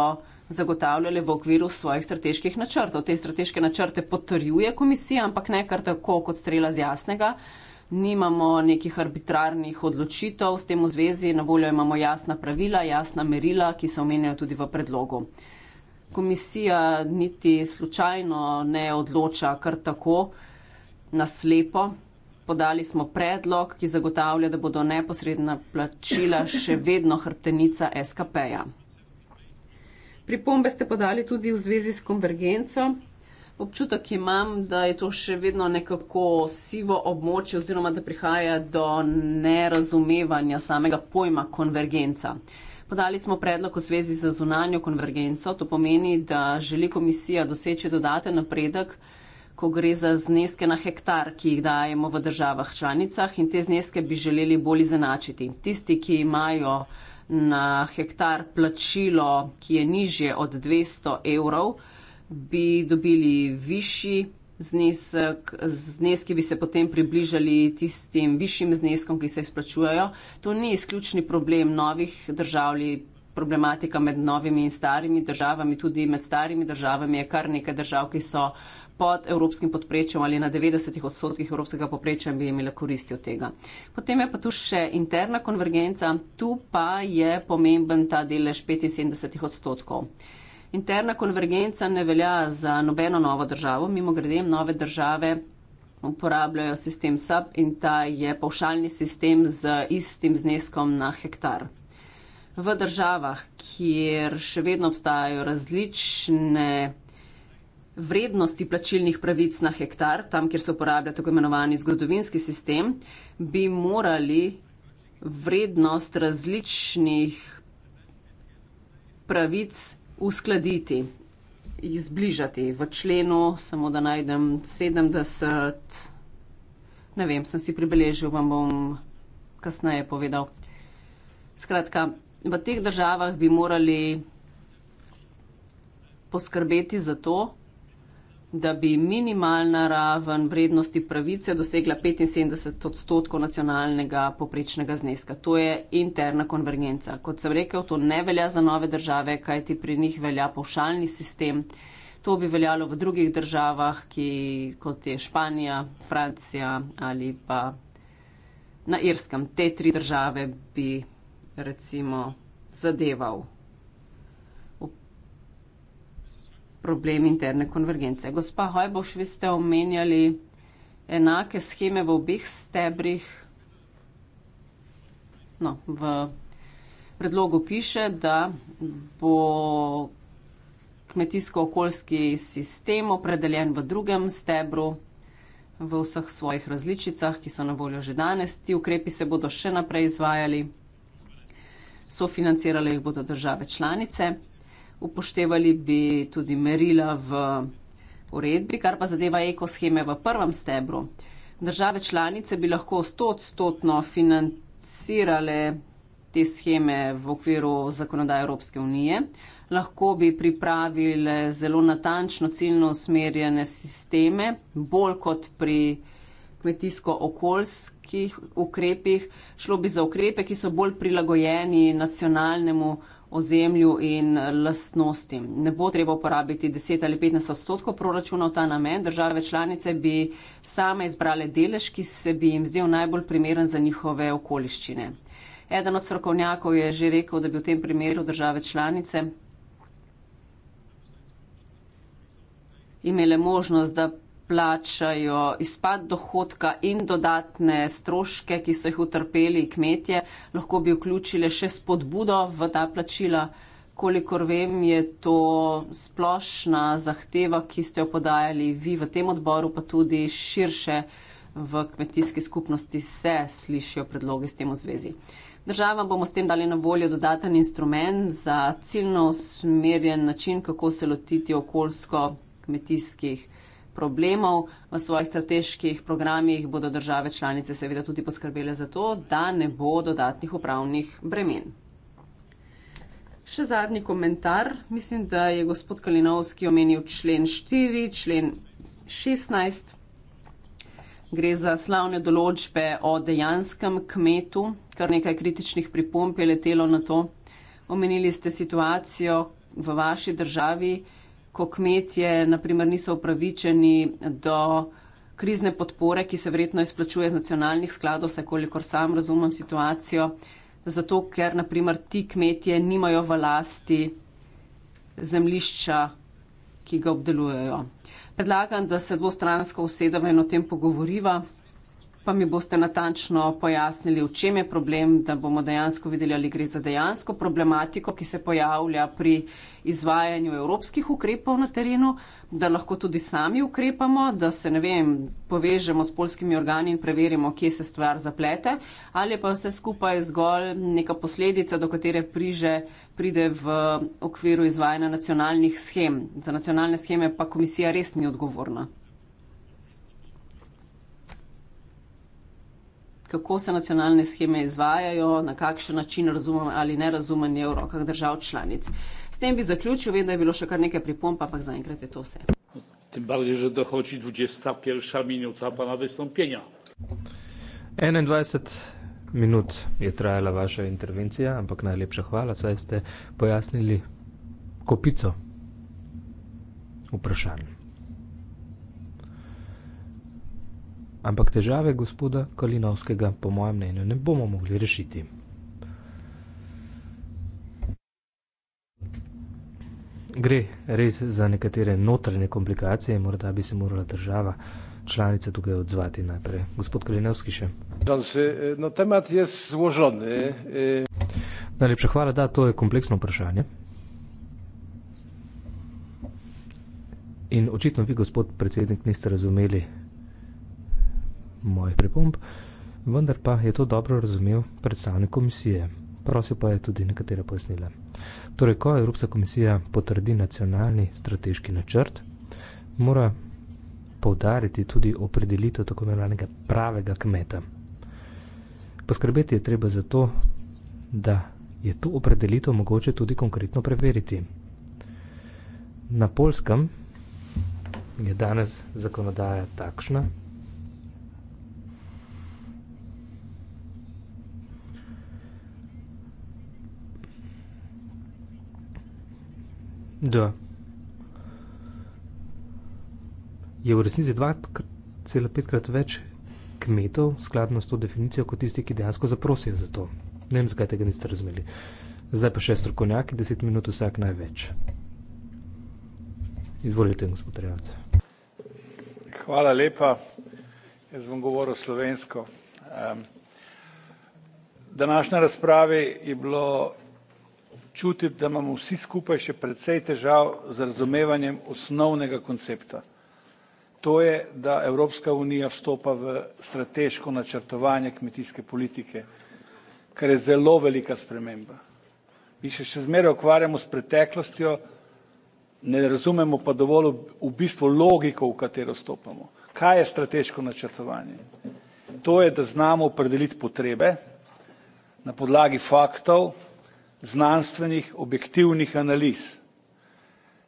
zagotavljale v okviru svojih strateških načrtov. Te strateške načrte potrjuje komisija, ampak ne kar tako kot strela z jasnega. Nimamo nekih arbitrarnih odločitev s tem v zvezi, na voljo imamo jasna pravila, jasna merila, ki se omenjajo tudi v predlogu. Komisija niti slučajno ne odloča kar tako naslepo. Podali smo predlog, ki zagotavlja, da bodo neposredna plačila še vedno hrbtenica SKP-ja. Pripombe ste podali tudi v zvezi s konvergenco. Občutek imam, da je to še vedno nekako sivo območje oziroma da prihaja do nerazumevanja samega pojma konvergenca. Podali smo predlog v zvezi z zunanjo konvergenco. To pomeni, da želi komisija doseči dodaten napredek, ko gre za zneske na hektar, ki jih dajemo v državah članicah in te zneske bi želeli bolj izenačiti. Tisti, ki imajo na hektar plačilo, ki je nižje od 200 evrov, bi dobili višji znesek, zneski bi se potem približali tistim višjim zneskom, ki se izplačujejo. To ni izključni problem novih držav ali problematika med novimi in starimi državami, tudi med starimi državami je kar nekaj držav, ki so pod evropskim podprečjem ali na 90 odstotkih evropskega podprečja in bi imele koristi od tega. Potem je pa tu še interna konvergenca, tu pa je pomemben ta delež 75 odstotkov. Interna konvergenca ne velja za nobeno novo državo, mimo grede nove države uporabljajo sistem SAP in ta je povšaljni sistem z istim zneskom na hektar. V državah, kjer še vedno obstajajo različne vrednosti plačilnih pravic na hektar, tam, kjer se uporablja tako imenovani zgodovinski sistem, bi morali vrednost različnih pravic uskladiti, jih zbližati. V členu, samo da najdem 70, ne vem, sem si pribeležil, vam bom kasneje povedal. Skratka, v teh državah bi morali poskrbeti za to, da bi minimalna raven vrednosti pravice dosegla 75 odstotkov nacionalnega poprečnega zneska. To je interna konvergenca. Kot sem rekel, to ne velja za nove države, kajti pri njih velja povšalni sistem. To bi veljalo v drugih državah, ki, kot je Španija, Francija ali pa na Irskem. Te tri države bi recimo zadeval. problem interne konvergence. Gospa Hojboš, vi ste omenjali enake scheme v obih stebrih. No, v predlogu piše, da bo kmetijsko-okoljski sistem opredeljen v drugem stebru v vseh svojih različicah, ki so na voljo že danes. Ti ukrepi se bodo še naprej izvajali, sofinancirale jih bodo države članice upoštevali bi tudi merila v uredbi, kar pa zadeva ekosheme v prvem stebru. Države članice bi lahko stotstotno financirale te scheme v okviru zakonodaje Evropske unije, lahko bi pripravile zelo natančno ciljno usmerjene sisteme, bolj kot pri kmetijsko-okoljskih ukrepih. Šlo bi za ukrepe, ki so bolj prilagojeni nacionalnemu ozemlju in lastnosti. Ne bo treba uporabiti 10 ali 15 odstotkov proračuna v ta namen. Države članice bi same izbrale delež, ki se bi jim zdel najbolj primeren za njihove okoliščine. Eden od strokovnjakov je že rekel, da bi v tem primeru države članice imele možnost, da plačajo izpad dohodka in dodatne stroške, ki so jih utrpeli kmetje, lahko bi vključile še spodbudo v ta plačila. Kolikor vem, je to splošna zahteva, ki ste jo podajali vi v tem odboru, pa tudi širše v kmetijski skupnosti se slišijo predloge s tem v zvezi. Država bomo s tem dali na voljo dodaten instrument za ciljno usmerjen način, kako se lotiti okoljsko-kmetijskih problemov problemov v svojih strateških programih, bodo države članice seveda tudi poskrbele za to, da ne bo dodatnih upravnih bremen. Še zadnji komentar. Mislim, da je gospod Kalinovski omenil člen 4, člen 16. Gre za slavne določbe o dejanskem kmetu, kar nekaj kritičnih pripomp je letelo na to. Omenili ste situacijo v vaši državi, ko kmetje naprimer niso upravičeni do krizne podpore, ki se vredno izplačuje z nacionalnih skladov, vse kolikor sam razumem situacijo, zato ker naprimer ti kmetje nimajo v lasti zemlišča, ki ga obdelujejo. Predlagam, da se dvostransko usedeva in o tem pogovoriva pa mi boste natančno pojasnili, v čem je problem, da bomo dejansko videli, ali gre za dejansko problematiko, ki se pojavlja pri izvajanju evropskih ukrepov na terenu, da lahko tudi sami ukrepamo, da se ne vem, povežemo s polskimi organi in preverimo, kje se stvar zaplete, ali pa vse skupaj zgolj neka posledica, do katere priže, pride v okviru izvajanja nacionalnih schem. Za nacionalne scheme pa komisija res ni odgovorna. kako se nacionalne scheme izvajajo, na kakšen način razumem ali ne razumem je v rokah držav članic. S tem bi zaključil, vem, da je bilo še kar nekaj pripomp, ampak zaenkrat je to vse. Tem bolj, že dohodi 21. minuta pa na vystąpienja. 21 minut je trajala vaša intervencija, ampak najlepša hvala, saj ste pojasnili kopico vprašanj. Ampak težave gospoda Kalinovskega, po mojem mnenju, ne bomo mogli rešiti. Gre res za nekatere notranje komplikacije in morda bi se morala država članica tukaj odzvati najprej. Gospod Kalinovski še. No, temat je zložen. Najlepša hvala, da to je kompleksno vprašanje. In očitno vi, gospod predsednik, niste razumeli mojih pripomb, vendar pa je to dobro razumel predstavnik komisije. Prosil pa je tudi nekatere pojasnile. Torej, ko Evropska komisija potrdi nacionalni strateški načrt, mora povdariti tudi opredelitev tako imenovanega pravega kmeta. Poskrbeti je treba za to, da je to opredelitev mogoče tudi konkretno preveriti. Na polskem je danes zakonodaja takšna, Da. Je v resnici 2,5-krat več kmetov, skladno s to definicijo, kot tisti, ki dejansko zaprosijo za to. Ne vem, zakaj tega niste razumeli. Zdaj pa še strokovnjaki, 10 minut vsak največ. Izvolite, gospod Rejavce. Hvala lepa. Jaz bom govoril slovensko. Um, današnje razprave je bilo čutiti, da imamo vsi skupaj še precej težav z razumevanjem osnovnega koncepta. To je, da Evropska unija vstopa v strateško načrtovanje kmetijske politike, kar je zelo velika sprememba. Mi se še zmeraj ukvarjamo s preteklostjo, ne razumemo pa dovolj v bistvu logiko, v katero vstopamo. Kaj je strateško načrtovanje? To je, da znamo opredeliti potrebe na podlagi faktov, znanstvenih, objektivnih analiz.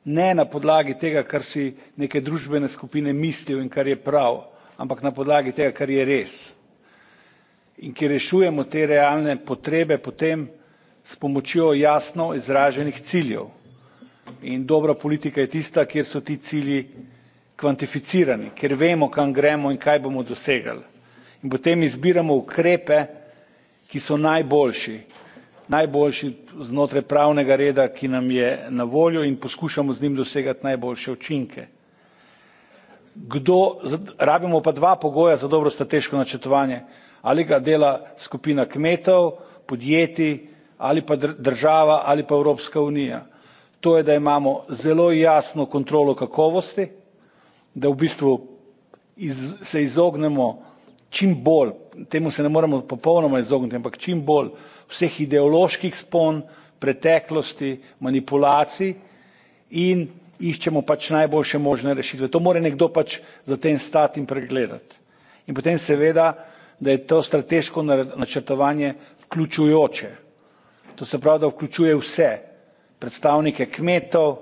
Ne na podlagi tega, kar si neke družbene skupine mislijo in kar je prav, ampak na podlagi tega, kar je res. In ki rešujemo te realne potrebe potem s pomočjo jasno izraženih ciljev. In dobra politika je tista, kjer so ti cilji kvantificirani, ker vemo, kam gremo in kaj bomo dosegali. In potem izbiramo ukrepe, ki so najboljši, najboljši znotraj pravnega reda, ki nam je na voljo in poskušamo z njim dosegati najboljše učinke. Kdo, rabimo pa dva pogoja za dobro strateško načrtovanje. Ali ga dela skupina kmetov, podjetij, ali pa država, ali pa Evropska unija. To je, da imamo zelo jasno kontrolo kakovosti, da v bistvu iz, se izognemo čim bolj, temu se ne moremo popolnoma izogniti, ampak čim bolj vseh ideoloških spon, preteklosti, manipulacij in iščemo pač najboljše možne rešitve. To mora nekdo pač za tem stati in pregledati. In potem seveda, da je to strateško načrtovanje vključujoče. To se pravi, da vključuje vse predstavnike kmetov,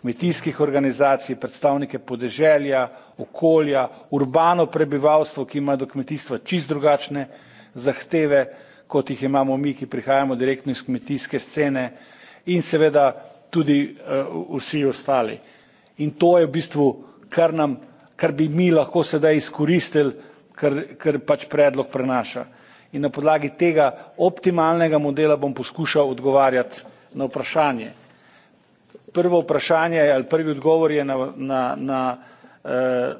kmetijskih organizacij, predstavnike podeželja, okolja, urbano prebivalstvo, ki ima do kmetijstva čisto drugačne zahteve, kot jih imamo mi, ki prihajamo direktno iz kmetijske scene in seveda tudi uh, vsi ostali. In to je v bistvu, kar, nam, kar bi mi lahko sedaj izkoristili, kar, kar pač predlog prenaša. In na podlagi tega optimalnega modela bom poskušal odgovarjati na vprašanje. Prvo vprašanje ali prvi odgovor je na, na, na eh,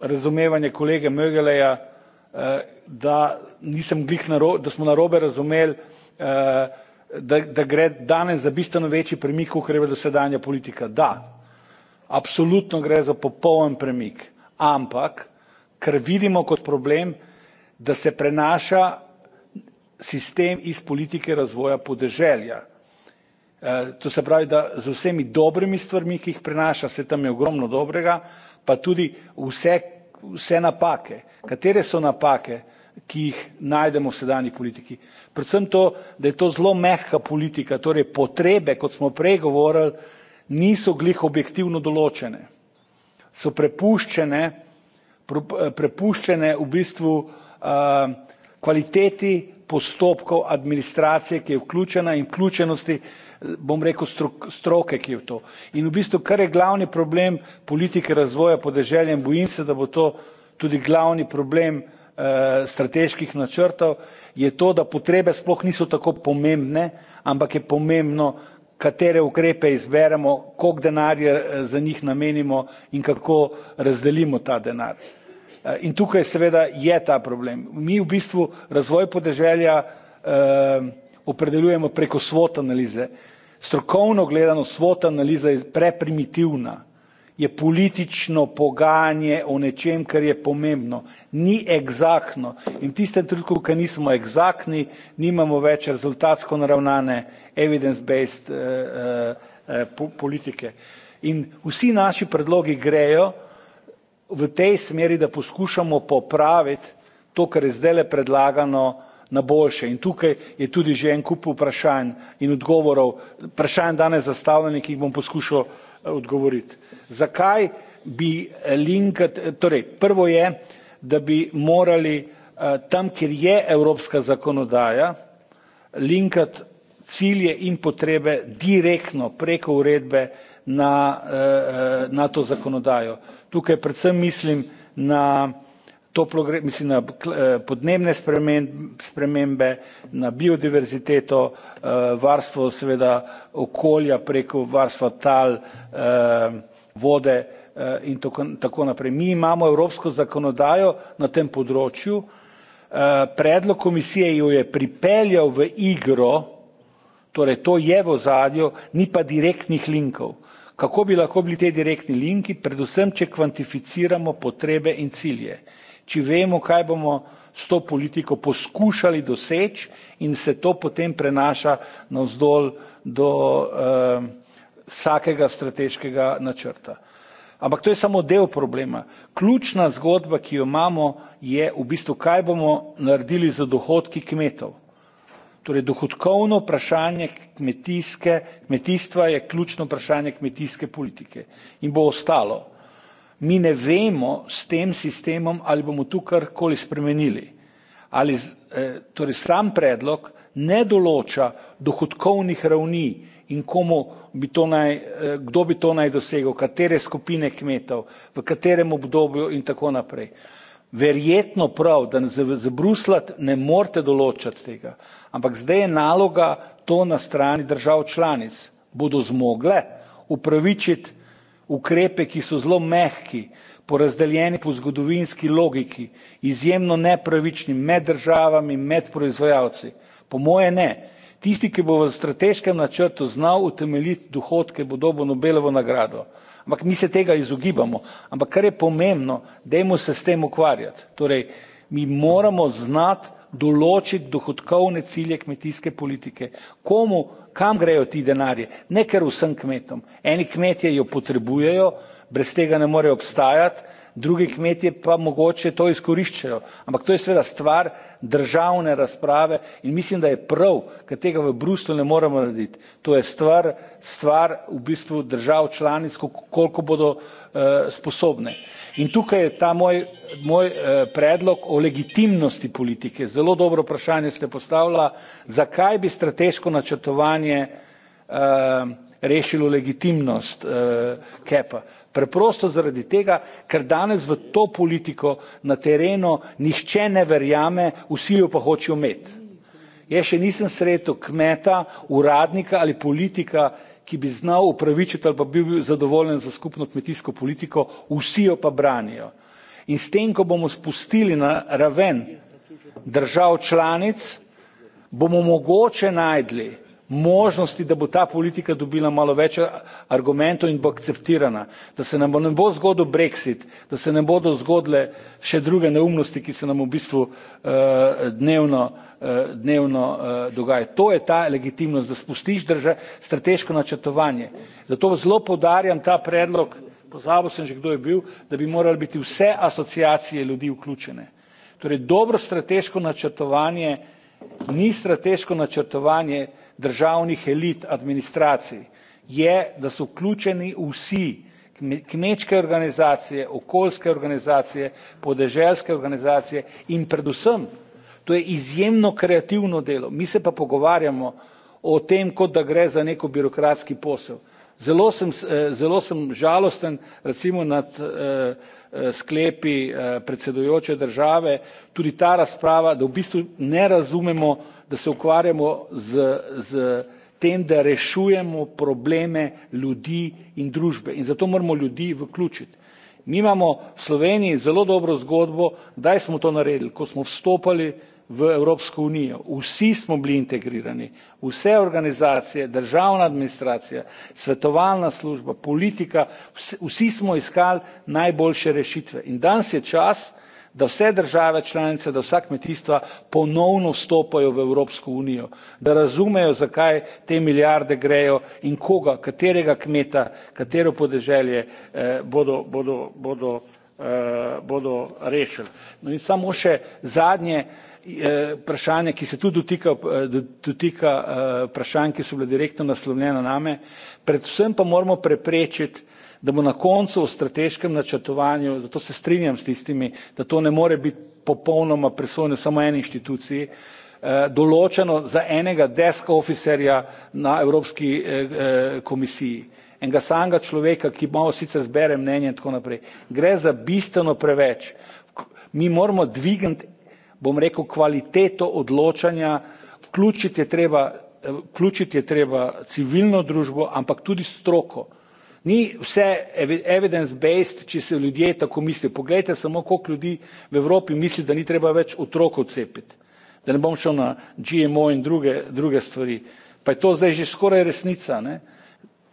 razumevanje kolege Mögeleja, eh, da nisem glih na ro, da smo narobe razumeli, eh, da, da gre danes za bistveno večji premik, kot je bila dosedanja politika. Da, absolutno gre za popoln premik, ampak ker vidimo kot problem, da se prenaša sistem iz politike razvoja podeželja. Eh, to se pravi, da z vsemi dobrimi stvarmi, ki jih prenaša, se tam je ogromno dobrega, pa tudi vse, vse napake. Katere so napake? ki jih najdemo v sedanji politiki. Predvsem to, da je to zelo mehka politika, torej potrebe, kot smo prej govorili, niso glih objektivno določene. So prepuščene, eh, prepuščene v bistvu uh, kvaliteti postopkov administracije, ki je vključena in vključenosti, eh, bom rekel, stroke, ki je v to. In v bistvu, kar je glavni problem politike razvoja podeželja, bojim se, da bo to tudi glavni problem uh, Eh, strateških načrtov je to, da potrebe sploh niso tako pomembne, ampak je pomembno, katere ukrepe izberemo, koliko denarja eh, za njih namenimo in kako razdelimo ta denar. Eh, in tukaj seveda je ta problem. Mi v bistvu razvoj podeželja eh, opredeljujemo preko svot analize. Strokovno gledano svot analiza je preprimitivna je politično pogajanje o nečem, kar je pomembno, ni egzaktno. In v tistem trenutku, ko nismo egzaktni, nimamo več rezultatsko naravnane, evidence-based eh, eh, eh, po politike. In vsi naši predlogi grejo v tej smeri, da poskušamo popraviti to, kar je zdaj le predlagano na boljše. In tukaj je tudi že en kup vprašanj in odgovorov, vprašanj danes zastavljenih, ki jih bom poskušal eh, odgovoriti. Zakaj bi linkat, torej prvo je, da bi morali eh, tam, kjer je evropska zakonodaja, linkat cilje in potrebe direktno preko uredbe na, eh, eh, na to zakonodajo. Tukaj predvsem mislim na toplo gre, mislim, na eh, podnebne spremembe, na biodiverziteto, eh, varstvo seveda okolja preko varstva tal, eh, vode in tako naprej. Mi imamo evropsko zakonodajo na tem področju, predlog komisije jo je pripeljal v igro, torej to je v ozadju, ni pa direktnih linkov. Kako bi lahko bili ti direktni linki, predvsem če kvantificiramo potrebe in cilje? če vemo, kaj bomo s to politiko poskušali doseči in se to potem prenaša navzdol do eh, vsakega strateškega načrta. Ampak to je samo del problema. Ključna zgodba, ki jo imamo, je v bistvu, kaj bomo naredili za dohodki kmetov. Torej, dohodkovno vprašanje kmetijske, kmetijstva je ključno vprašanje kmetijske politike in bo ostalo mi ne vemo s tem sistemom, ali bomo tu karkoli spremenili. Ali, eh, torej sam predlog ne določa dohodkovnih ravni in komu bi to naj, eh, kdo bi to naj dosegel, katere skupine kmetov, v katerem obdobju in tako naprej. Verjetno prav, da za, za Brusla ne morete določati tega, ampak zdaj je naloga to na strani držav članic. Bodo zmogle upravičiti ukrepe, ki so zelo mehki, porazdeljeni po zgodovinski logiki, izjemno nepravični med državami, med proizvajalci. Po moje ne. Tisti, ki bo v strateškem načrtu znal utemeljiti dohodke, bo dobil Nobelovo nagrado. Ampak mi se tega izogibamo. Ampak kar je pomembno, dajmo se s tem ukvarjati. Torej, mi moramo znati določiti dohodkovne cilje kmetijske politike. Komu, kam grejo ti denarje? Ne ker vsem kmetom. Eni kmetje jo potrebujejo, brez tega ne morejo obstajati, drugi kmetje pa mogoče to izkoriščajo. Ampak to je seveda stvar državne razprave in mislim, da je prav, ker tega v Bruslu ne moremo narediti. To je stvar, stvar v bistvu držav članic, koliko bodo eh, sposobne. In tukaj je ta moj, moj eh, predlog o legitimnosti politike. Zelo dobro vprašanje ste postavila, zakaj bi strateško načrtovanje eh, rešilo legitimnost eh, KEP-a preprosto zaradi tega ker danes v to politiko na terenu nihče ne verjame vsi jo pa hočejo imeti jaz še nisem sretel kmeta uradnika ali politika ki bi znal upravičiti ali pa bi bil zadovoljen za skupno kmetijsko politiko vsi jo pa branijo in s tem ko bomo spustili na raven držav članic bomo mogoče našli možnosti, da bo ta politika dobila malo več argumentov in bo akceptirana, da se nam bo ne bo zgodil brexit, da se ne bodo zgodile še druge neumnosti, ki se nam v bistvu uh, dnevno, uh, dnevno uh, eh, dogaja. To je ta legitimnost, da spustiš državo strateško načrtovanje. Zato zelo podarjam ta predlog, pozabil sem že, kdo je bil, da bi morali biti vse asociacije ljudi vključene. Torej, dobro strateško načrtovanje ni strateško načrtovanje, državnih elit, administracij, je, da so vključeni vsi kmečke organizacije, okoljske organizacije, podeželske organizacije in predvsem to je izjemno kreativno delo. Mi se pa pogovarjamo o tem, kot da gre za neko birokratski posel. Zelo sem, eh, zelo sem žalosten recimo nad eh, eh, sklepi predsedujoče države, tudi ta razprava, da v bistvu ne razumemo da se ukvarjamo z, z tem, da rešujemo probleme ljudi in družbe. In zato moramo ljudi vključiti. Mi imamo v Sloveniji zelo dobro zgodbo, kdaj smo to naredili, ko smo vstopali v Evropsko unijo. Vsi smo bili integrirani, vse organizacije, državna administracija, svetovalna služba, politika, vsi smo iskali najboljše rešitve. In danes je čas, da vse države članice, da vsa kmetijstva ponovno vstopajo v Evropsko unijo, da razumejo, zakaj te milijarde grejo in koga, katerega kmeta, katero podeželje eh, bodo, bodo, bodo, eh, bodo rešili. No in samo še zadnje eh, vprašanje, ki se tudi dotika, eh, dotika eh, vprašanj, ki so bile direktno naslovljene name, predvsem pa moramo preprečiti, da bo na koncu v strateškem načrtovanju, zato se strinjam s tistimi, da to ne more biti popolnoma presojeno samo eni inštituciji, eh, določeno za enega desk officerja na Evropski eh, eh, komisiji, enega samega človeka, ki malo sicer zbere mnenje in tako naprej. Gre za bistveno preveč. Mi moramo dvigniti, bom rekel, kvaliteto odločanja, vključiti je treba, eh, vključiti je treba civilno družbo, ampak tudi stroko ni vse evidence-based, če se ljudje tako mislijo. Poglejte samo, koliko ljudi v Evropi misli, da ni treba več otrokov cepiti, da ne bom šel na GMO in druge, druge stvari. Pa je to zdaj že skoraj resnica. Ne?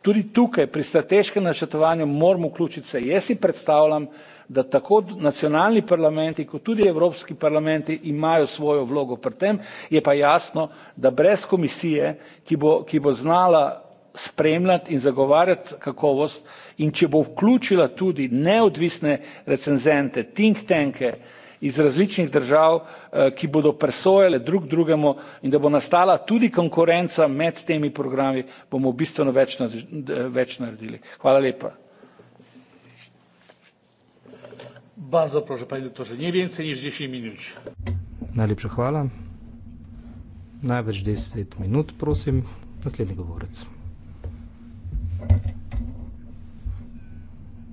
Tudi tukaj pri strateškem načrtovanju moramo vključiti se. Jaz si predstavljam, da tako nacionalni parlamenti kot tudi evropski parlamenti imajo svojo vlogo pri tem, je pa jasno, da brez komisije, ki bo, ki bo znala spremljati in zagovarjati kakovost in če bo vključila tudi neodvisne recenzente, think tanke iz različnih držav, eh, ki bodo presojale drug drugemu in da bo nastala tudi konkurenca med temi programi, bomo bistveno več, na, več naredili. Hvala lepa. Baza, prosim, pa je to že Njevence, je že Šiminjuč. Najlepša hvala. Največ 10 minut, prosim, naslednji govorec.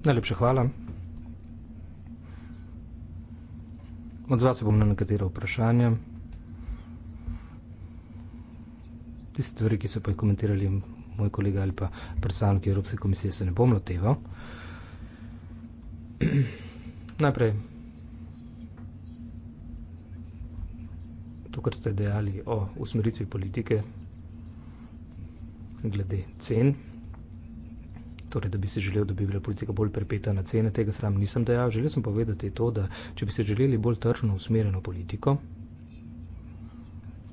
Najlepša hvala. Odzval se bom na nekatera vprašanja. Tiste stvari, ki so pa jih komentirali moj kolega ali pa predstavniki Evropske komisije, se ne bom loteval. [clears throat] Najprej, to, kar ste dejali o usmeritvi politike glede cen torej, da bi si želel, da bi bila politika bolj prepeta na cene, tega sam nisem dejal. Želel sem povedati to, da če bi si želeli bolj tržno usmerjeno politiko,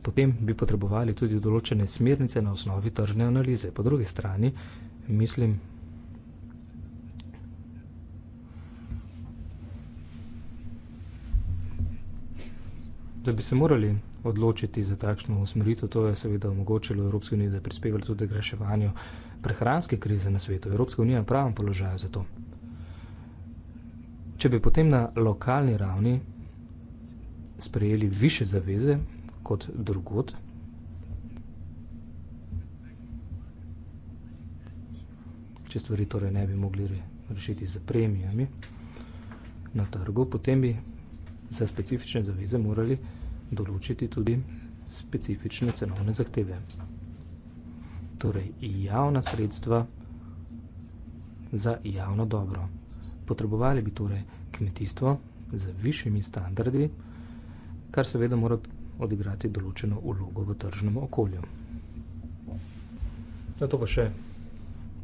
potem bi potrebovali tudi določene smernice na osnovi tržne analize. Po drugi strani, mislim, da bi se morali odločiti za takšno usmeritev. To je seveda omogočilo Evropski uniji, da je prispevali tudi greševanju uh, prehranske krize na svetu. Evropska unija je v pravem položaju za to. Če bi potem na lokalni ravni sprejeli više zaveze kot drugod, če stvari torej ne bi mogli rešiti z premijami na trgu, potem bi za specifične zaveze morali določiti tudi specifične cenovne zahteve torej javna sredstva za javno dobro. Potrebovali bi torej kmetijstvo z višjimi standardi, kar seveda mora odigrati določeno vlogo v tržnem okolju. Na to pa še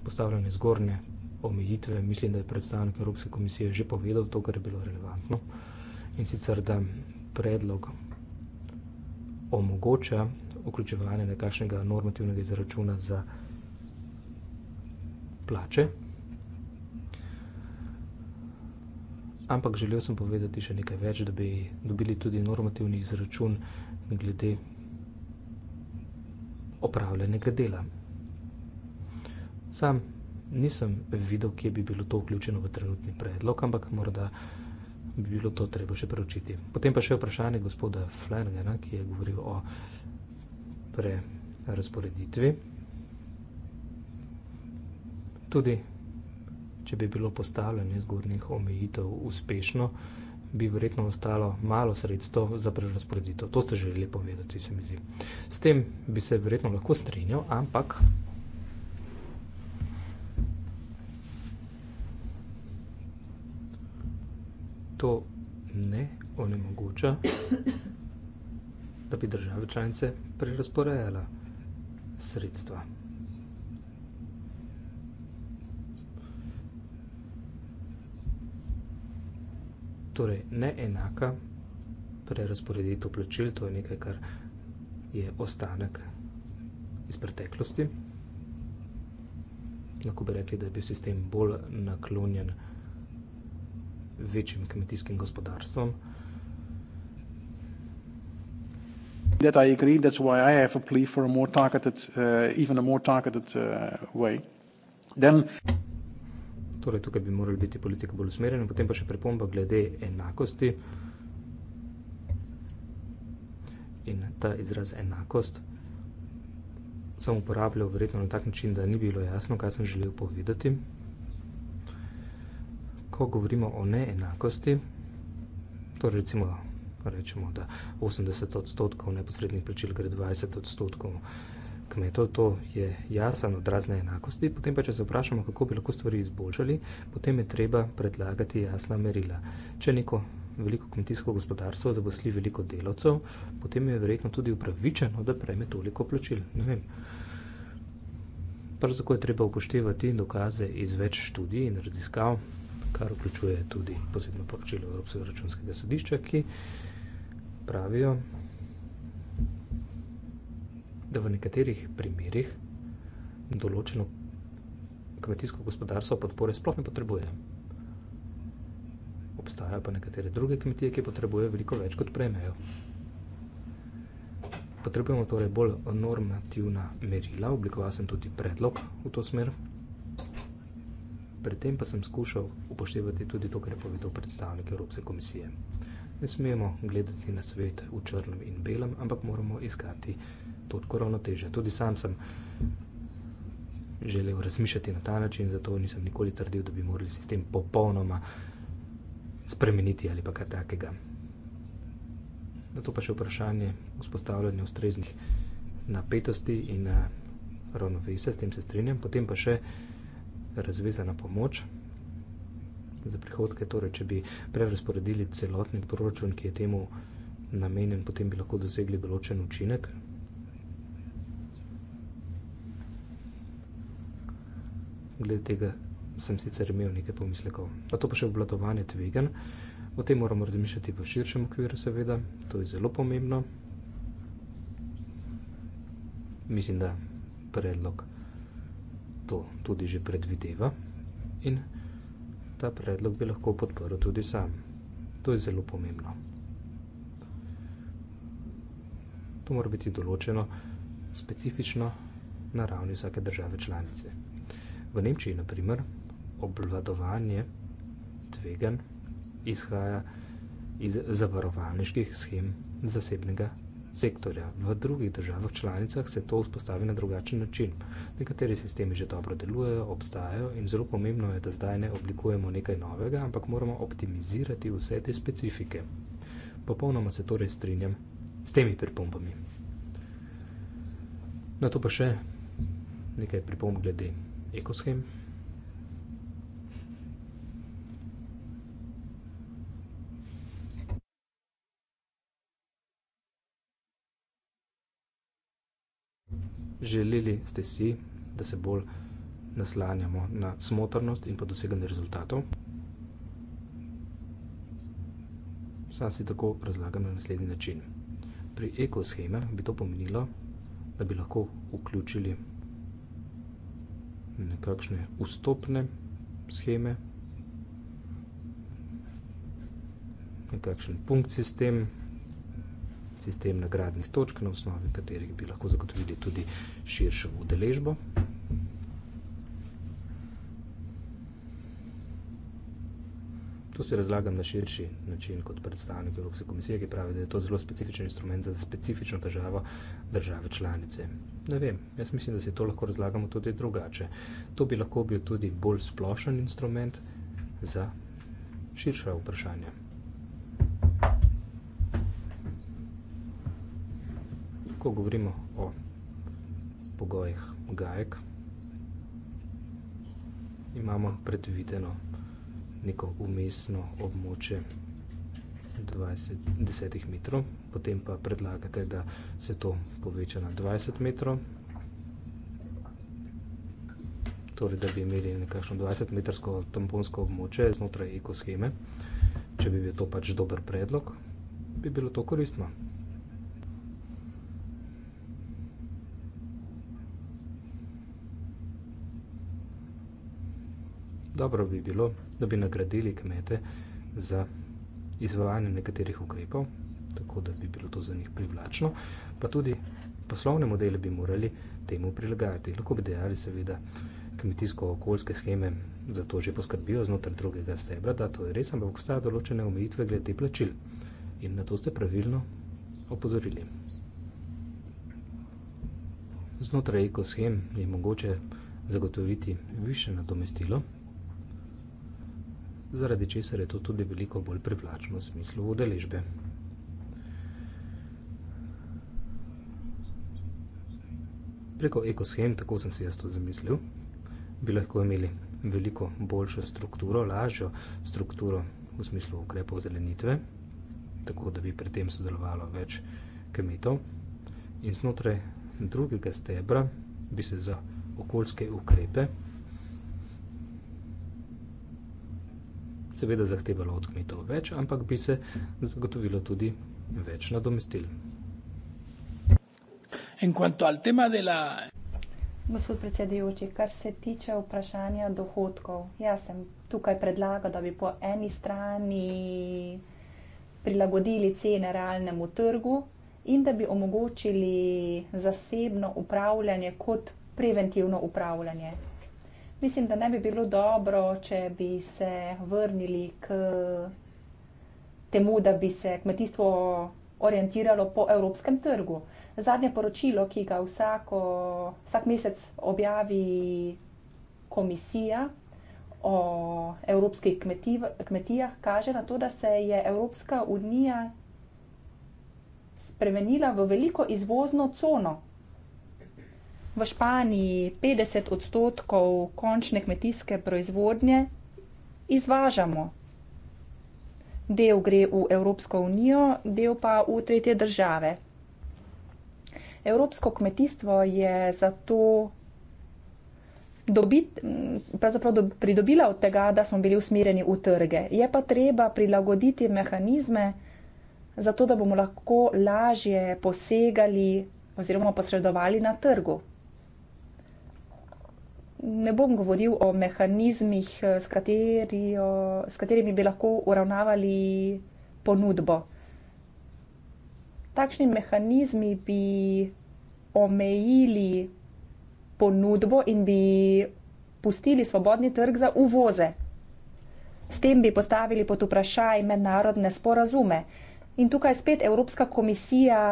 postavljanje zgornje omejitve. Mislim, da je predstavnik Evropske komisije že povedal to, kar je bilo relevantno. In sicer, da predlog omogoča vključevanje nekakšnega normativnega izračuna za plače. Ampak želel sem povedati še nekaj več, da bi dobili tudi normativni izračun glede opravljenega dela. Sam nisem videl, kje bi bilo to vključeno v trenutni predlog, ampak morda bi bilo to treba še preučiti. Potem pa še vprašanje gospoda Flanagana, ki je govoril o prerazporeditvi. Tudi, če bi bilo postavljanje zgornjih omejitev uspešno, bi verjetno ostalo malo sredstev za prerazporeditev. To ste želeli povedati, se mi zdi. S tem bi se verjetno lahko strinjal, ampak. To ne onemogoča da bi države članice prerasporejala sredstva. Torej, neenaka prerasporeditev plačil, to je nekaj, kar je ostanek iz preteklosti. Lahko bi rekli, da je bil sistem bolj naklonjen večjim kmetijskim gospodarstvom. That I agree. That's why I have a plea for a more targeted, uh, even a more targeted uh, way. Then... Torej, tukaj bi morali biti politiko bolj usmerjeni, potem pa še pripomba glede enakosti. In ta izraz enakost sem uporabljal verjetno na tak način, da ni bilo jasno, kaj sem želel povedati. Ko govorimo o neenakosti, torej recimo rečemo, da 80 odstotkov neposrednih plačil gre 20 odstotkov kmetov, to je jasen odraz neenakosti. Potem pa, če se vprašamo, kako bi lahko stvari izboljšali, potem je treba predlagati jasna merila. Če neko veliko kmetijsko gospodarstvo zaposli veliko delavcev, potem je verjetno tudi upravičeno, da prejme toliko plačil. Ne vem. Prav tako je treba upoštevati dokaze iz več študij in raziskav, kar vključuje tudi posebno poročilo Evropskega računskega sodišča, ki pravijo, da v nekaterih primerih določeno kmetijsko gospodarstvo podpore sploh ne potrebuje. Obstajajo pa nekatere druge kmetije, ki potrebujejo veliko več kot prejmejo. Potrebujemo torej bolj normativna merila, oblikoval sem tudi predlog v to smer. Pri tem pa sem skušal upoštevati tudi to, kar je povedal predstavnik Evropske komisije ne smemo gledati na svet v črnem in belem, ampak moramo iskati točko ravnoteže. Tudi sam sem želel razmišljati na ta način, zato nisem nikoli trdil, da bi morali sistem popolnoma spremeniti ali pa kaj takega. Zato pa še vprašanje vzpostavljanja ustreznih napetosti in eh, ravnovesja, s tem se strinjam, potem pa še razvezana pomoč za prihodke. Torej, če bi prerasporedili celotni proračun, ki je temu namenjen, potem bi lahko dosegli določen učinek. Glede tega sem sicer imel nekaj pomislekov. Pa to pa še obvladovanje tvegan. O tem moramo razmišljati v širšem okviru, seveda. To je zelo pomembno. Mislim, da predlog to tudi že predvideva. In ta predlog bi lahko podporil tudi sam. To je zelo pomembno. To mora biti določeno specifično na ravni vsake države članice. V Nemčiji, na primer, obvladovanje tvegan izhaja iz zavarovalniških schem zasebnega sektorja. V drugih državah članicah se to vzpostavi na drugačen način. Nekateri sistemi že dobro delujejo, obstajajo in zelo pomembno je, da zdaj ne oblikujemo nekaj novega, ampak moramo optimizirati vse te specifike. Popolnoma se torej strinjam s temi pripombami. Na to pa še nekaj pripomb glede ekoschema. Želeli ste si, da se bolj naslanjamo na smotrnost in pa doseganje rezultatov. Sam si tako razlagam na naslednji način. Pri ekosheme bi to pomenilo, da bi lahko vključili nekakšne vstopne scheme, nekakšen punkt sistem, sistem nagradnih točk, na osnovi katerih bi lahko zagotovili tudi širšo udeležbo. To si razlagam na širši način kot predstavnik Evropske komisije, ki pravi, da je to zelo specifičen instrument za specifično državo države članice. Ne vem, jaz mislim, da se to lahko razlagamo tudi drugače. To bi lahko bil tudi bolj splošen instrument za širša vprašanja. lahko govorimo o pogojih gajek. Imamo predvideno neko umestno območje 20, 10 metrov, potem pa predlagate, da se to poveča na 20 metrov, torej da bi imeli nekakšno 20 metrsko tamponsko območje znotraj ekoscheme. Če bi bil to pač dober predlog, bi bilo to koristno. dobro bi bilo, da bi nagradili kmete za izvajanje nekaterih ukrepov, tako da bi bilo to za njih privlačno, pa tudi poslovne modele bi morali temu prilagajati. Lahko bi dejali seveda kmetijsko-okoljske scheme za to že poskrbijo znotraj drugega stebra, da to je res, ampak obstajajo določene omejitve glede plačil. In na to ste pravilno opozorili. Znotraj ekoschem je mogoče zagotoviti više nadomestilo, zaradi česar je to tudi veliko bolj privlačno v smislu udeležbe. Preko ekoshem, tako sem si jaz to zamislil, bi lahko imeli veliko boljšo strukturo, lažjo strukturo v smislu ukrepov zelenitve, tako da bi pri tem sodelovalo več kmetov. In znotraj drugega stebra bi se za okoljske ukrepe seveda zahtevalo od kmetov več, ampak bi se zagotovilo tudi več nadomestil. Gospod predsedujoči, kar se tiče vprašanja dohodkov, jaz sem tukaj predlagal, da bi po eni strani prilagodili cene realnemu trgu in da bi omogočili zasebno upravljanje kot preventivno upravljanje mislim, da ne bi bilo dobro, če bi se vrnili k temu, da bi se kmetijstvo orientiralo po evropskem trgu. Zadnje poročilo, ki ga vsako, vsak mesec objavi komisija o evropskih kmetiv, kmetijah, kaže na to, da se je Evropska unija spremenila v veliko izvozno cono. V Španiji 50 odstotkov končne kmetijske proizvodnje izvažamo. Del gre v Evropsko unijo, del pa v tretje države. Evropsko kmetijstvo je zato dobit, do, pridobila od tega, da smo bili usmerjeni v trge. Je pa treba prilagoditi mehanizme, zato da bomo lahko lažje posegali oziroma posredovali na trgu ne bom govoril o mehanizmih, eh, s, katerijo, s katerimi bi lahko uravnavali ponudbo. Takšni mehanizmi bi omejili ponudbo in bi pustili svobodni trg za uvoze. S tem bi postavili pod vprašaj mednarodne sporazume. In tukaj spet Evropska komisija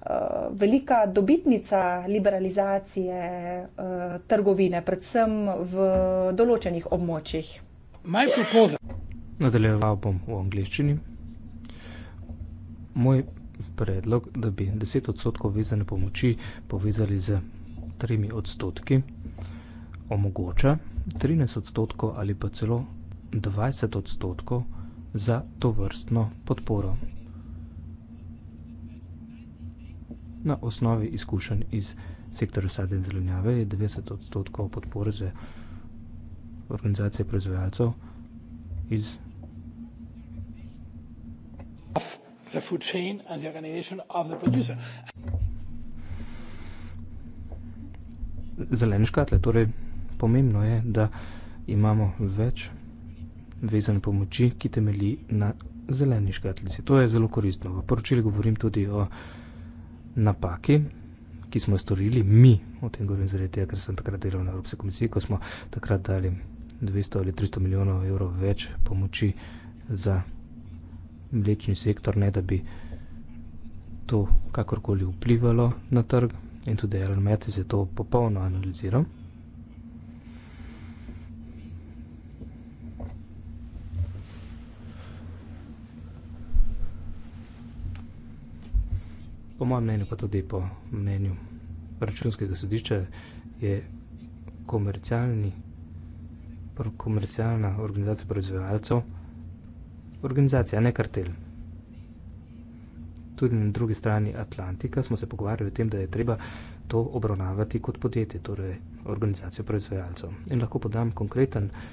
Eh, velika dobitnica liberalizacije uh, trgovine, predvsem v določenih območjih. Nadaljeval bom v angliščini. Moj predlog, da bi 10 odstotkov vezane pomoči povezali z 3 odstotki, omogoča 13 odstotkov ali pa celo 20 odstotkov za to vrstno podporo. Na osnovi izkušenj iz sektorja sadja in zelenjave je 90 odstotkov podpore za organizacije proizvajalcev iz. The food chain and the organization of the producer. Zelene škatle, torej pomembno je, da imamo več vezane pomoči, ki temelji na zeleni škatlici. To je zelo koristno. V poročilu govorim tudi o uh, napaki, ki smo jo storili mi, o tem govorim zaradi tega, ja, ker sem takrat delal na Evropski komisiji, ko smo takrat dali 200 ali 300 milijonov evrov več pomoči za mlečni sektor, ne da bi to kakorkoli vplivalo na trg. In tudi Aaron Matthews je to popolno analiziral. Po mojem mnenju, pa tudi po mnenju računskega sodišča, je komercialna organizacija proizvajalcev organizacija, ne kartel. Tudi na drugi strani Atlantika smo se pogovarjali o tem, da je treba to obravnavati kot podjetje, torej organizacijo proizvajalcev. In lahko podam konkreten primer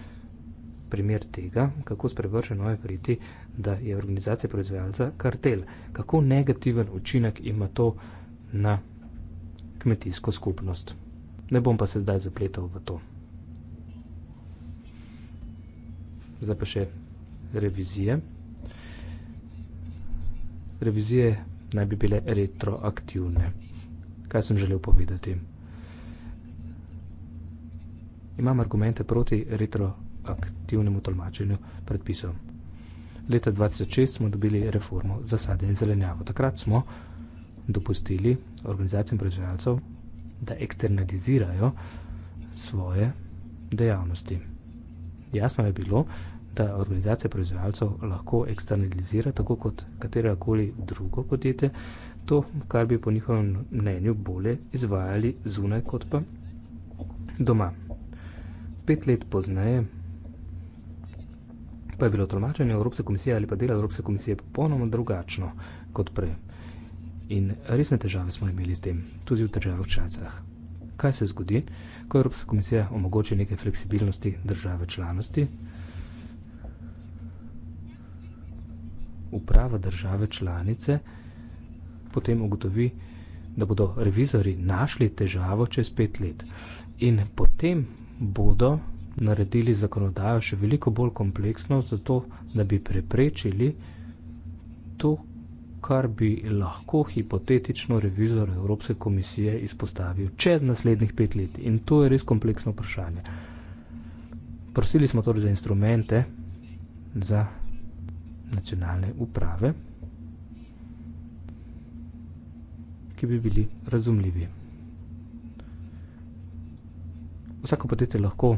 primer tega, kako sprevrženo je vriti, da je organizacija proizvajalca kartel. Kako negativen učinek ima to na kmetijsko skupnost. Ne bom pa se zdaj zapletal v to. Zdaj pa še revizije. Revizije naj bi bile retroaktivne. Kaj sem želel povedati? Imam argumente proti retroaktivne aktivnemu tolmačenju predpisov. Leta 2006 smo dobili reformo za sadje in zelenjavo. Takrat smo dopustili organizacijam proizvajalcev, da eksternalizirajo svoje dejavnosti. Jasno je bilo, da organizacija proizvajalcev lahko eksternalizira tako kot katerakoli drugo podjetje, to, kar bi po njihovem mnenju bolje izvajali zunaj kot pa doma. Pet let pozneje pa je bilo tolmačenje Evropske komisije ali pa dela Evropske komisije popolnoma drugačno kot prej. In resne težave smo imeli s tem, tudi v državah članicah. Kaj se zgodi, ko Evropska komisija omogoči neke fleksibilnosti države članosti? Uprava države članice potem ugotovi, da bodo revizori našli težavo čez pet let. In potem bodo naredili zakonodajo še veliko bolj kompleksno, zato da bi preprečili to, kar bi lahko hipotetično revizor Evropske komisije izpostavil čez naslednjih pet let. In to je res kompleksno vprašanje. Prosili smo torej za instrumente za nacionalne uprave, ki bi bili razumljivi. Vsako podjetje lahko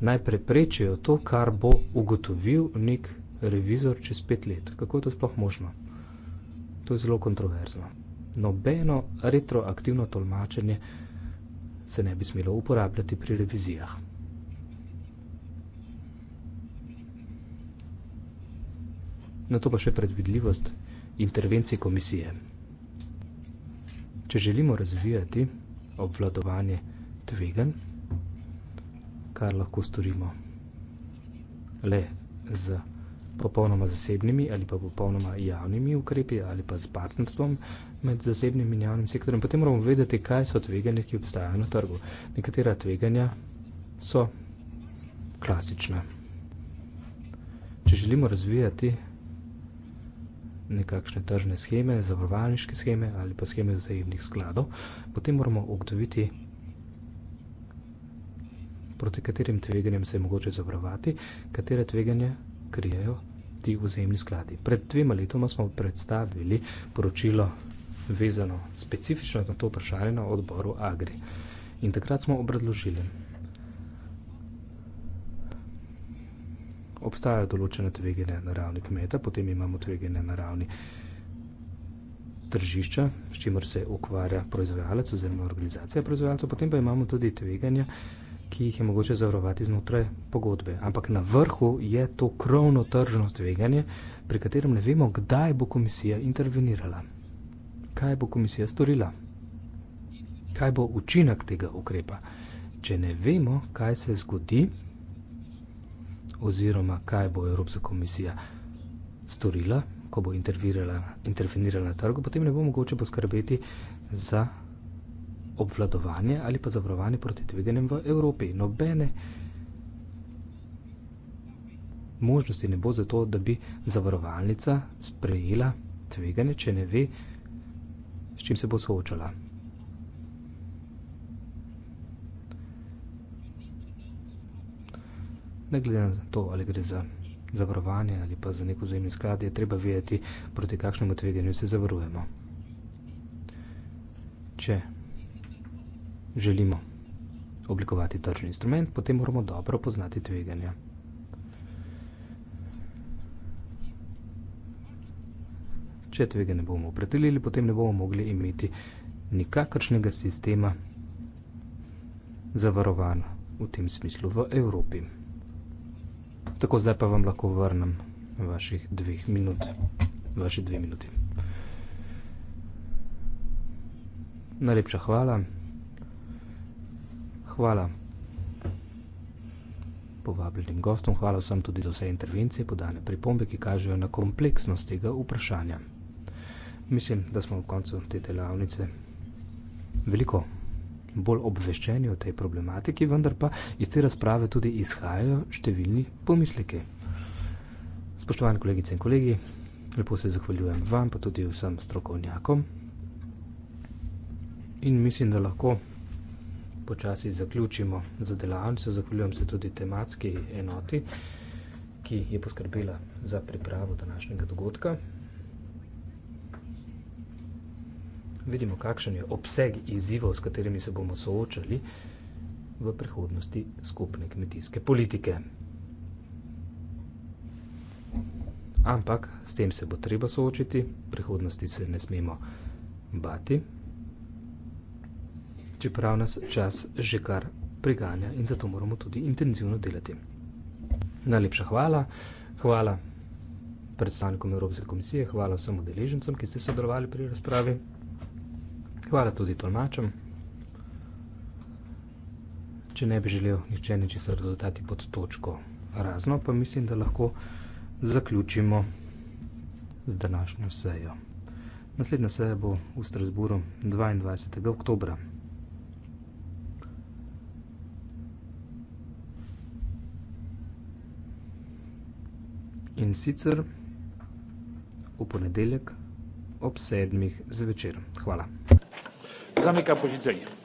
naj preprečijo to, kar bo ugotovil nek revizor čez pet let. Kako je to sploh možno? To je zelo kontroverzno. Nobeno retroaktivno tolmačenje se ne bi smelo uporabljati pri revizijah. Na to pa še predvidljivost intervencij komisije. Če želimo razvijati obvladovanje tveganj, kar lahko storimo le z popolnoma zasebnimi ali pa popolnoma javnimi ukrepi ali pa z partnerstvom med zasebnim in javnim sektorjem, potem moramo vedeti, kaj so tveganja, ki obstajajo na trgu. Nekatera tveganja so klasična. Če želimo razvijati nekakšne tržne scheme, zavarovalniške scheme ali pa scheme vzajemnih skladov, potem moramo ugotoviti, proti katerim tveganjem se je mogoče zavarovati, katere tveganje krijejo ti vzajemni skladi. Pred dvema letoma smo predstavili poročilo vezano specifično na to vprašanje na odboru Agri. In takrat smo obrazložili. Obstajajo določene tveganja na ravni kmeta, potem imamo tveganja na ravni tržišča, s čimer se ukvarja proizvajalec oziroma organizacija proizvajalcev, potem pa imamo tudi tveganja, ki jih je mogoče zavarovati znotraj pogodbe. Ampak na vrhu je to krovno tržno tveganje, pri katerem ne vemo, kdaj bo komisija intervenirala. Kaj bo komisija storila? Kaj bo učinek tega ukrepa? Če ne vemo, kaj se zgodi, oziroma kaj bo Evropska komisija storila, ko bo intervenirala na trgu, potem ne bo mogoče poskrbeti za obvladovanje ali pa zavarovanje proti tveganjem v Evropi. Nobene možnosti ne bo za to, da bi zavarovalnica sprejela tveganje, če ne ve, s čim se bo soočala. Ne glede na to, ali gre za zavarovanje ali pa za neko vzajemni sklad, je treba vedeti, proti kakšnemu tveganju se zavarujemo. Če želimo oblikovati tržni instrument, potem moramo dobro poznati tveganja. Če tvega ne bomo opredelili, potem ne bomo mogli imeti nikakršnega sistema zavarovan v tem smislu v Evropi. Tako zdaj pa vam lahko vrnem vaših dveh minut, vaše dve minuti. Najlepša hvala. Hvala povabljenim gostom, hvala vsem tudi za vse intervencije, podane pripombe, ki kažejo na kompleksnost tega vprašanja. Mislim, da smo v koncu te delavnice veliko bolj obveščeni o tej problematiki, vendar pa iz te razprave tudi izhajajo številni pomisliki. Spoštovani kolegice in kolegi, lepo se zahvaljujem vam, pa tudi vsem strokovnjakom. In mislim, da lahko počasi zaključimo za delavnico. Zahvaljujem se tudi tematski enoti, ki je poskrbela za pripravo današnjega dogodka. Vidimo, kakšen je obseg izzivov, s katerimi se bomo soočali v prihodnosti skupne kmetijske politike. Ampak s tem se bo treba soočiti, prihodnosti se ne smemo bati čeprav nas čas že kar preganja in zato moramo tudi intenzivno delati. Najlepša hvala, hvala predstavnikom Evropske komisije, hvala vsem udeležencem, ki ste sodelovali pri razpravi, hvala tudi tolmačem. Če ne bi želel nihče nič se dodati pod točko razno, pa mislim, da lahko zaključimo z današnjo sejo. Naslednja seja bo v Strasburu 22. oktobra. in sicer v ponedeljek ob sedmih zvečer. Hvala. Zamika požicenje.